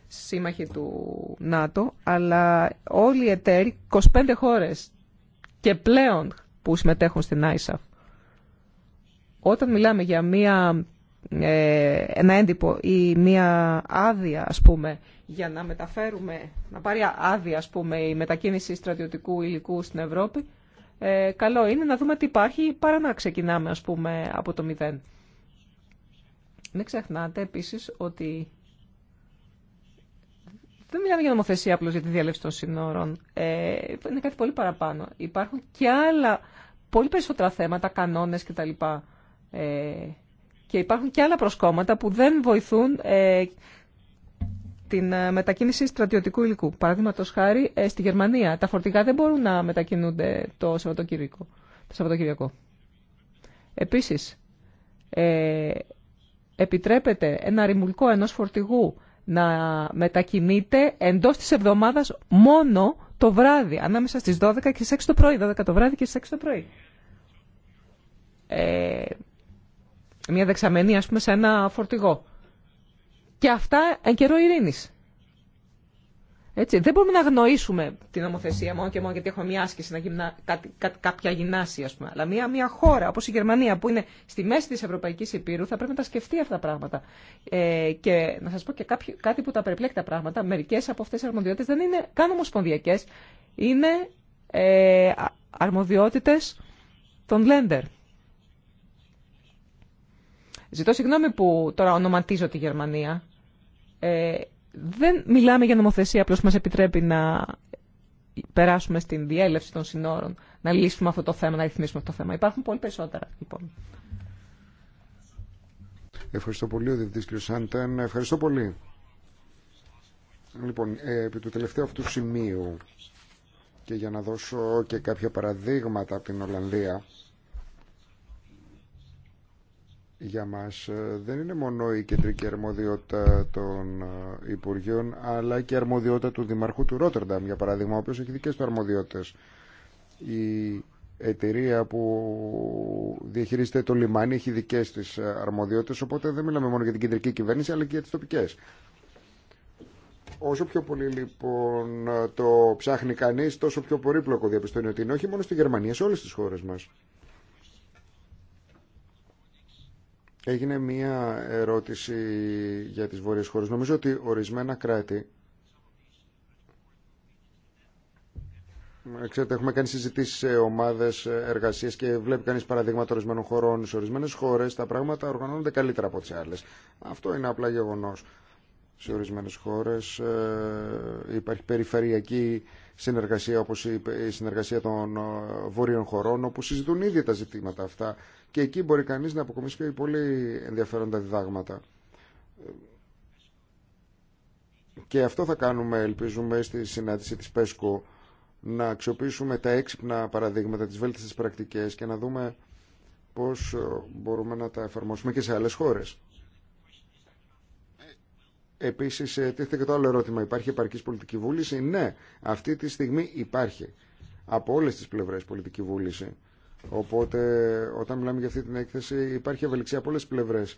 σύμμαχοι του ΝΑΤΟ, αλλά όλοι οι εταίροι, 25 χώρες και πλέον που συμμετέχουν στην ISAF. Όταν μιλάμε για μία, ε, ένα έντυπο ή μία άδεια, ας πούμε, για να μεταφέρουμε, να πάρει άδεια, ας πούμε, η μετακίνηση στρατιωτικού υλικού στην Ευρώπη, ε, καλό είναι να δούμε τι υπάρχει παρά να ξεκινάμε, ας πούμε, από το μηδέν. Μην ξεχνάτε επίσης ότι δεν μιλάμε για νομοθεσία απλώς για τη διαλέψη των σύνορων. Ε, είναι κάτι πολύ παραπάνω. Υπάρχουν και άλλα πολύ περισσότερα θέματα, κανόνες κτλ. Ε, και υπάρχουν και άλλα προσκόμματα που δεν βοηθούν ε, την ε, μετακίνηση στρατιωτικού υλικού. Παραδείγματο χάρη ε, στη Γερμανία τα φορτηγά δεν μπορούν να μετακινούνται το Σαββατοκύριακο. Το Επίσης, ε, επιτρέπεται ένα ρημουλκό ενός φορτηγού να μετακινείται εντός της εβδομάδας μόνο το βράδυ, ανάμεσα στις 12 και στις 6 το πρωί, 12 το βράδυ και στις 6 το πρωί. Ε, μια δεξαμενή, ας πούμε, σε ένα φορτηγό. Και αυτά εν καιρό ειρήνης. Έτσι, δεν μπορούμε να αγνοήσουμε την νομοθεσία μόνο και μόνο γιατί έχουμε μια άσκηση, να γυμνά, κάποια γυμνάσια, πούμε. Αλλά μια, μια χώρα όπως η Γερμανία που είναι στη μέση της Ευρωπαϊκής Υπήρου θα πρέπει να τα σκεφτεί αυτά τα πράγματα. Ε, και να σας πω και κάποιο, κάτι που τα περιπλέκει τα πράγματα. Μερικές από αυτές τι αρμοδιότητες δεν είναι καν ομοσπονδιακές. Είναι ε, αρμοδιότητες των Λέντερ. Ζητώ συγγνώμη που τώρα ονοματίζω τη Γερμανία. Ε, δεν μιλάμε για νομοθεσία απλώς μας επιτρέπει να περάσουμε στην διέλευση των συνόρων, να λύσουμε αυτό το θέμα, να ρυθμίσουμε αυτό το θέμα. Υπάρχουν πολύ περισσότερα, λοιπόν. Ευχαριστώ πολύ, ο Διευθυντής κ. Ευχαριστώ πολύ. Λοιπόν, ε, επί του τελευταίου αυτού σημείου και για να δώσω και κάποια παραδείγματα από την Ολλανδία, για μας ε, δεν είναι μόνο η κεντρική αρμοδιότητα των ε, Υπουργείων αλλά και η αρμοδιότητα του Δημαρχού του Ρότερνταμ για παράδειγμα ο οποίος έχει δικές του αρμοδιότητες η εταιρεία που διαχειρίζεται το λιμάνι έχει δικές της ε, αρμοδιότητες οπότε δεν μιλάμε μόνο για την κεντρική κυβέρνηση αλλά και για τις τοπικές Όσο πιο πολύ λοιπόν το ψάχνει κανείς τόσο πιο πολύπλοκο διαπιστώνει ότι είναι όχι μόνο στη Γερμανία, σε όλες τις χώρες μας. Έγινε μία ερώτηση για τις βόρειες χώρες. Νομίζω ότι ορισμένα κράτη... Ξέρετε, έχουμε κάνει συζητήσει σε ομάδε εργασία και βλέπει κανεί παραδείγματα ορισμένων χωρών. Σε ορισμένε χώρε τα πράγματα οργανώνονται καλύτερα από τι άλλε. Αυτό είναι απλά γεγονό. Σε ορισμένε χώρε ε, υπάρχει περιφερειακή συνεργασία, όπω η συνεργασία των ε, βόρειων χωρών, όπου συζητούν ήδη τα ζητήματα αυτά και εκεί μπορεί κανείς να αποκομίσει πολύ ενδιαφέροντα διδάγματα. Και αυτό θα κάνουμε, ελπίζουμε, στη συνάντηση της ΠΕΣΚΟ, να αξιοποιήσουμε τα έξυπνα παραδείγματα, τις βέλτιστες πρακτικές και να δούμε πώς ε, μπορούμε να τα εφαρμόσουμε και σε άλλες χώρες. Επίσης, ε, τίθεται και το άλλο ερώτημα, υπάρχει επαρκής πολιτική βούληση. Ναι, αυτή τη στιγμή υπάρχει από όλες τις πλευρές πολιτική βούληση Οπότε όταν μιλάμε για αυτή την έκθεση υπάρχει ευελιξία από όλες πλευρές.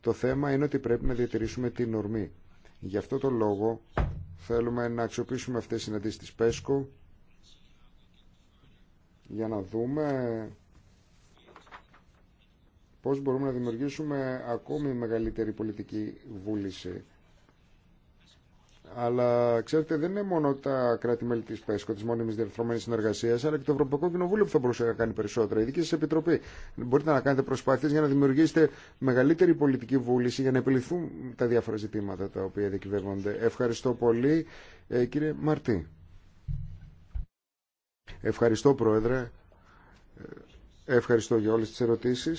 Το θέμα είναι ότι πρέπει να διατηρήσουμε την ορμή. Γι' αυτό το λόγο θέλουμε να αξιοποιήσουμε αυτές τις συναντήσεις της ΠΕΣΚΟ για να δούμε πώς μπορούμε να δημιουργήσουμε ακόμη μεγαλύτερη πολιτική βούληση αλλά ξέρετε, δεν είναι μόνο τα κράτη-μέλη τη ΠΕΣΚΟ, τη μόνιμη διαρθρωμένη συνεργασία, αλλά και το Ευρωπαϊκό Κοινοβούλιο που θα μπορούσε να κάνει περισσότερα. ειδική σα επιτροπή. Μπορείτε να κάνετε προσπάθειε για να δημιουργήσετε μεγαλύτερη πολιτική βούληση για να επιληθούν τα διάφορα ζητήματα τα οποία διακυβεύονται. Ευχαριστώ πολύ, ε, κύριε Μαρτί. Ευχαριστώ, Πρόεδρε. Ε, ευχαριστώ για όλε τι ερωτήσει.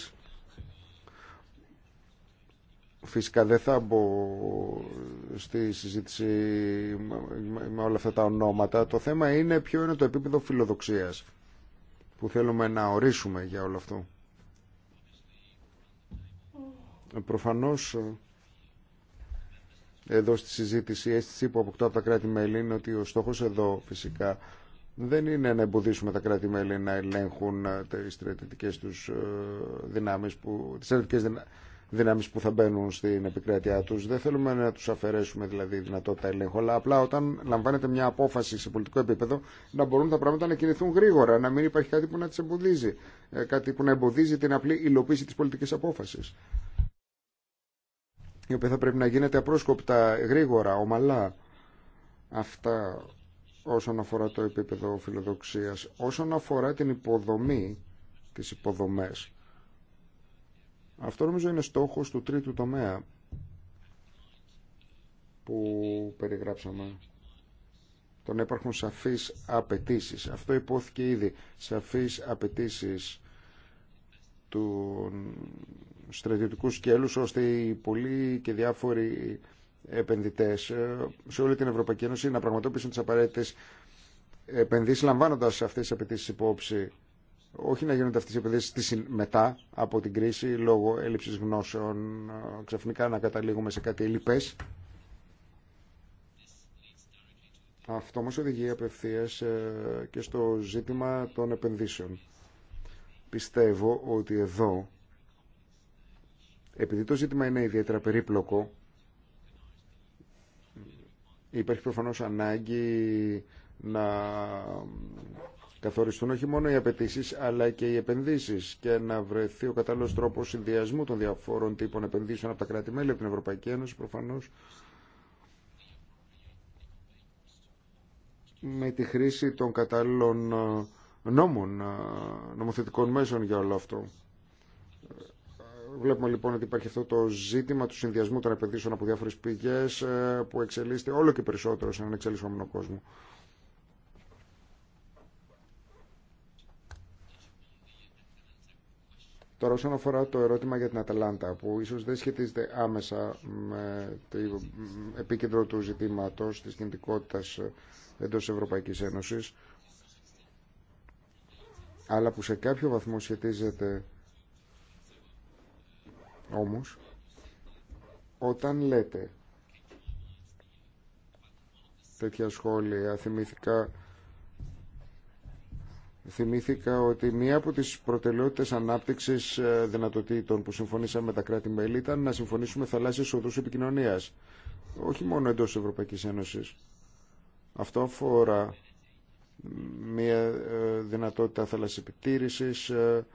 Φυσικά δεν θα μπω στη συζήτηση με όλα αυτά τα ονόματα. Το θέμα είναι ποιο είναι το επίπεδο φιλοδοξίας που θέλουμε να ορίσουμε για όλο αυτό. Προφανώς εδώ στη συζήτηση η αίσθηση που αποκτώ από τα κράτη-μέλη είναι ότι ο στόχος εδώ φυσικά δεν είναι να εμποδίσουμε τα κράτη-μέλη να ελέγχουν τις στρατιωτικές τους ε, δυνάμεις που, τις δυνάμεις που θα μπαίνουν στην επικράτειά τους. Δεν θέλουμε να τους αφαιρέσουμε δηλαδή δυνατότητα ελέγχου, αλλά απλά όταν λαμβάνεται μια απόφαση σε πολιτικό επίπεδο να μπορούν τα πράγματα να κινηθούν γρήγορα, να μην υπάρχει κάτι που να τις εμποδίζει, ε, κάτι που να εμποδίζει την απλή υλοποίηση της πολιτικής απόφασης η οποία θα πρέπει να γίνεται απρόσκοπτα, γρήγορα, ομαλά. Αυτά όσον αφορά το επίπεδο φιλοδοξίας. Όσον αφορά την υποδομή, τις υποδομές, αυτό νομίζω είναι στόχος του τρίτου τομέα που περιγράψαμε. Το να υπάρχουν σαφείς απαιτήσει. Αυτό υπόθηκε ήδη. Σαφείς απαιτήσει του στρατιωτικού σκέλους ώστε οι πολλοί και διάφοροι επενδυτές ε, σε όλη την Ευρωπαϊκή Ένωση να πραγματοποιήσουν τις απαραίτητες επενδύσεις λαμβάνοντας αυτές τις απαιτήσει υπόψη όχι να γίνονται αυτέ οι επενδύσεις μετά από την κρίση λόγω έλλειψης γνώσεων ε, ξαφνικά να καταλήγουμε σε κάτι ελλειπέ. Αυτό μας οδηγεί απευθείας ε, και στο ζήτημα των επενδύσεων. Πιστεύω ότι εδώ, επειδή το ζήτημα είναι ιδιαίτερα περίπλοκο, υπάρχει προφανώς ανάγκη να καθοριστούν όχι μόνο οι απαιτήσει αλλά και οι επενδύσει και να βρεθεί ο κατάλληλο τρόπο συνδυασμού των διαφόρων τύπων επενδύσεων από τα κράτη-μέλη, από την Ευρωπαϊκή Ένωση προφανώ. με τη χρήση των κατάλληλων ε, νόμων, ε, νομοθετικών μέσων για όλο αυτό. Βλέπουμε λοιπόν ότι υπάρχει αυτό το ζήτημα του συνδυασμού των επενδύσεων από διάφορε πηγέ ε, που εξελίσσεται όλο και περισσότερο σε έναν εξελισσόμενο κόσμο. Τώρα όσον αφορά το ερώτημα για την Αταλάντα που ίσως δεν σχετίζεται άμεσα με το επίκεντρο του ζητήματος της κινητικότητας εντός Ευρωπαϊκής Ένωσης αλλά που σε κάποιο βαθμό σχετίζεται όμως όταν λέτε τέτοια σχόλια θυμήθηκα θυμήθηκα ότι μία από τις προτελεότητες ανάπτυξης ε, δυνατοτήτων που συμφωνήσαμε με τα κράτη-μέλη ήταν να συμφωνήσουμε θαλάσσιες οδούς επικοινωνίας, όχι μόνο εντός Ευρωπαϊκής Ένωσης. Αυτό αφορά μία ε, δυνατότητα θαλασσιπητήρησης ε,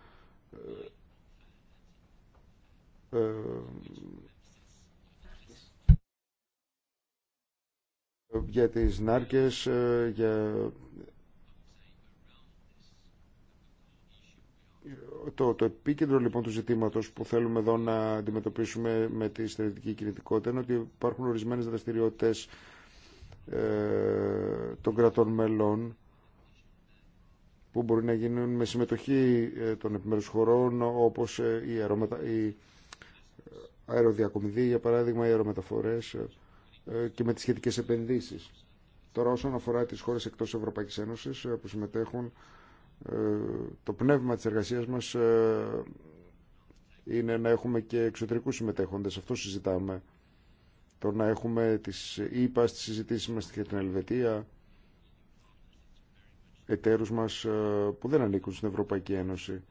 για τις νάρκες, για το, το επίκεντρο λοιπόν του ζητήματος που θέλουμε εδώ να αντιμετωπίσουμε με τη στρατηγική κινητικότητα είναι ότι υπάρχουν ορισμένες δραστηριότητες ε, των κρατών μελών που μπορεί να γίνουν με συμμετοχή ε, των επιμέρους χωρών όπως ε, η, αερομετα... η αεροδιακομιδή, για παράδειγμα, οι αερομεταφορές ε, και με τις σχετικές επενδύσεις. Τώρα όσον αφορά τις χώρες εκτός Ευρωπαϊκής Ένωσης που συμμετέχουν ε, το πνεύμα της εργασίας μας ε, είναι να έχουμε και εξωτερικούς συμμετέχοντες. Αυτό συζητάμε. Το να έχουμε τις ΙΠΑ στις συζητήσεις μας για την Ελβετία, εταίρους μας ε, που δεν ανήκουν στην Ευρωπαϊκή Ένωση,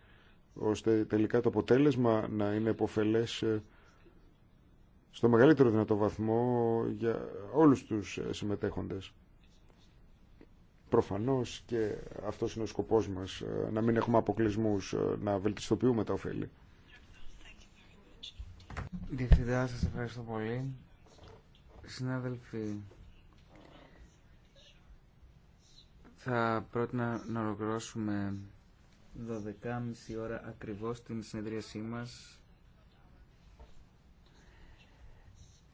ώστε τελικά το αποτέλεσμα να είναι επωφελές στο μεγαλύτερο δυνατό βαθμό για όλους τους συμμετέχοντες. Προφανώς και αυτός είναι ο σκοπός μας, ε, να μην έχουμε αποκλεισμούς, ε, να βελτιστοποιούμε τα ωφέλη. Διευθυντά, σας ευχαριστώ πολύ. Συνάδελφοι, θα πρότεινα να ολοκληρώσουμε 12.30 ώρα ακριβώς την συνεδρίασή μας.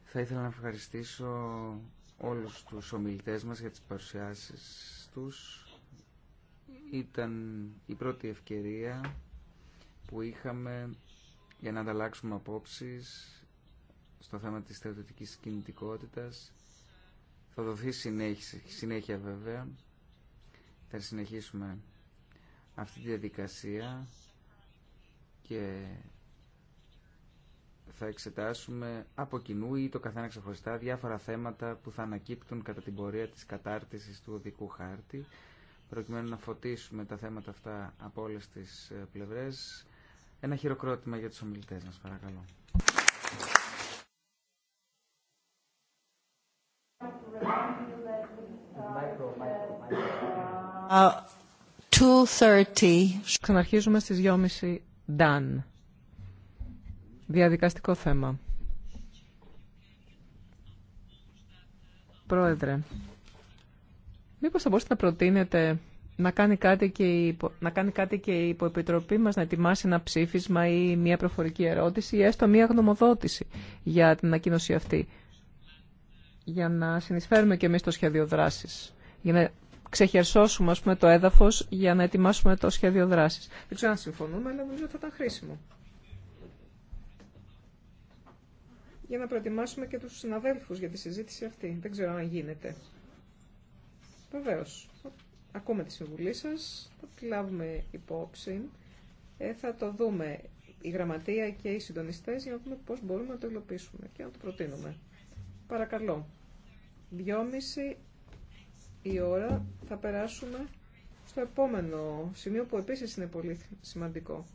Θα ήθελα να ευχαριστήσω όλους τους ομιλητές μας για τις παρουσιάσεις τους. Ήταν η πρώτη ευκαιρία που είχαμε για να ανταλλάξουμε απόψεις στο θέμα της στρατιωτικής κινητικότητας. Θα δοθεί συνέχεια, συνέχεια βέβαια. Θα συνεχίσουμε αυτή τη διαδικασία και θα εξετάσουμε από κοινού ή το καθένα ξεχωριστά διάφορα θέματα που θα ανακύπτουν κατά την πορεία της κατάρτισης του οδικού χάρτη προκειμένου να φωτίσουμε τα θέματα αυτά από όλες τις ε, πλευρές. Ένα χειροκρότημα για τους ομιλητές μας, παρακαλώ. Uh, 2.30. Ξαναρχίζουμε στις 2.30. Done. Διαδικαστικό θέμα. Πρόεδρε, μήπως θα μπορούσατε να προτείνετε να κάνει κάτι και η, υπο... να κάνει κάτι και η υποεπιτροπή μας να ετοιμάσει ένα ψήφισμα ή μια προφορική ερώτηση ή έστω μια γνωμοδότηση για την ανακοίνωση αυτή για να συνεισφέρουμε και εμείς το σχέδιο δράσης για να ξεχερσώσουμε πούμε, το έδαφος για να ετοιμάσουμε το σχέδιο δράσης. Δεν ξέρω αν συμφωνούμε, αλλά νομίζω θα ήταν χρήσιμο. για να προετοιμάσουμε και τους συναδέλφους για τη συζήτηση αυτή. Δεν ξέρω αν γίνεται. Βεβαίω. ακούμε τη συμβουλή σας, θα τη λάβουμε υπόψη, ε, θα το δούμε η γραμματεία και οι συντονιστές για να δούμε πώς μπορούμε να το υλοποιήσουμε και να το προτείνουμε. Παρακαλώ. Δυόμιση η ώρα θα περάσουμε στο επόμενο σημείο που επίσης είναι πολύ σημαντικό.